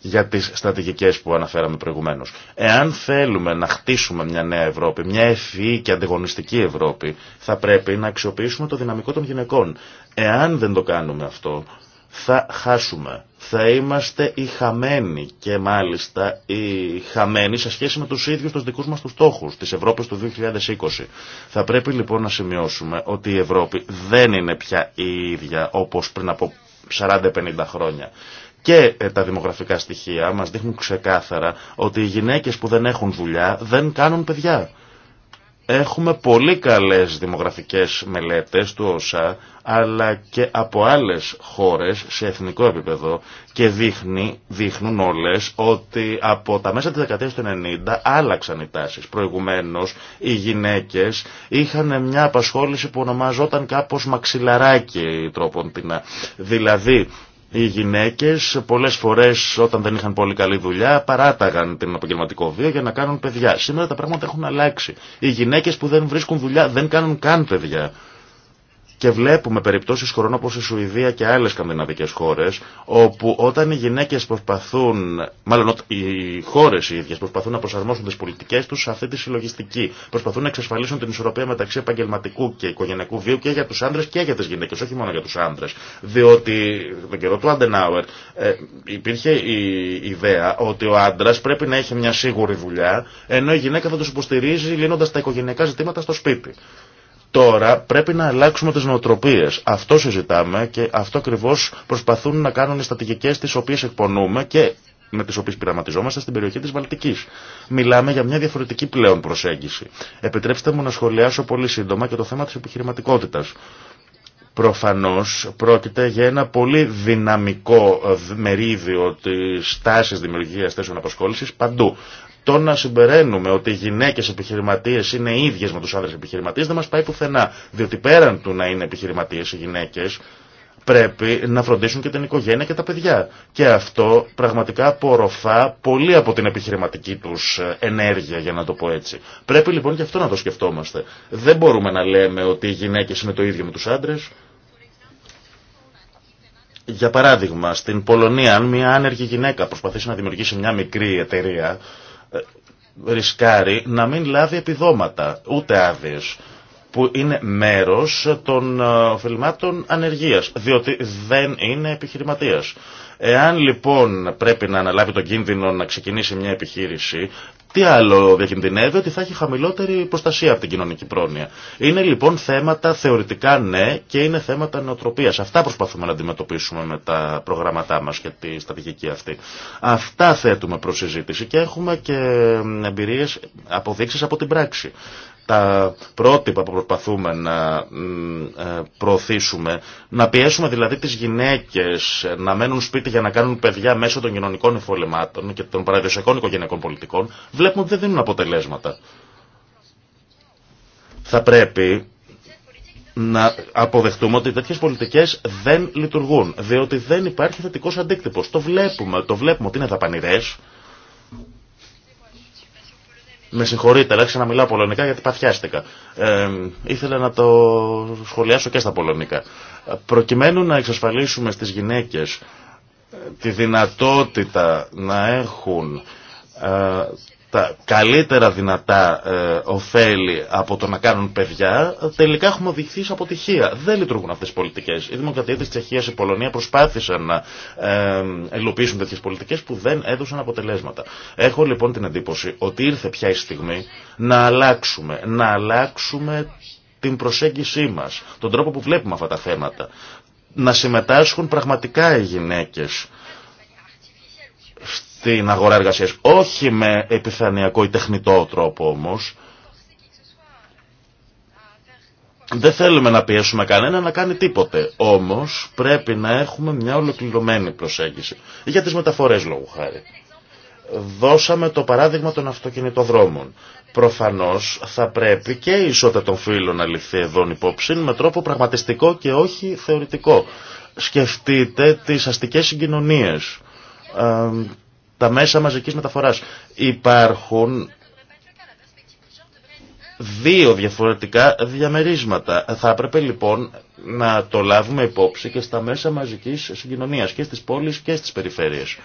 για τις στρατηγικές που αναφέραμε προηγουμένως. Εάν θέλουμε να χτίσουμε μια νέα Ευρώπη, μια ευφυή και αντιγωνιστική Ευρώπη, θα πρέπει να αξιοποιήσουμε το δυναμικό των γυναικών. Εάν δεν το κάνουμε αυτό, θα χάσουμε. Θα είμαστε οι χαμένοι και μάλιστα οι χαμένοι σε σχέση με τους ίδιους τους δικούς μας τους στόχους της Ευρώπης του 2020. Θα πρέπει λοιπόν να σημειώσουμε ότι η Ευρώπη δεν είναι πια η ίδια όπως πριν από 40-50 χρόνια. Και ε, τα δημογραφικά στοιχεία μας δείχνουν ξεκάθαρα ότι οι γυναίκες που δεν έχουν δουλειά δεν κάνουν παιδιά. Έχουμε πολύ καλές δημογραφικές μελέτες του ΩΣΑ, αλλά και από άλλες χώρες σε εθνικό επίπεδο και δείχνει, δείχνουν όλες ότι από τα μέσα της δεκαετίας του 90 άλλαξαν οι τάσεις. Προηγουμένως οι γυναίκες είχαν μια απασχόληση που ονομαζόταν κάπως μαξιλαράκι τρόπον την Δηλαδή οι γυναίκες πολλές φορές όταν δεν είχαν πολύ καλή δουλειά παράταγαν την επαγγελματικό βίο για να κάνουν παιδιά. Σήμερα τα πράγματα έχουν αλλάξει. Οι γυναίκες που δεν βρίσκουν δουλειά δεν κάνουν καν παιδιά. Και βλέπουμε περιπτώσεις χωρών όπως η Σουηδία και άλλες σκανδιναβικές χώρες, όπου όταν οι γυναίκες προσπαθούν, μάλλον οι χώρες οι ίδιες προσπαθούν να προσαρμόσουν τις πολιτικές τους σε αυτή τη συλλογιστική. Προσπαθούν να εξασφαλίσουν την ισορροπία μεταξύ επαγγελματικού και οικογενειακού βίου και για τους άντρε και για τις γυναίκες, όχι μόνο για τους άντρε, Διότι τον καιρό του Αντενάουερ υπήρχε η ιδέα ότι ο άντρα πρέπει να έχει μια σίγουρη δουλειά, ενώ η γυναίκα θα του υποστηρίζει λύνοντα τα οικογενειακά ζητήματα στο σπίτι. Τώρα πρέπει να αλλάξουμε τις νοοτροπίες. Αυτό συζητάμε και αυτό ακριβώ προσπαθούν να κάνουν οι στατικικές τις οποίες εκπονούμε και με τις οποίες πειραματιζόμαστε στην περιοχή της Βαλτικής. Μιλάμε για μια διαφορετική πλέον προσέγγιση. Επιτρέψτε μου να σχολιάσω πολύ σύντομα και το θέμα της επιχειρηματικότητας. Προφανώς πρόκειται για ένα πολύ δυναμικό μερίδιο της τάσης δημιουργίας θέσεων απασχόλησης παντού. Το να συμπεραίνουμε ότι οι γυναίκε επιχειρηματίε είναι ίδιε με του άντρε επιχειρηματίε δεν μα πάει πουθενά. Διότι πέραν του να είναι επιχειρηματίε οι γυναίκε, πρέπει να φροντίσουν και την οικογένεια και τα παιδιά. Και αυτό πραγματικά απορροφά πολύ από την επιχειρηματική του ε, ενέργεια, για να το πω έτσι. Πρέπει λοιπόν και αυτό να το σκεφτόμαστε. Δεν μπορούμε να λέμε ότι οι γυναίκε είναι το ίδιο με του άντρε. Για παράδειγμα, στην Πολωνία, αν μια άνεργη γυναίκα προσπαθήσει να δημιουργήσει μια μικρή εταιρεία, ε, ρισκάρει να μην λάβει επιδόματα, ούτε άδειε που είναι μέρος των οφειλμάτων ε, ανεργίας, διότι δεν είναι επιχειρηματίας. Εάν λοιπόν πρέπει να αναλάβει τον κίνδυνο να ξεκινήσει μια επιχείρηση, τι άλλο διακινδυνεύει ότι θα έχει χαμηλότερη προστασία από την κοινωνική πρόνοια. Είναι λοιπόν θέματα θεωρητικά ναι και είναι θέματα νοοτροπία. Αυτά προσπαθούμε να αντιμετωπίσουμε με τα προγράμματά μας και τη στρατηγική αυτή. Αυτά θέτουμε προ συζήτηση και έχουμε και εμπειρίε αποδείξει από την πράξη τα πρότυπα που προσπαθούμε να ε, προωθήσουμε, να πιέσουμε δηλαδή τις γυναίκες να μένουν σπίτι για να κάνουν παιδιά μέσω των κοινωνικών εφολεμάτων και των παραδοσιακών οικογενειακών πολιτικών, βλέπουμε ότι δεν δίνουν αποτελέσματα. Θα πρέπει να αποδεχτούμε ότι τέτοιε πολιτικέ δεν λειτουργούν. Διότι δεν υπάρχει θετικό αντίκτυπο. Το βλέπουμε, το βλέπουμε ότι είναι δαπανηρέ, με συγχωρείτε, αλλά μιλάω πολωνικά γιατί παθιάστηκα. Ε, ήθελα να το σχολιάσω και στα πολωνικά. Προκειμένου να εξασφαλίσουμε στις γυναίκες ε, τη δυνατότητα να έχουν ε, τα καλύτερα δυνατά ε, ωφέλη από το να κάνουν παιδιά, τελικά έχουμε οδηγηθεί σε αποτυχία. Δεν λειτουργούν αυτέ τι πολιτικέ. Η Δημοκρατία τη Τσεχία, η Πολωνία προσπάθησαν να ε, ελοπίσουν υλοποιήσουν τέτοιε πολιτικέ που δεν έδωσαν αποτελέσματα. Έχω λοιπόν την εντύπωση ότι ήρθε πια η στιγμή να αλλάξουμε, να αλλάξουμε την προσέγγιση μας, τον τρόπο που βλέπουμε αυτά τα θέματα. Να συμμετάσχουν πραγματικά οι γυναίκες στην αγορά εργασίας. Όχι με επιφανειακό ή τεχνητό τρόπο όμως. Δεν θέλουμε να πιέσουμε κανένα να κάνει τίποτε. Όμως πρέπει να έχουμε μια ολοκληρωμένη προσέγγιση. Για τις μεταφορές λόγου χάρη. Δώσαμε το παράδειγμα των αυτοκινητοδρόμων. Προφανώς θα πρέπει και η ισότητα των φύλων να ληφθεί εδώ υπόψη με τρόπο πραγματιστικό και όχι θεωρητικό. Σκεφτείτε τις αστικές συγκοινωνίες τα μέσα μαζικής μεταφοράς. Υπάρχουν δύο διαφορετικά διαμερίσματα. Θα έπρεπε λοιπόν να το λάβουμε υπόψη και στα μέσα μαζικής συγκοινωνίας και στις πόλεις και στις περιφέρειες.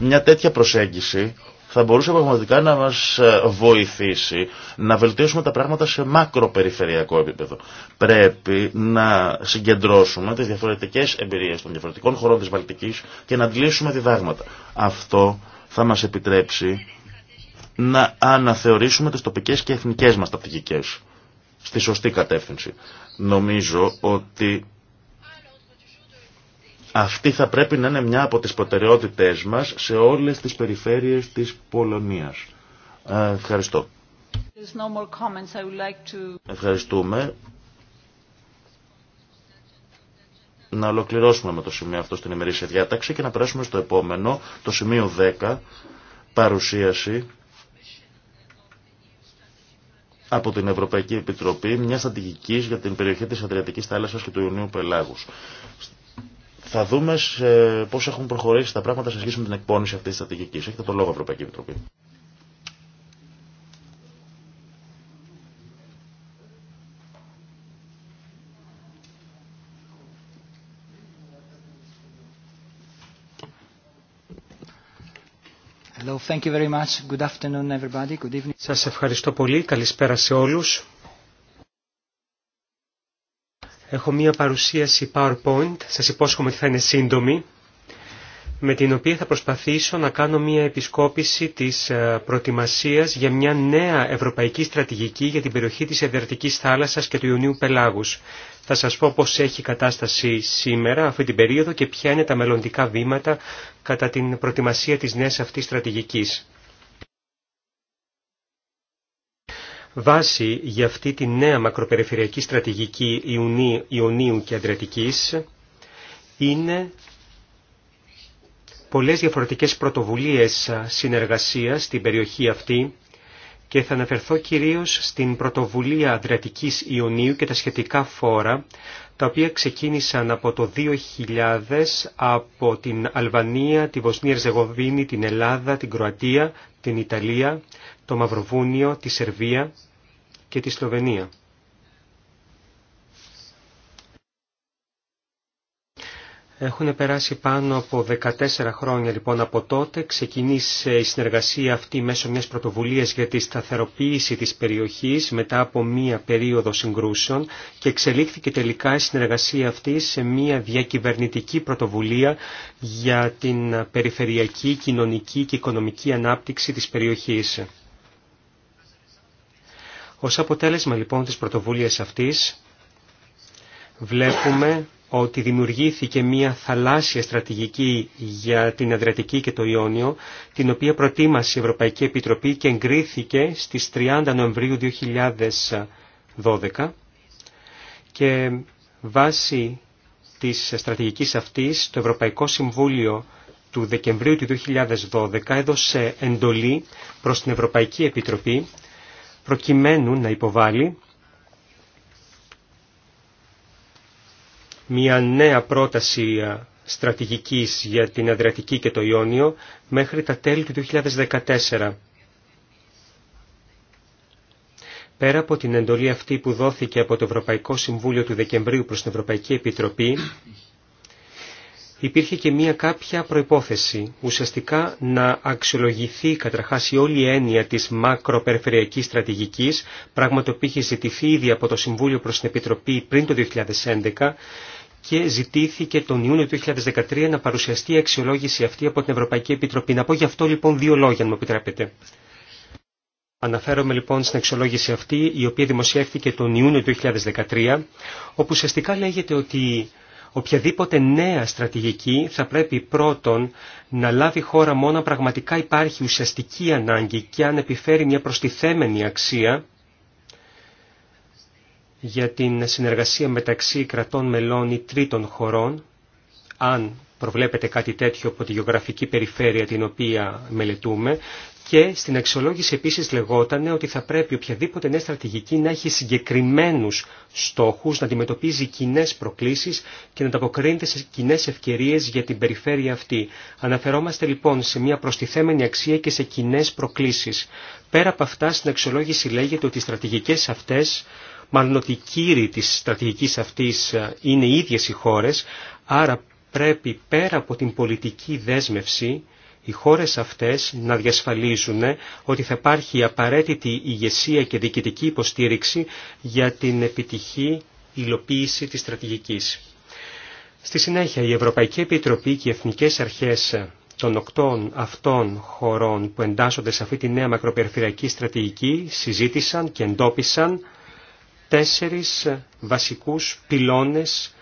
Μια τέτοια προσέγγιση θα μπορούσε πραγματικά να μας ε, βοηθήσει να βελτιώσουμε τα πράγματα σε μακροπεριφερειακό επίπεδο. Πρέπει να συγκεντρώσουμε τις διαφορετικές εμπειρίες των διαφορετικών χωρών της Βαλτικής και να αντλήσουμε διδάγματα. Αυτό θα μας επιτρέψει να αναθεωρήσουμε τις τοπικές και εθνικές μας ταπτικικές στη σωστή κατεύθυνση. Νομίζω ότι αυτή θα πρέπει να είναι μια από τις προτεραιότητές μας σε όλες τις περιφέρειες της Πολωνίας. Ε, ευχαριστώ. Ευχαριστούμε. Να ολοκληρώσουμε με το σημείο αυτό στην ημερήσια διάταξη και να περάσουμε στο επόμενο, το σημείο 10, παρουσίαση από την Ευρωπαϊκή Επιτροπή μια στρατηγική για την περιοχή της Αδριατικής θάλασσας και του Ιουνίου Πελάγους θα δούμε σε πώς έχουν προχωρήσει τα πράγματα σε σχέση με την εκπόνηση αυτής της στρατηγικής. Έχετε το λόγο Ευρωπαϊκή Επιτροπή. Hello, thank you very much. Good afternoon everybody. Good evening. Σας ευχαριστώ πολύ. Καλησπέρα σε όλους. Έχω μία παρουσίαση PowerPoint, σας υπόσχομαι ότι θα είναι σύντομη, με την οποία θα προσπαθήσω να κάνω μία επισκόπηση της ε, προετοιμασίας για μια νέα ευρωπαϊκή στρατηγική για την περιοχή της Εδερτικής Θάλασσας και του Ιωνίου Πελάγους. Θα σας πω πώς έχει η κατάσταση σήμερα, αυτή την περίοδο και ποια είναι τα μελλοντικά βήματα κατά την προετοιμασία της νέας αυτής στρατηγικής. βάση για αυτή τη νέα μακροπεριφερειακή στρατηγική Ιωνίου και Αντρατικής είναι πολλές διαφορετικές πρωτοβουλίες συνεργασίας στην περιοχή αυτή και θα αναφερθώ κυρίως στην πρωτοβουλία Αντρατικής Ιωνίου και τα σχετικά φόρα, τα οποία ξεκίνησαν από το 2000 από την Αλβανία, τη Βοσνία Ερζεγοβίνη, την Ελλάδα, την Κροατία, την Ιταλία, το Μαυροβούνιο, τη Σερβία και τη Σλοβενία. Έχουν περάσει πάνω από 14 χρόνια λοιπόν από τότε. Ξεκινήσε η συνεργασία αυτή μέσω μιας πρωτοβουλίας για τη σταθεροποίηση της περιοχής μετά από μία περίοδο συγκρούσεων και εξελίχθηκε τελικά η συνεργασία αυτή σε μία διακυβερνητική πρωτοβουλία για την περιφερειακή, κοινωνική και οικονομική ανάπτυξη της περιοχής. Ως αποτέλεσμα λοιπόν της πρωτοβουλίας αυτής βλέπουμε ότι δημιουργήθηκε μια θαλάσσια στρατηγική για την Αδριατική και το Ιόνιο, την οποία προτίμασε η Ευρωπαϊκή Επιτροπή και εγκρίθηκε στις 30 Νοεμβρίου 2012 και βάσει της στρατηγικής αυτής το Ευρωπαϊκό Συμβούλιο του Δεκεμβρίου του 2012 έδωσε εντολή προς την Ευρωπαϊκή Επιτροπή προκειμένου να υποβάλει μια νέα πρόταση ε, στρατηγικής για την Αδριατική και το Ιόνιο μέχρι τα τέλη του 2014. Πέρα από την εντολή αυτή που δόθηκε από το Ευρωπαϊκό Συμβούλιο του Δεκεμβρίου προς την Ευρωπαϊκή Επιτροπή, υπήρχε και μία κάποια προϋπόθεση, ουσιαστικά να αξιολογηθεί καταρχάς η όλη έννοια της μακροπεριφερειακής στρατηγικής, πράγμα το οποίο είχε ζητηθεί ήδη από το Συμβούλιο προς την Επιτροπή πριν το 2011, και ζητήθηκε τον Ιούνιο του 2013 να παρουσιαστεί η αξιολόγηση αυτή από την Ευρωπαϊκή Επιτροπή. Να πω γι' αυτό λοιπόν δύο λόγια, αν μου επιτρέπετε. Αναφέρομαι λοιπόν στην αξιολόγηση αυτή, η οποία δημοσιεύτηκε τον Ιούνιο του 2013, όπου ουσιαστικά λέγεται ότι οποιαδήποτε νέα στρατηγική θα πρέπει πρώτον να λάβει χώρα μόνο πραγματικά υπάρχει ουσιαστική ανάγκη και αν επιφέρει μια προστιθέμενη αξία για την συνεργασία μεταξύ κρατών μελών ή τρίτων χωρών, αν προβλέπετε κάτι τέτοιο από τη γεωγραφική περιφέρεια την οποία μελετούμε και στην αξιολόγηση επίσης λεγόταν ότι θα πρέπει οποιαδήποτε νέα στρατηγική να έχει συγκεκριμένους στόχους, να αντιμετωπίζει κοινέ προκλήσεις και να ανταποκρίνεται σε κοινέ ευκαιρίες για την περιφέρεια αυτή. Αναφερόμαστε λοιπόν σε μια προστιθέμενη αξία και σε κοινέ προκλήσεις. Πέρα από αυτά στην αξιολόγηση λέγεται ότι οι στρατηγικές αυτές, μάλλον ότι οι κύριοι της στρατηγικής αυτής ε, είναι οι ίδιες οι χώρες, άρα πρέπει πέρα από την πολιτική δέσμευση οι χώρες αυτές να διασφαλίζουν ότι θα υπάρχει απαραίτητη ηγεσία και διοικητική υποστήριξη για την επιτυχή υλοποίηση της στρατηγικής. Στη συνέχεια, η Ευρωπαϊκή Επιτροπή και οι Εθνικές Αρχές των οκτών αυτών χωρών που εντάσσονται σε αυτή τη νέα μακροπεριφερειακή στρατηγική συζήτησαν και εντόπισαν τέσσερις βασικούς πυλώνες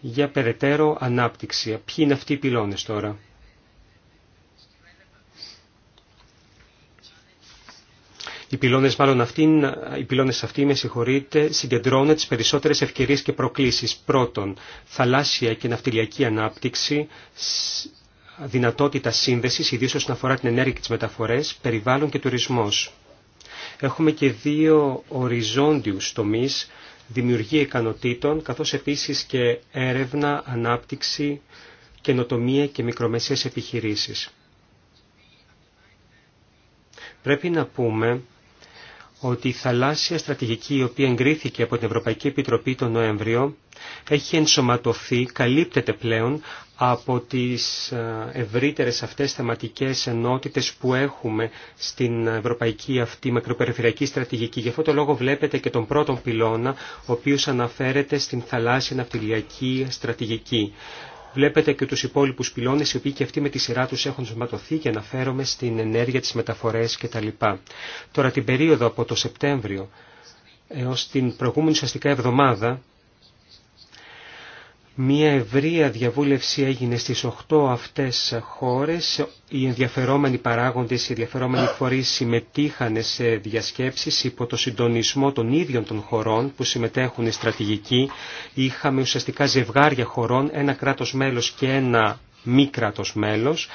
για περαιτέρω ανάπτυξη. Ποιοι είναι αυτοί οι πυλώνες τώρα. Οι πυλώνες, μάλλον αυτοί, οι πυλώνες με συγκεντρώνουν τις περισσότερες ευκαιρίες και προκλήσεις. Πρώτον, θαλάσσια και ναυτιλιακή ανάπτυξη, δυνατότητα σύνδεσης, ιδίως όσον αφορά την ενέργεια και τις μεταφορές, περιβάλλον και τουρισμός. Έχουμε και δύο οριζόντιους τομείς, δημιουργία ικανοτήτων, καθώς επίσης και έρευνα, ανάπτυξη, καινοτομία και μικρομεσαίες επιχειρήσεις. Πρέπει να πούμε ότι η θαλάσσια στρατηγική η οποία εγκρίθηκε από την Ευρωπαϊκή Επιτροπή τον Νοέμβριο έχει ενσωματωθεί, καλύπτεται πλέον από τις ε, ευρύτερες αυτές θεματικές ενότητες που έχουμε στην ευρωπαϊκή αυτή μακροπεριφερειακή στρατηγική. Γι' αυτό το λόγο βλέπετε και τον πρώτον πυλώνα, ο οποίος αναφέρεται στην θαλάσσια ναυτιλιακή στρατηγική. Βλέπετε και τους υπόλοιπου πυλώνε, οι οποίοι και αυτοί με τη σειρά του έχουν σωματωθεί και αναφέρομαι στην ενέργεια, τι μεταφορέ κτλ. Τώρα την περίοδο από το Σεπτέμβριο έως την προηγούμενη ουσιαστικά εβδομάδα Μία ευρεία διαβούλευση έγινε στις 8 αυτές χώρες. Οι ενδιαφερόμενοι παράγοντες, οι ενδιαφερόμενοι φορείς συμμετείχαν σε διασκέψεις υπό το συντονισμό των ίδιων των χωρών που συμμετέχουν στρατηγικοί. στρατηγική. Είχαμε ουσιαστικά ζευγάρια χωρών, ένα κράτος μέλος και ένα μη κράτος μέλος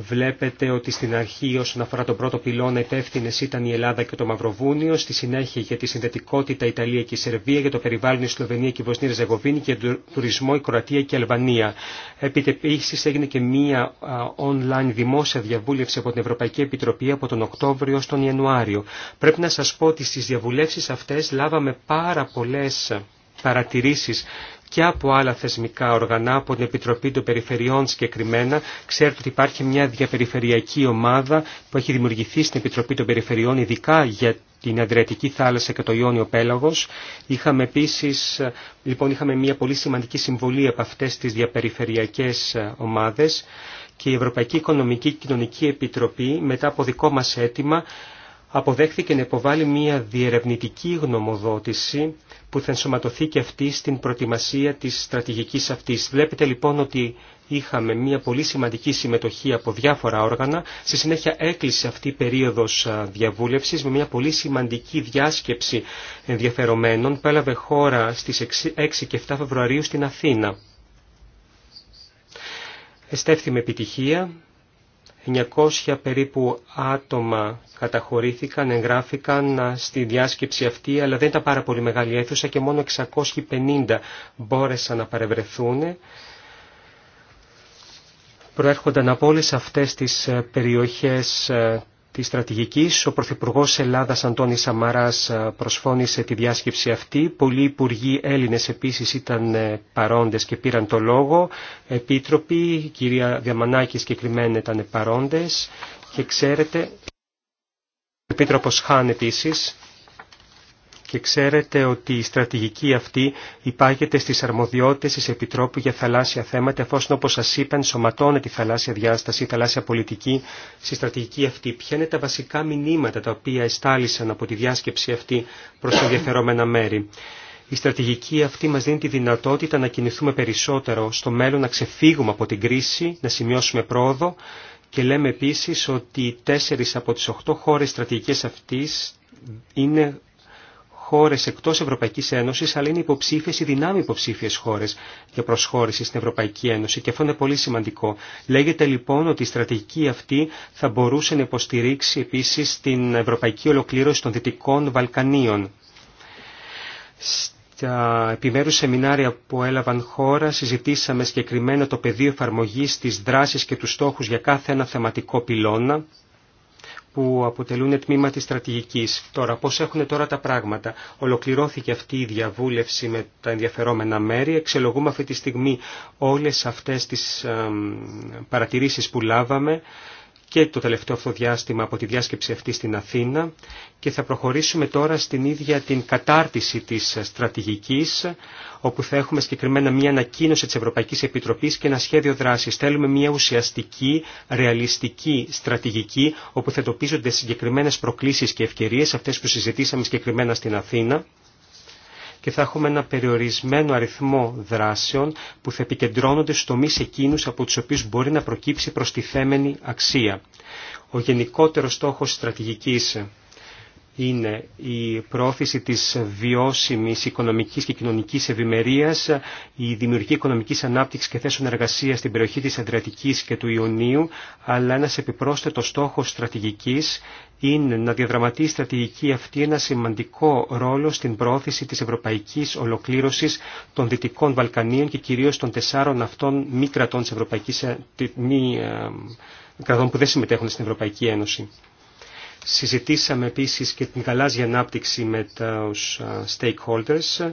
Βλέπετε ότι στην αρχή όσον αφορά τον πρώτο πυλώνα υπεύθυνε ήταν η Ελλάδα και το Μαυροβούνιο, στη συνέχεια για τη συνδετικότητα Ιταλία και η Σερβία, για το περιβάλλον η Σλοβενία και η Βοσνία Ζεγοβίνη και τον τουρισμό η Κροατία και η Αλβανία. Επίση έγινε και μία online δημόσια διαβούλευση από την Ευρωπαϊκή Επιτροπή από τον Οκτώβριο στον Ιανουάριο. Πρέπει να σας πω ότι στι διαβουλεύσεις αυτές λάβαμε πάρα πολλέ παρατηρήσεις και από άλλα θεσμικά οργανά, από την Επιτροπή των Περιφερειών συγκεκριμένα. Ξέρετε ότι υπάρχει μια διαπεριφερειακή ομάδα που έχει δημιουργηθεί στην Επιτροπή των Περιφερειών, ειδικά για την Αδριατική θάλασσα και το Ιόνιο Πέλαγος. Είχαμε επίσης, λοιπόν, είχαμε μια πολύ σημαντική συμβολή από αυτές τις διαπεριφερειακές ομάδες και η Ευρωπαϊκή Οικονομική Κοινωνική Επιτροπή μετά από δικό μας αίτημα αποδέχθηκε να υποβάλει μια διερευνητική γνωμοδότηση που θα ενσωματωθεί και αυτή στην προετοιμασία της στρατηγικής αυτής. Βλέπετε λοιπόν ότι είχαμε μια πολύ σημαντική συμμετοχή από διάφορα όργανα. Στη συνέχεια έκλεισε αυτή η περίοδος διαβούλευσης με μια πολύ σημαντική διάσκεψη ενδιαφερομένων που έλαβε χώρα στις 6 και 7 Φεβρουαρίου στην Αθήνα. Εστέφθη με επιτυχία 900 περίπου άτομα καταχωρήθηκαν, εγγράφηκαν στη διάσκεψη αυτή, αλλά δεν ήταν πάρα πολύ μεγάλη αίθουσα και μόνο 650 μπόρεσαν να παρευρεθούν. Προέρχονταν από όλες αυτές τις ε, περιοχές ε, τη στρατηγικής. Ο Πρωθυπουργό Ελλάδας Αντώνης Σαμαράς ε, προσφώνησε τη διάσκεψη αυτή. Πολλοί υπουργοί Έλληνε επίση ήταν ε, παρόντες και πήραν το λόγο. Επίτροποι, η κυρία Διαμανάκη συγκεκριμένα ήταν παρόντες. Και ξέρετε, ο Επίτροπος Χάν επίση και ξέρετε ότι η στρατηγική αυτή υπάγεται στις αρμοδιότητες της Επιτρόπου για θαλάσσια θέματα εφόσον όπως σας είπα σωματώνεται τη θαλάσσια διάσταση, η θαλάσσια πολιτική στη στρατηγική αυτή. Ποια είναι τα βασικά μηνύματα τα οποία εστάλησαν από τη διάσκεψη αυτή προς ενδιαφερόμενα μέρη. Η στρατηγική αυτή μας δίνει τη δυνατότητα να κινηθούμε περισσότερο στο μέλλον, να ξεφύγουμε από την κρίση, να σημειώσουμε πρόοδο και λέμε επίσης ότι τέσσερι από τις οχτώ χώρε στρατηγικές αυτή είναι χώρες εκτός Ευρωπαϊκής Ένωσης, αλλά είναι υποψήφιες ή δυνάμει υποψήφιες χώρες για προσχώρηση στην Ευρωπαϊκή Ένωση και αυτό είναι πολύ σημαντικό. Λέγεται λοιπόν ότι η στρατηγική αυτή θα μπορούσε να υποστηρίξει επίσης την ευρωπαϊκή ολοκλήρωση των Δυτικών Βαλκανίων. Στα επιμέρους σεμινάρια που έλαβαν χώρα συζητήσαμε συγκεκριμένα το πεδίο εφαρμογής της δράσης και τους στόχους για κάθε ένα θεματικό πυλώνα που αποτελούν τμήμα της στρατηγικής. Τώρα, πώς έχουν τώρα τα πράγματα. Ολοκληρώθηκε αυτή η διαβούλευση με τα ενδιαφερόμενα μέρη. Εξελογούμε αυτή τη στιγμή όλες αυτές τις παρατηρήσεις που λάβαμε και το τελευταίο αυτό διάστημα από τη διάσκεψη αυτή στην Αθήνα και θα προχωρήσουμε τώρα στην ίδια την κατάρτιση της στρατηγικής όπου θα έχουμε συγκεκριμένα μια ανακοίνωση της Ευρωπαϊκής Επιτροπής και ένα σχέδιο δράσης. Θέλουμε μια ουσιαστική, ρεαλιστική στρατηγική όπου θα εντοπίζονται συγκεκριμένες προκλήσεις και ευκαιρίες αυτές που συζητήσαμε συγκεκριμένα στην Αθήνα και θα έχουμε ένα περιορισμένο αριθμό δράσεων που θα επικεντρώνονται στο τομείς εκείνους από τους οποίους μπορεί να προκύψει προστιθέμενη αξία. Ο γενικότερος στόχος στρατηγικής είναι η πρόθεση της βιώσιμης οικονομικής και κοινωνικής ευημερίας, η δημιουργική οικονομικής ανάπτυξης και θέσεων εργασία στην περιοχή της Αντριατικής και του Ιωνίου, αλλά ένας επιπρόσθετος στόχος στρατηγικής είναι να διαδραματεί η στρατηγική αυτή ένα σημαντικό ρόλο στην πρόθεση της ευρωπαϊκής ολοκλήρωσης των Δυτικών Βαλκανίων και κυρίως των τεσσάρων αυτών μη κρατών της Ευρωπαϊκής, ε, ε, μη, κρατών που δεν συμμετέχουν στην Ευρωπαϊκή Ένωση. Συζητήσαμε επίσης και την καλάζια ανάπτυξη με τους stakeholders.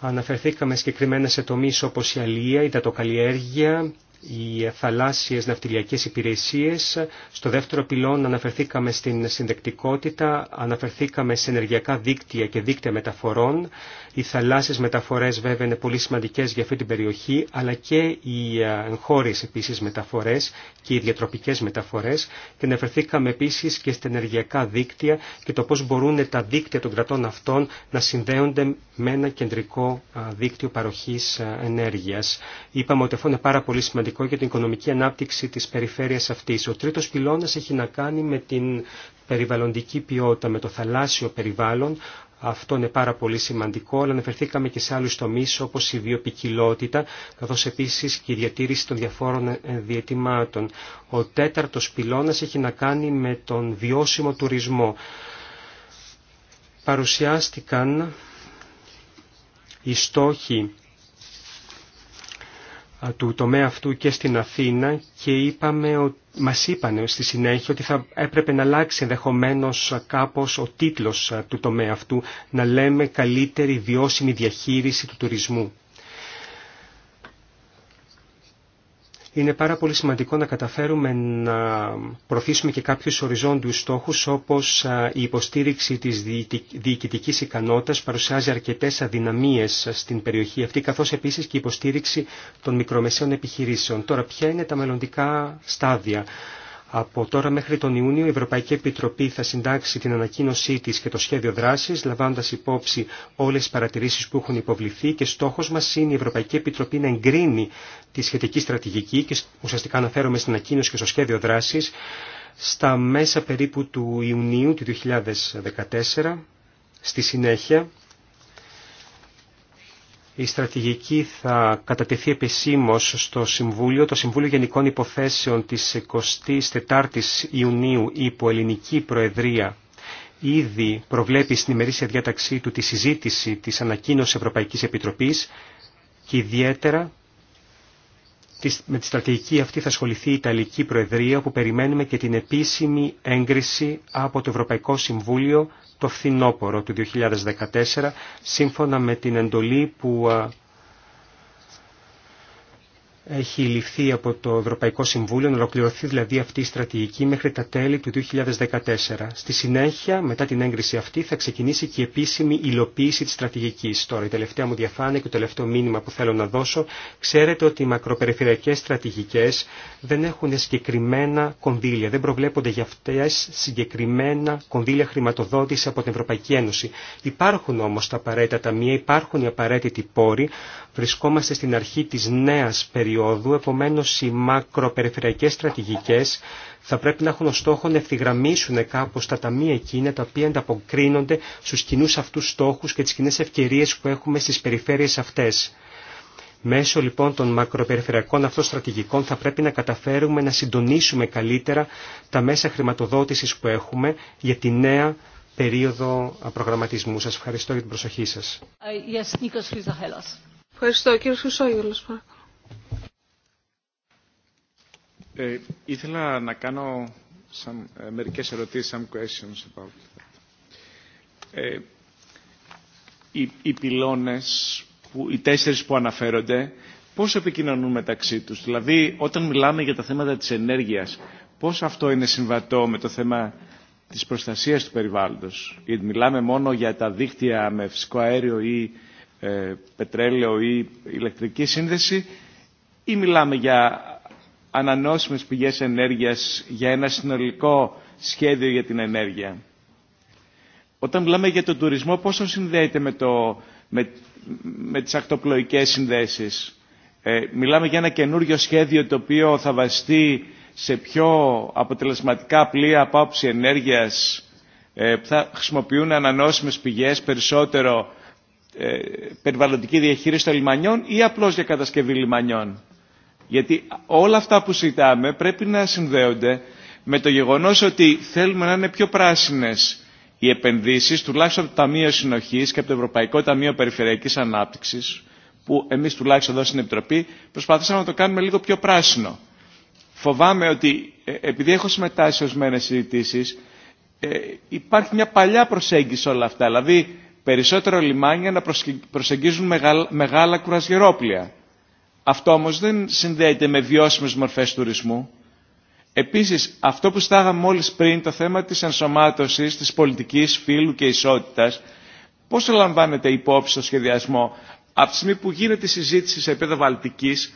Αναφερθήκαμε συγκεκριμένα σε τομείς όπως η αλληλεία, η δατοκαλλιέργεια, οι θαλάσσιες ναυτιλιακές υπηρεσίες. Στο δεύτερο πυλόν αναφερθήκαμε στην συνδεκτικότητα, αναφερθήκαμε σε ενεργειακά δίκτυα και δίκτυα μεταφορών. Οι θαλάσσιες μεταφορές βέβαια είναι πολύ σημαντικές για αυτή την περιοχή, αλλά και οι ε, εγχώριες επίσης μεταφορές και οι διατροπικές μεταφορές. Και αναφερθήκαμε επίσης και στα ενεργειακά δίκτυα και το πώς μπορούν τα δίκτυα των κρατών αυτών να συνδέονται με ένα κεντρικό ε, δίκτυο παροχής ε, ενέργειας. Είπαμε ότι αυτό είναι πάρα πολύ σημαντικό σημαντικό για την οικονομική ανάπτυξη της περιφέρειας αυτής. Ο τρίτος πυλώνας έχει να κάνει με την περιβαλλοντική ποιότητα, με το θαλάσσιο περιβάλλον. Αυτό είναι πάρα πολύ σημαντικό, αλλά αναφερθήκαμε και σε άλλους τομείς όπως η βιοπικιλότητα, καθώς επίσης και η διατήρηση των διαφόρων ε, διαιτημάτων. Ο τέταρτος πυλώνας έχει να κάνει με τον βιώσιμο τουρισμό. Παρουσιάστηκαν οι στόχοι του τομέα αυτού και στην Αθήνα και είπαμε, μας είπαν στη συνέχεια ότι θα έπρεπε να αλλάξει ενδεχομένω κάπως ο τίτλος του τομέα αυτού, να λέμε καλύτερη βιώσιμη διαχείριση του τουρισμού. είναι πάρα πολύ σημαντικό να καταφέρουμε να προωθήσουμε και κάποιους οριζόντιους στόχους όπως η υποστήριξη της διοικητικής ικανότητας παρουσιάζει αρκετές αδυναμίες στην περιοχή αυτή καθώς επίσης και η υποστήριξη των μικρομεσαίων επιχειρήσεων. Τώρα ποια είναι τα μελλοντικά στάδια. Από τώρα μέχρι τον Ιούνιο η Ευρωπαϊκή Επιτροπή θα συντάξει την ανακοίνωσή τη και το σχέδιο δράση, λαμβάνοντα υπόψη όλε τι παρατηρήσει που έχουν υποβληθεί και στόχο μα είναι η Ευρωπαϊκή Επιτροπή να εγκρίνει τη σχετική στρατηγική και ουσιαστικά αναφέρομαι στην ανακοίνωση και στο σχέδιο δράση στα μέσα περίπου του Ιουνίου του 2014. Στη συνέχεια η στρατηγική θα κατατεθεί επισήμως στο Συμβούλιο, το Συμβούλιο Γενικών Υποθέσεων της 24ης Ιουνίου υπό Ελληνική Προεδρία ήδη προβλέπει στην ημερήσια διάταξή του τη συζήτηση της ανακοίνωσης Ευρωπαϊκής Επιτροπής και ιδιαίτερα με τη στρατηγική αυτή θα ασχοληθεί η Ιταλική Προεδρία που περιμένουμε και την επίσημη έγκριση από το Ευρωπαϊκό Συμβούλιο το φθινόπωρο του 2014 σύμφωνα με την εντολή που έχει ληφθεί από το Ευρωπαϊκό Συμβούλιο, να ολοκληρωθεί δηλαδή αυτή η στρατηγική μέχρι τα τέλη του 2014. Στη συνέχεια, μετά την έγκριση αυτή, θα ξεκινήσει και η επίσημη υλοποίηση της στρατηγικής. Τώρα, η τελευταία μου διαφάνεια και το τελευταίο μήνυμα που θέλω να δώσω, ξέρετε ότι οι μακροπεριφερειακές στρατηγικές δεν έχουν συγκεκριμένα κονδύλια, δεν προβλέπονται για αυτές συγκεκριμένα κονδύλια χρηματοδότηση από την Ευρωπαϊκή Ένωση. Υπάρχουν όμως τα απαραίτητα ταμεία, υπάρχουν οι απαραίτητοι πόροι, Βρισκόμαστε στην αρχή της νέας περίοδου, επομένως οι μακροπεριφερειακές στρατηγικές θα πρέπει να έχουν ως στόχο να ευθυγραμμίσουν κάπως τα ταμεία εκείνα τα οποία ανταποκρίνονται στους κοινούς αυτούς στόχους και τις κοινέ ευκαιρίες που έχουμε στις περιφέρειες αυτές. Μέσω λοιπόν των μακροπεριφερειακών αυτών στρατηγικών θα πρέπει να καταφέρουμε να συντονίσουμε καλύτερα τα μέσα χρηματοδότησης που έχουμε για τη νέα περίοδο προγραμματισμού. Σας ευχαριστώ για την προσοχή σας. Uh, Ευχαριστώ. Κύριε Χρυσόγελος, παρακαλώ. Ε, ήθελα να κάνω μερικέ ερωτήσει, μερικές ερωτήσεις, some questions about that. Ε, οι, οι πυλώνες, οι τέσσερις που αναφέρονται, πώς επικοινωνούν μεταξύ τους. Δηλαδή, όταν μιλάμε για τα θέματα της ενέργειας, πώς αυτό είναι συμβατό με το θέμα της προστασίας του περιβάλλοντος. Γιατί μιλάμε μόνο για τα δίκτυα με φυσικό αέριο ή ε, πετρέλαιο ή ηλεκτρική σύνδεση ή μιλάμε για ανανόσιμες πηγές ενέργειας για ένα συνολικό σχέδιο για την ενέργεια. Όταν μιλάμε για τον τουρισμό πόσο συνδέεται με, το, με, με τις ακτοπλοϊκές συνδέσεις. Ε, μιλάμε για ένα καινούριο σχέδιο το οποίο θα βαστεί σε πιο αποτελεσματικά πλοία από άποψη ενέργειας ε, που θα χρησιμοποιούν ανανόσιμες πηγές περισσότερο ε, περιβαλλοντική διαχείριση των λιμανιών ή απλώς για κατασκευή λιμανιών. Γιατί όλα αυτά που συζητάμε πρέπει να συνδέονται με το γεγονός ότι θέλουμε να είναι πιο πράσινες οι επενδύσεις, τουλάχιστον από το Ταμείο Συνοχής και από το Ευρωπαϊκό Ταμείο Περιφερειακής Ανάπτυξης, που εμείς τουλάχιστον εδώ στην Επιτροπή προσπαθήσαμε να το κάνουμε λίγο πιο πράσινο. Φοβάμαι ότι, ε, επειδή έχω συμμετάσχει ως ορισμένε συζητήσει, ε, υπάρχει μια παλιά προσέγγιση όλα αυτά. Δηλαδή, περισσότερα λιμάνια να προσεγγίζουν μεγάλα κουρασγερόπλια. Αυτό όμως δεν συνδέεται με βιώσιμες μορφές τουρισμού. Επίσης, αυτό που στάγαμε μόλις πριν, το θέμα της ενσωμάτωσης, της πολιτικής φύλου και ισότητας, πώς το λαμβάνεται υπόψη στο σχεδιασμό, από τη στιγμή που γίνεται η συζήτηση σε επίπεδο βαλτικής,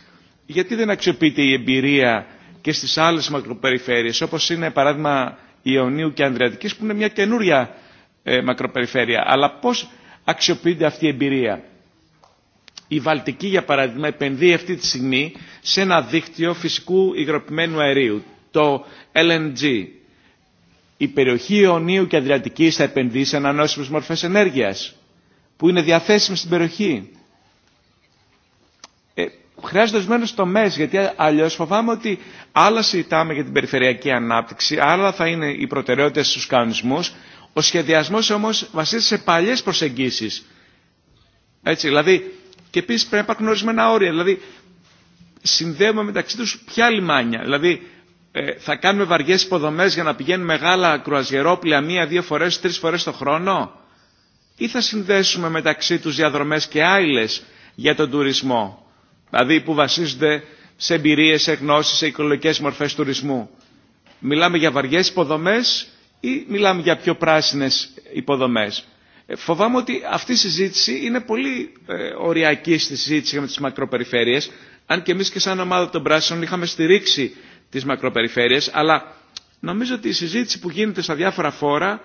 γιατί δεν αξιοποιείται η εμπειρία και στις άλλες μακροπεριφέρειες, όπως είναι παράδειγμα Ιωνίου και Ανδριατικής, που είναι μια καινούρια ε, μακροπεριφέρεια. Αλλά πώς αξιοποιείται αυτή η εμπειρία. Η Βαλτική, για παράδειγμα, επενδύει αυτή τη στιγμή σε ένα δίκτυο φυσικού υγροποιημένου αερίου, το LNG. Η περιοχή Ιωνίου και Αδριατικής θα επενδύσει σε ανανόσιμε μορφές ενέργειας, που είναι διαθέσιμες στην περιοχή. Ε, χρειάζονται ορισμένε τομέ, γιατί αλλιώ φοβάμαι ότι άλλα συζητάμε για την περιφερειακή ανάπτυξη, άλλα θα είναι οι προτεραιότητε στου κανονισμού ο σχεδιασμό όμω βασίζεται σε παλιέ προσεγγίσει. Έτσι, δηλαδή, και επίση πρέπει να υπάρχουν ορισμένα όρια. Δηλαδή, συνδέουμε μεταξύ του ποια λιμάνια. Δηλαδή, ε, θα κάνουμε βαριέ υποδομέ για να πηγαίνουν μεγάλα κρουαζιερόπλια μία-δύο φορέ, τρει φορέ το χρόνο. Ή θα συνδέσουμε μεταξύ του διαδρομέ και άλλε για τον τουρισμό. Δηλαδή, που βασίζονται σε εμπειρίε, σε γνώσει, σε οικολογικέ μορφέ τουρισμού. Μιλάμε για βαριέ υποδομέ ή μιλάμε για πιο πράσινες υποδομές. Ε, φοβάμαι ότι αυτή η συζήτηση είναι πολύ ε, οριακή στη συζήτηση με τις μακροπεριφέρειες, αν και εμείς και σαν ομάδα των πράσινων είχαμε στηρίξει τις μακροπεριφέρειες, αλλά νομίζω ότι η συζήτηση που γίνεται στα διάφορα φόρα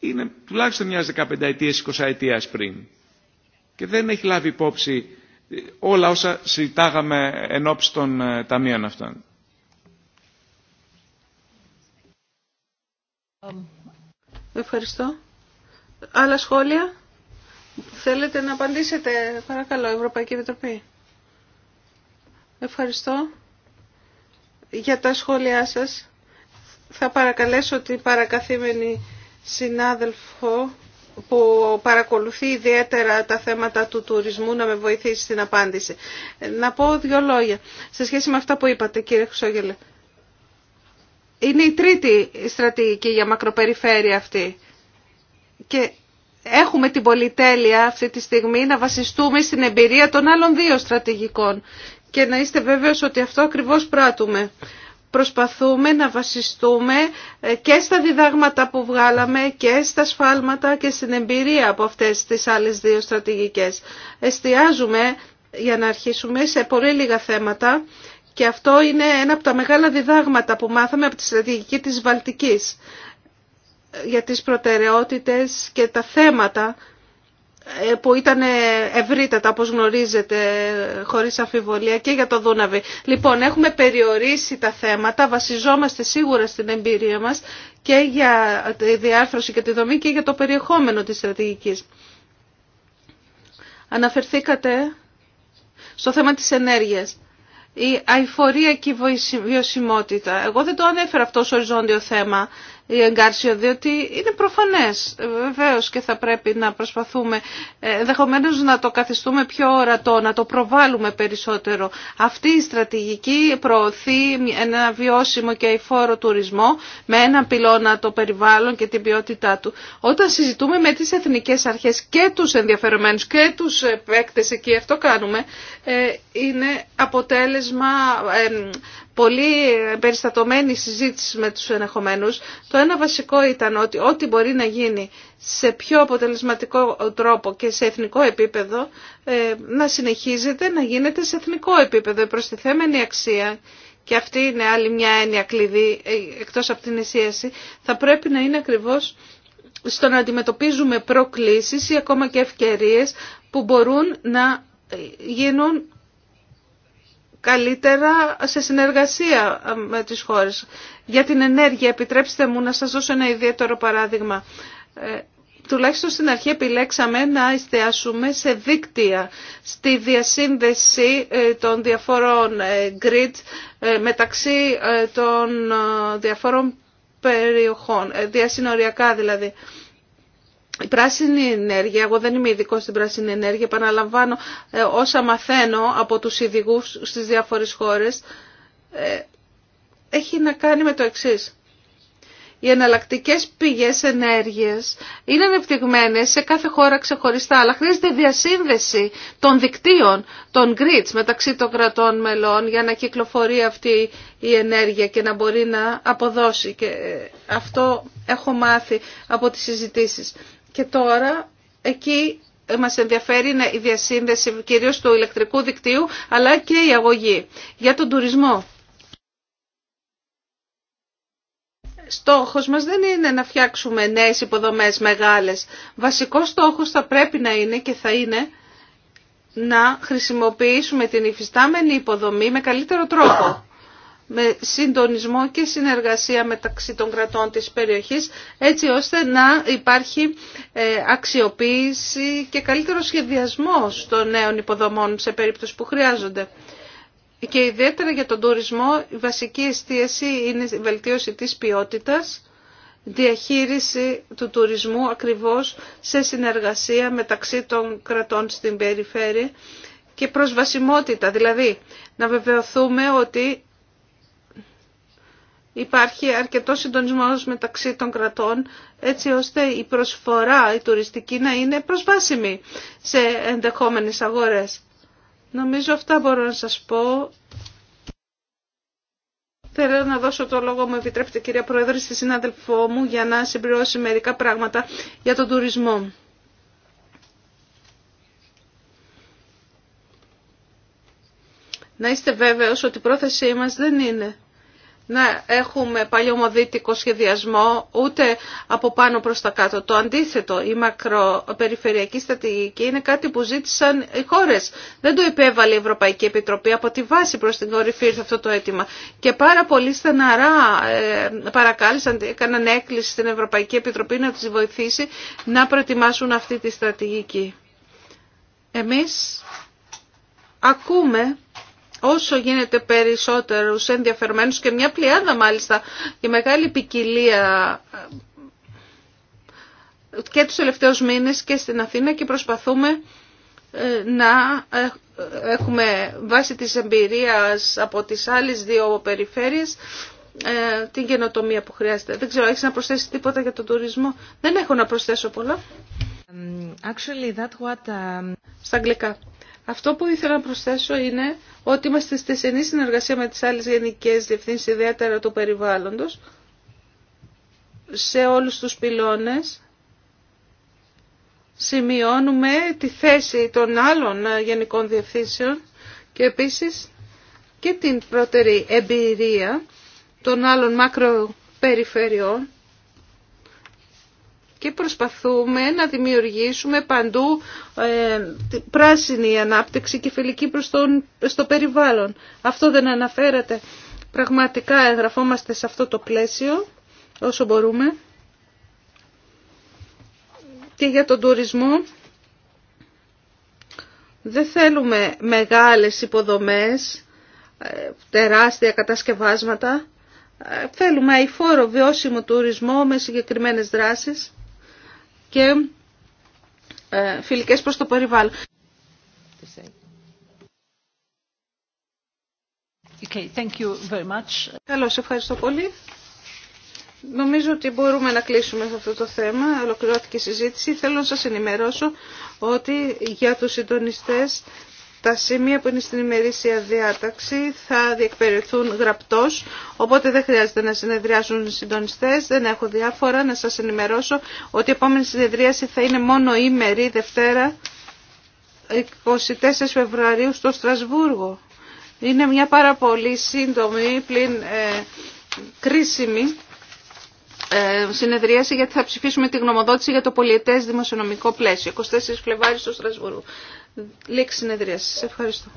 είναι τουλάχιστον μιας 15 ετίας, 20 ετίας πριν. Και δεν έχει λάβει υπόψη ε, όλα όσα συζητάγαμε εν ώψη των ταμείων αυτών. Ευχαριστώ. Άλλα σχόλια. Θέλετε να απαντήσετε, παρακαλώ, Ευρωπαϊκή Επιτροπή. Ευχαριστώ για τα σχόλιά σας. Θα παρακαλέσω την παρακαθήμενη συνάδελφο που παρακολουθεί ιδιαίτερα τα θέματα του τουρισμού να με βοηθήσει στην απάντηση. Να πω δύο λόγια σε σχέση με αυτά που είπατε κύριε Χρυσόγελε. Είναι η τρίτη στρατηγική για μακροπεριφέρεια αυτή. Και έχουμε την πολυτέλεια αυτή τη στιγμή να βασιστούμε στην εμπειρία των άλλων δύο στρατηγικών. Και να είστε βέβαιος ότι αυτό ακριβώς πράττουμε. Προσπαθούμε να βασιστούμε ε, και στα διδάγματα που βγάλαμε και στα σφάλματα και στην εμπειρία από αυτές τις άλλες δύο στρατηγικές. Εστιάζουμε για να αρχίσουμε σε πολύ λίγα θέματα και αυτό είναι ένα από τα μεγάλα διδάγματα που μάθαμε από τη στρατηγική της Βαλτικής για τις προτεραιότητες και τα θέματα ε, που ήταν ευρύτατα όπως γνωρίζετε χωρίς αμφιβολία και για το Δούναβι. Λοιπόν, έχουμε περιορίσει τα θέματα, βασιζόμαστε σίγουρα στην εμπειρία μας και για τη διάρθρωση και τη δομή και για το περιεχόμενο της στρατηγικής. Αναφερθήκατε στο θέμα της ενέργειας η αηφορία και η βιωσιμότητα. Εγώ δεν το ανέφερα αυτό ως οριζόντιο θέμα η εγκάρσιο, διότι είναι προφανές ε, βεβαίω και θα πρέπει να προσπαθούμε ε, ενδεχομένω να το καθιστούμε πιο ορατό, να το προβάλλουμε περισσότερο. Αυτή η στρατηγική προωθεί ένα βιώσιμο και αηφόρο τουρισμό με ένα πυλώνα το περιβάλλον και την ποιότητά του. Όταν συζητούμε με τις εθνικές αρχές και τους ενδιαφερομένους και τους παίκτες εκεί, αυτό κάνουμε, ε, είναι αποτέλεσμα πολύ περιστατωμένη συζήτηση με τους ενεχομένους. Το ένα βασικό ήταν ότι ό,τι μπορεί να γίνει σε πιο αποτελεσματικό τρόπο και σε εθνικό επίπεδο ε, να συνεχίζεται να γίνεται σε εθνικό επίπεδο. Η προστιθέμενη αξία και αυτή είναι άλλη μια έννοια κλειδί ε, εκτός από την αισίαση, θα πρέπει να είναι ακριβώς στο να αντιμετωπίζουμε προκλήσεις ή ακόμα και ευκαιρίες που μπορούν να γίνουν καλύτερα σε συνεργασία ε, με τις χώρες. Για την ενέργεια, επιτρέψτε μου να σας δώσω ένα ιδιαίτερο παράδειγμα. Ε, τουλάχιστον στην αρχή επιλέξαμε να εστιάσουμε σε δίκτυα, στη διασύνδεση ε, των διαφόρων grid μεταξύ των διαφόρων περιοχών, διασυνοριακά δηλαδή. Η πράσινη ενέργεια, εγώ δεν είμαι ειδικό στην πράσινη ενέργεια, επαναλαμβάνω ε, όσα μαθαίνω από τους ειδικού στις διάφορες χώρες, ε, έχει να κάνει με το εξής. Οι εναλλακτικέ πηγές ενέργειας είναι ανεπτυγμένες σε κάθε χώρα ξεχωριστά, αλλά χρειάζεται διασύνδεση των δικτύων, των grids μεταξύ των κρατών μελών για να κυκλοφορεί αυτή η ενέργεια και να μπορεί να αποδώσει. Και ε, αυτό έχω μάθει από τις συζητήσεις. Και τώρα εκεί μας ενδιαφέρει η διασύνδεση κυρίως του ηλεκτρικού δικτύου αλλά και η αγωγή. Για τον τουρισμό. Στόχος μας δεν είναι να φτιάξουμε νέες υποδομές μεγάλες. Βασικός στόχος θα πρέπει να είναι και θα είναι να χρησιμοποιήσουμε την υφιστάμενη υποδομή με καλύτερο τρόπο με συντονισμό και συνεργασία μεταξύ των κρατών της περιοχής έτσι ώστε να υπάρχει ε, αξιοποίηση και καλύτερο σχεδιασμό των νέων υποδομών σε περίπτωση που χρειάζονται. Και ιδιαίτερα για τον τουρισμό η βασική εστίαση είναι η βελτίωση της ποιότητας, διαχείριση του τουρισμού ακριβώς σε συνεργασία μεταξύ των κρατών στην περιφέρεια και προσβασιμότητα, δηλαδή να βεβαιωθούμε ότι υπάρχει αρκετό συντονισμός μεταξύ των κρατών έτσι ώστε η προσφορά η τουριστική να είναι προσβάσιμη σε ενδεχόμενες αγορές. Νομίζω αυτά μπορώ να σας πω. Θέλω να δώσω το λόγο, μου επιτρέπετε κυρία Πρόεδρε, στη συνάδελφό μου για να συμπληρώσει μερικά πράγματα για τον τουρισμό. Να είστε βέβαιος ότι η πρόθεσή μας δεν είναι να έχουμε παλιωμοδίτικο σχεδιασμό ούτε από πάνω προς τα κάτω. Το αντίθετο, η μακροπεριφερειακή στρατηγική είναι κάτι που ζήτησαν οι χώρες. Δεν το επέβαλε η Ευρωπαϊκή Επιτροπή, από τη βάση προς την κορυφή ήρθε αυτό το αίτημα. Και πάρα πολύ στεναρά ε, παρακάλεσαν, έκαναν έκκληση στην Ευρωπαϊκή Επιτροπή να τους βοηθήσει να προετοιμάσουν αυτή τη στρατηγική. Εμείς ακούμε όσο γίνεται περισσότερους ενδιαφερμένους και μια πλειάδα μάλιστα η μεγάλη ποικιλία και τους τελευταίους μήνες και στην Αθήνα και προσπαθούμε ε, να ε, έχουμε βάσει της εμπειρίας από τις άλλες δύο περιφέρειες ε, την καινοτομία που χρειάζεται. Δεν ξέρω, έχεις να προσθέσεις τίποτα για τον τουρισμό. Δεν έχω να προσθέσω πολλά. Actually, that what... Um, Στα αγγλικά. Αυτό που ήθελα να προσθέσω είναι ότι είμαστε στη στενή συνεργασία με τις άλλες γενικές διευθύνσεις, ιδιαίτερα του περιβάλλοντος, σε όλους τους πυλώνες. Σημειώνουμε τη θέση των άλλων γενικών διευθύνσεων και επίσης και την πρώτερη εμπειρία των άλλων μακροπεριφερειών και προσπαθούμε να δημιουργήσουμε παντού ε, πράσινη ανάπτυξη και φιλική προς τον, στο περιβάλλον. Αυτό δεν αναφέρατε. Πραγματικά εγγραφόμαστε σε αυτό το πλαίσιο όσο μπορούμε. Και για τον τουρισμό δεν θέλουμε μεγάλες υποδομές, ε, τεράστια κατασκευάσματα. Ε, θέλουμε αηφόρο βιώσιμο τουρισμό με συγκεκριμένες δράσεις και ε, φιλικές προς το περιβάλλον. Okay, thank you very much. Καλώς, ευχαριστώ πολύ. Νομίζω ότι μπορούμε να κλείσουμε αυτό το θέμα. Ολοκληρώθηκε η συζήτηση. Θέλω να σας ενημερώσω ότι για τους συντονιστές τα σημεία που είναι στην ημερήσια διάταξη θα διεκπαιρεθούν γραπτός, οπότε δεν χρειάζεται να συνεδριάσουν οι συντονιστές, δεν έχω διάφορα να σας ενημερώσω ότι η επόμενη συνεδρίαση θα είναι μόνο ημερή Δευτέρα 24 Φεβρουαρίου στο Στρασβούργο. Είναι μια πάρα πολύ σύντομη, πλην ε, κρίσιμη ε, συνεδρίαση γιατί θα ψηφίσουμε τη γνωμοδότηση για το πολιετές δημοσιονομικό πλαίσιο 24 Φλεβάρι στο Στρασβούργο. Λήξη συνεδρίασης. Ευχαριστώ.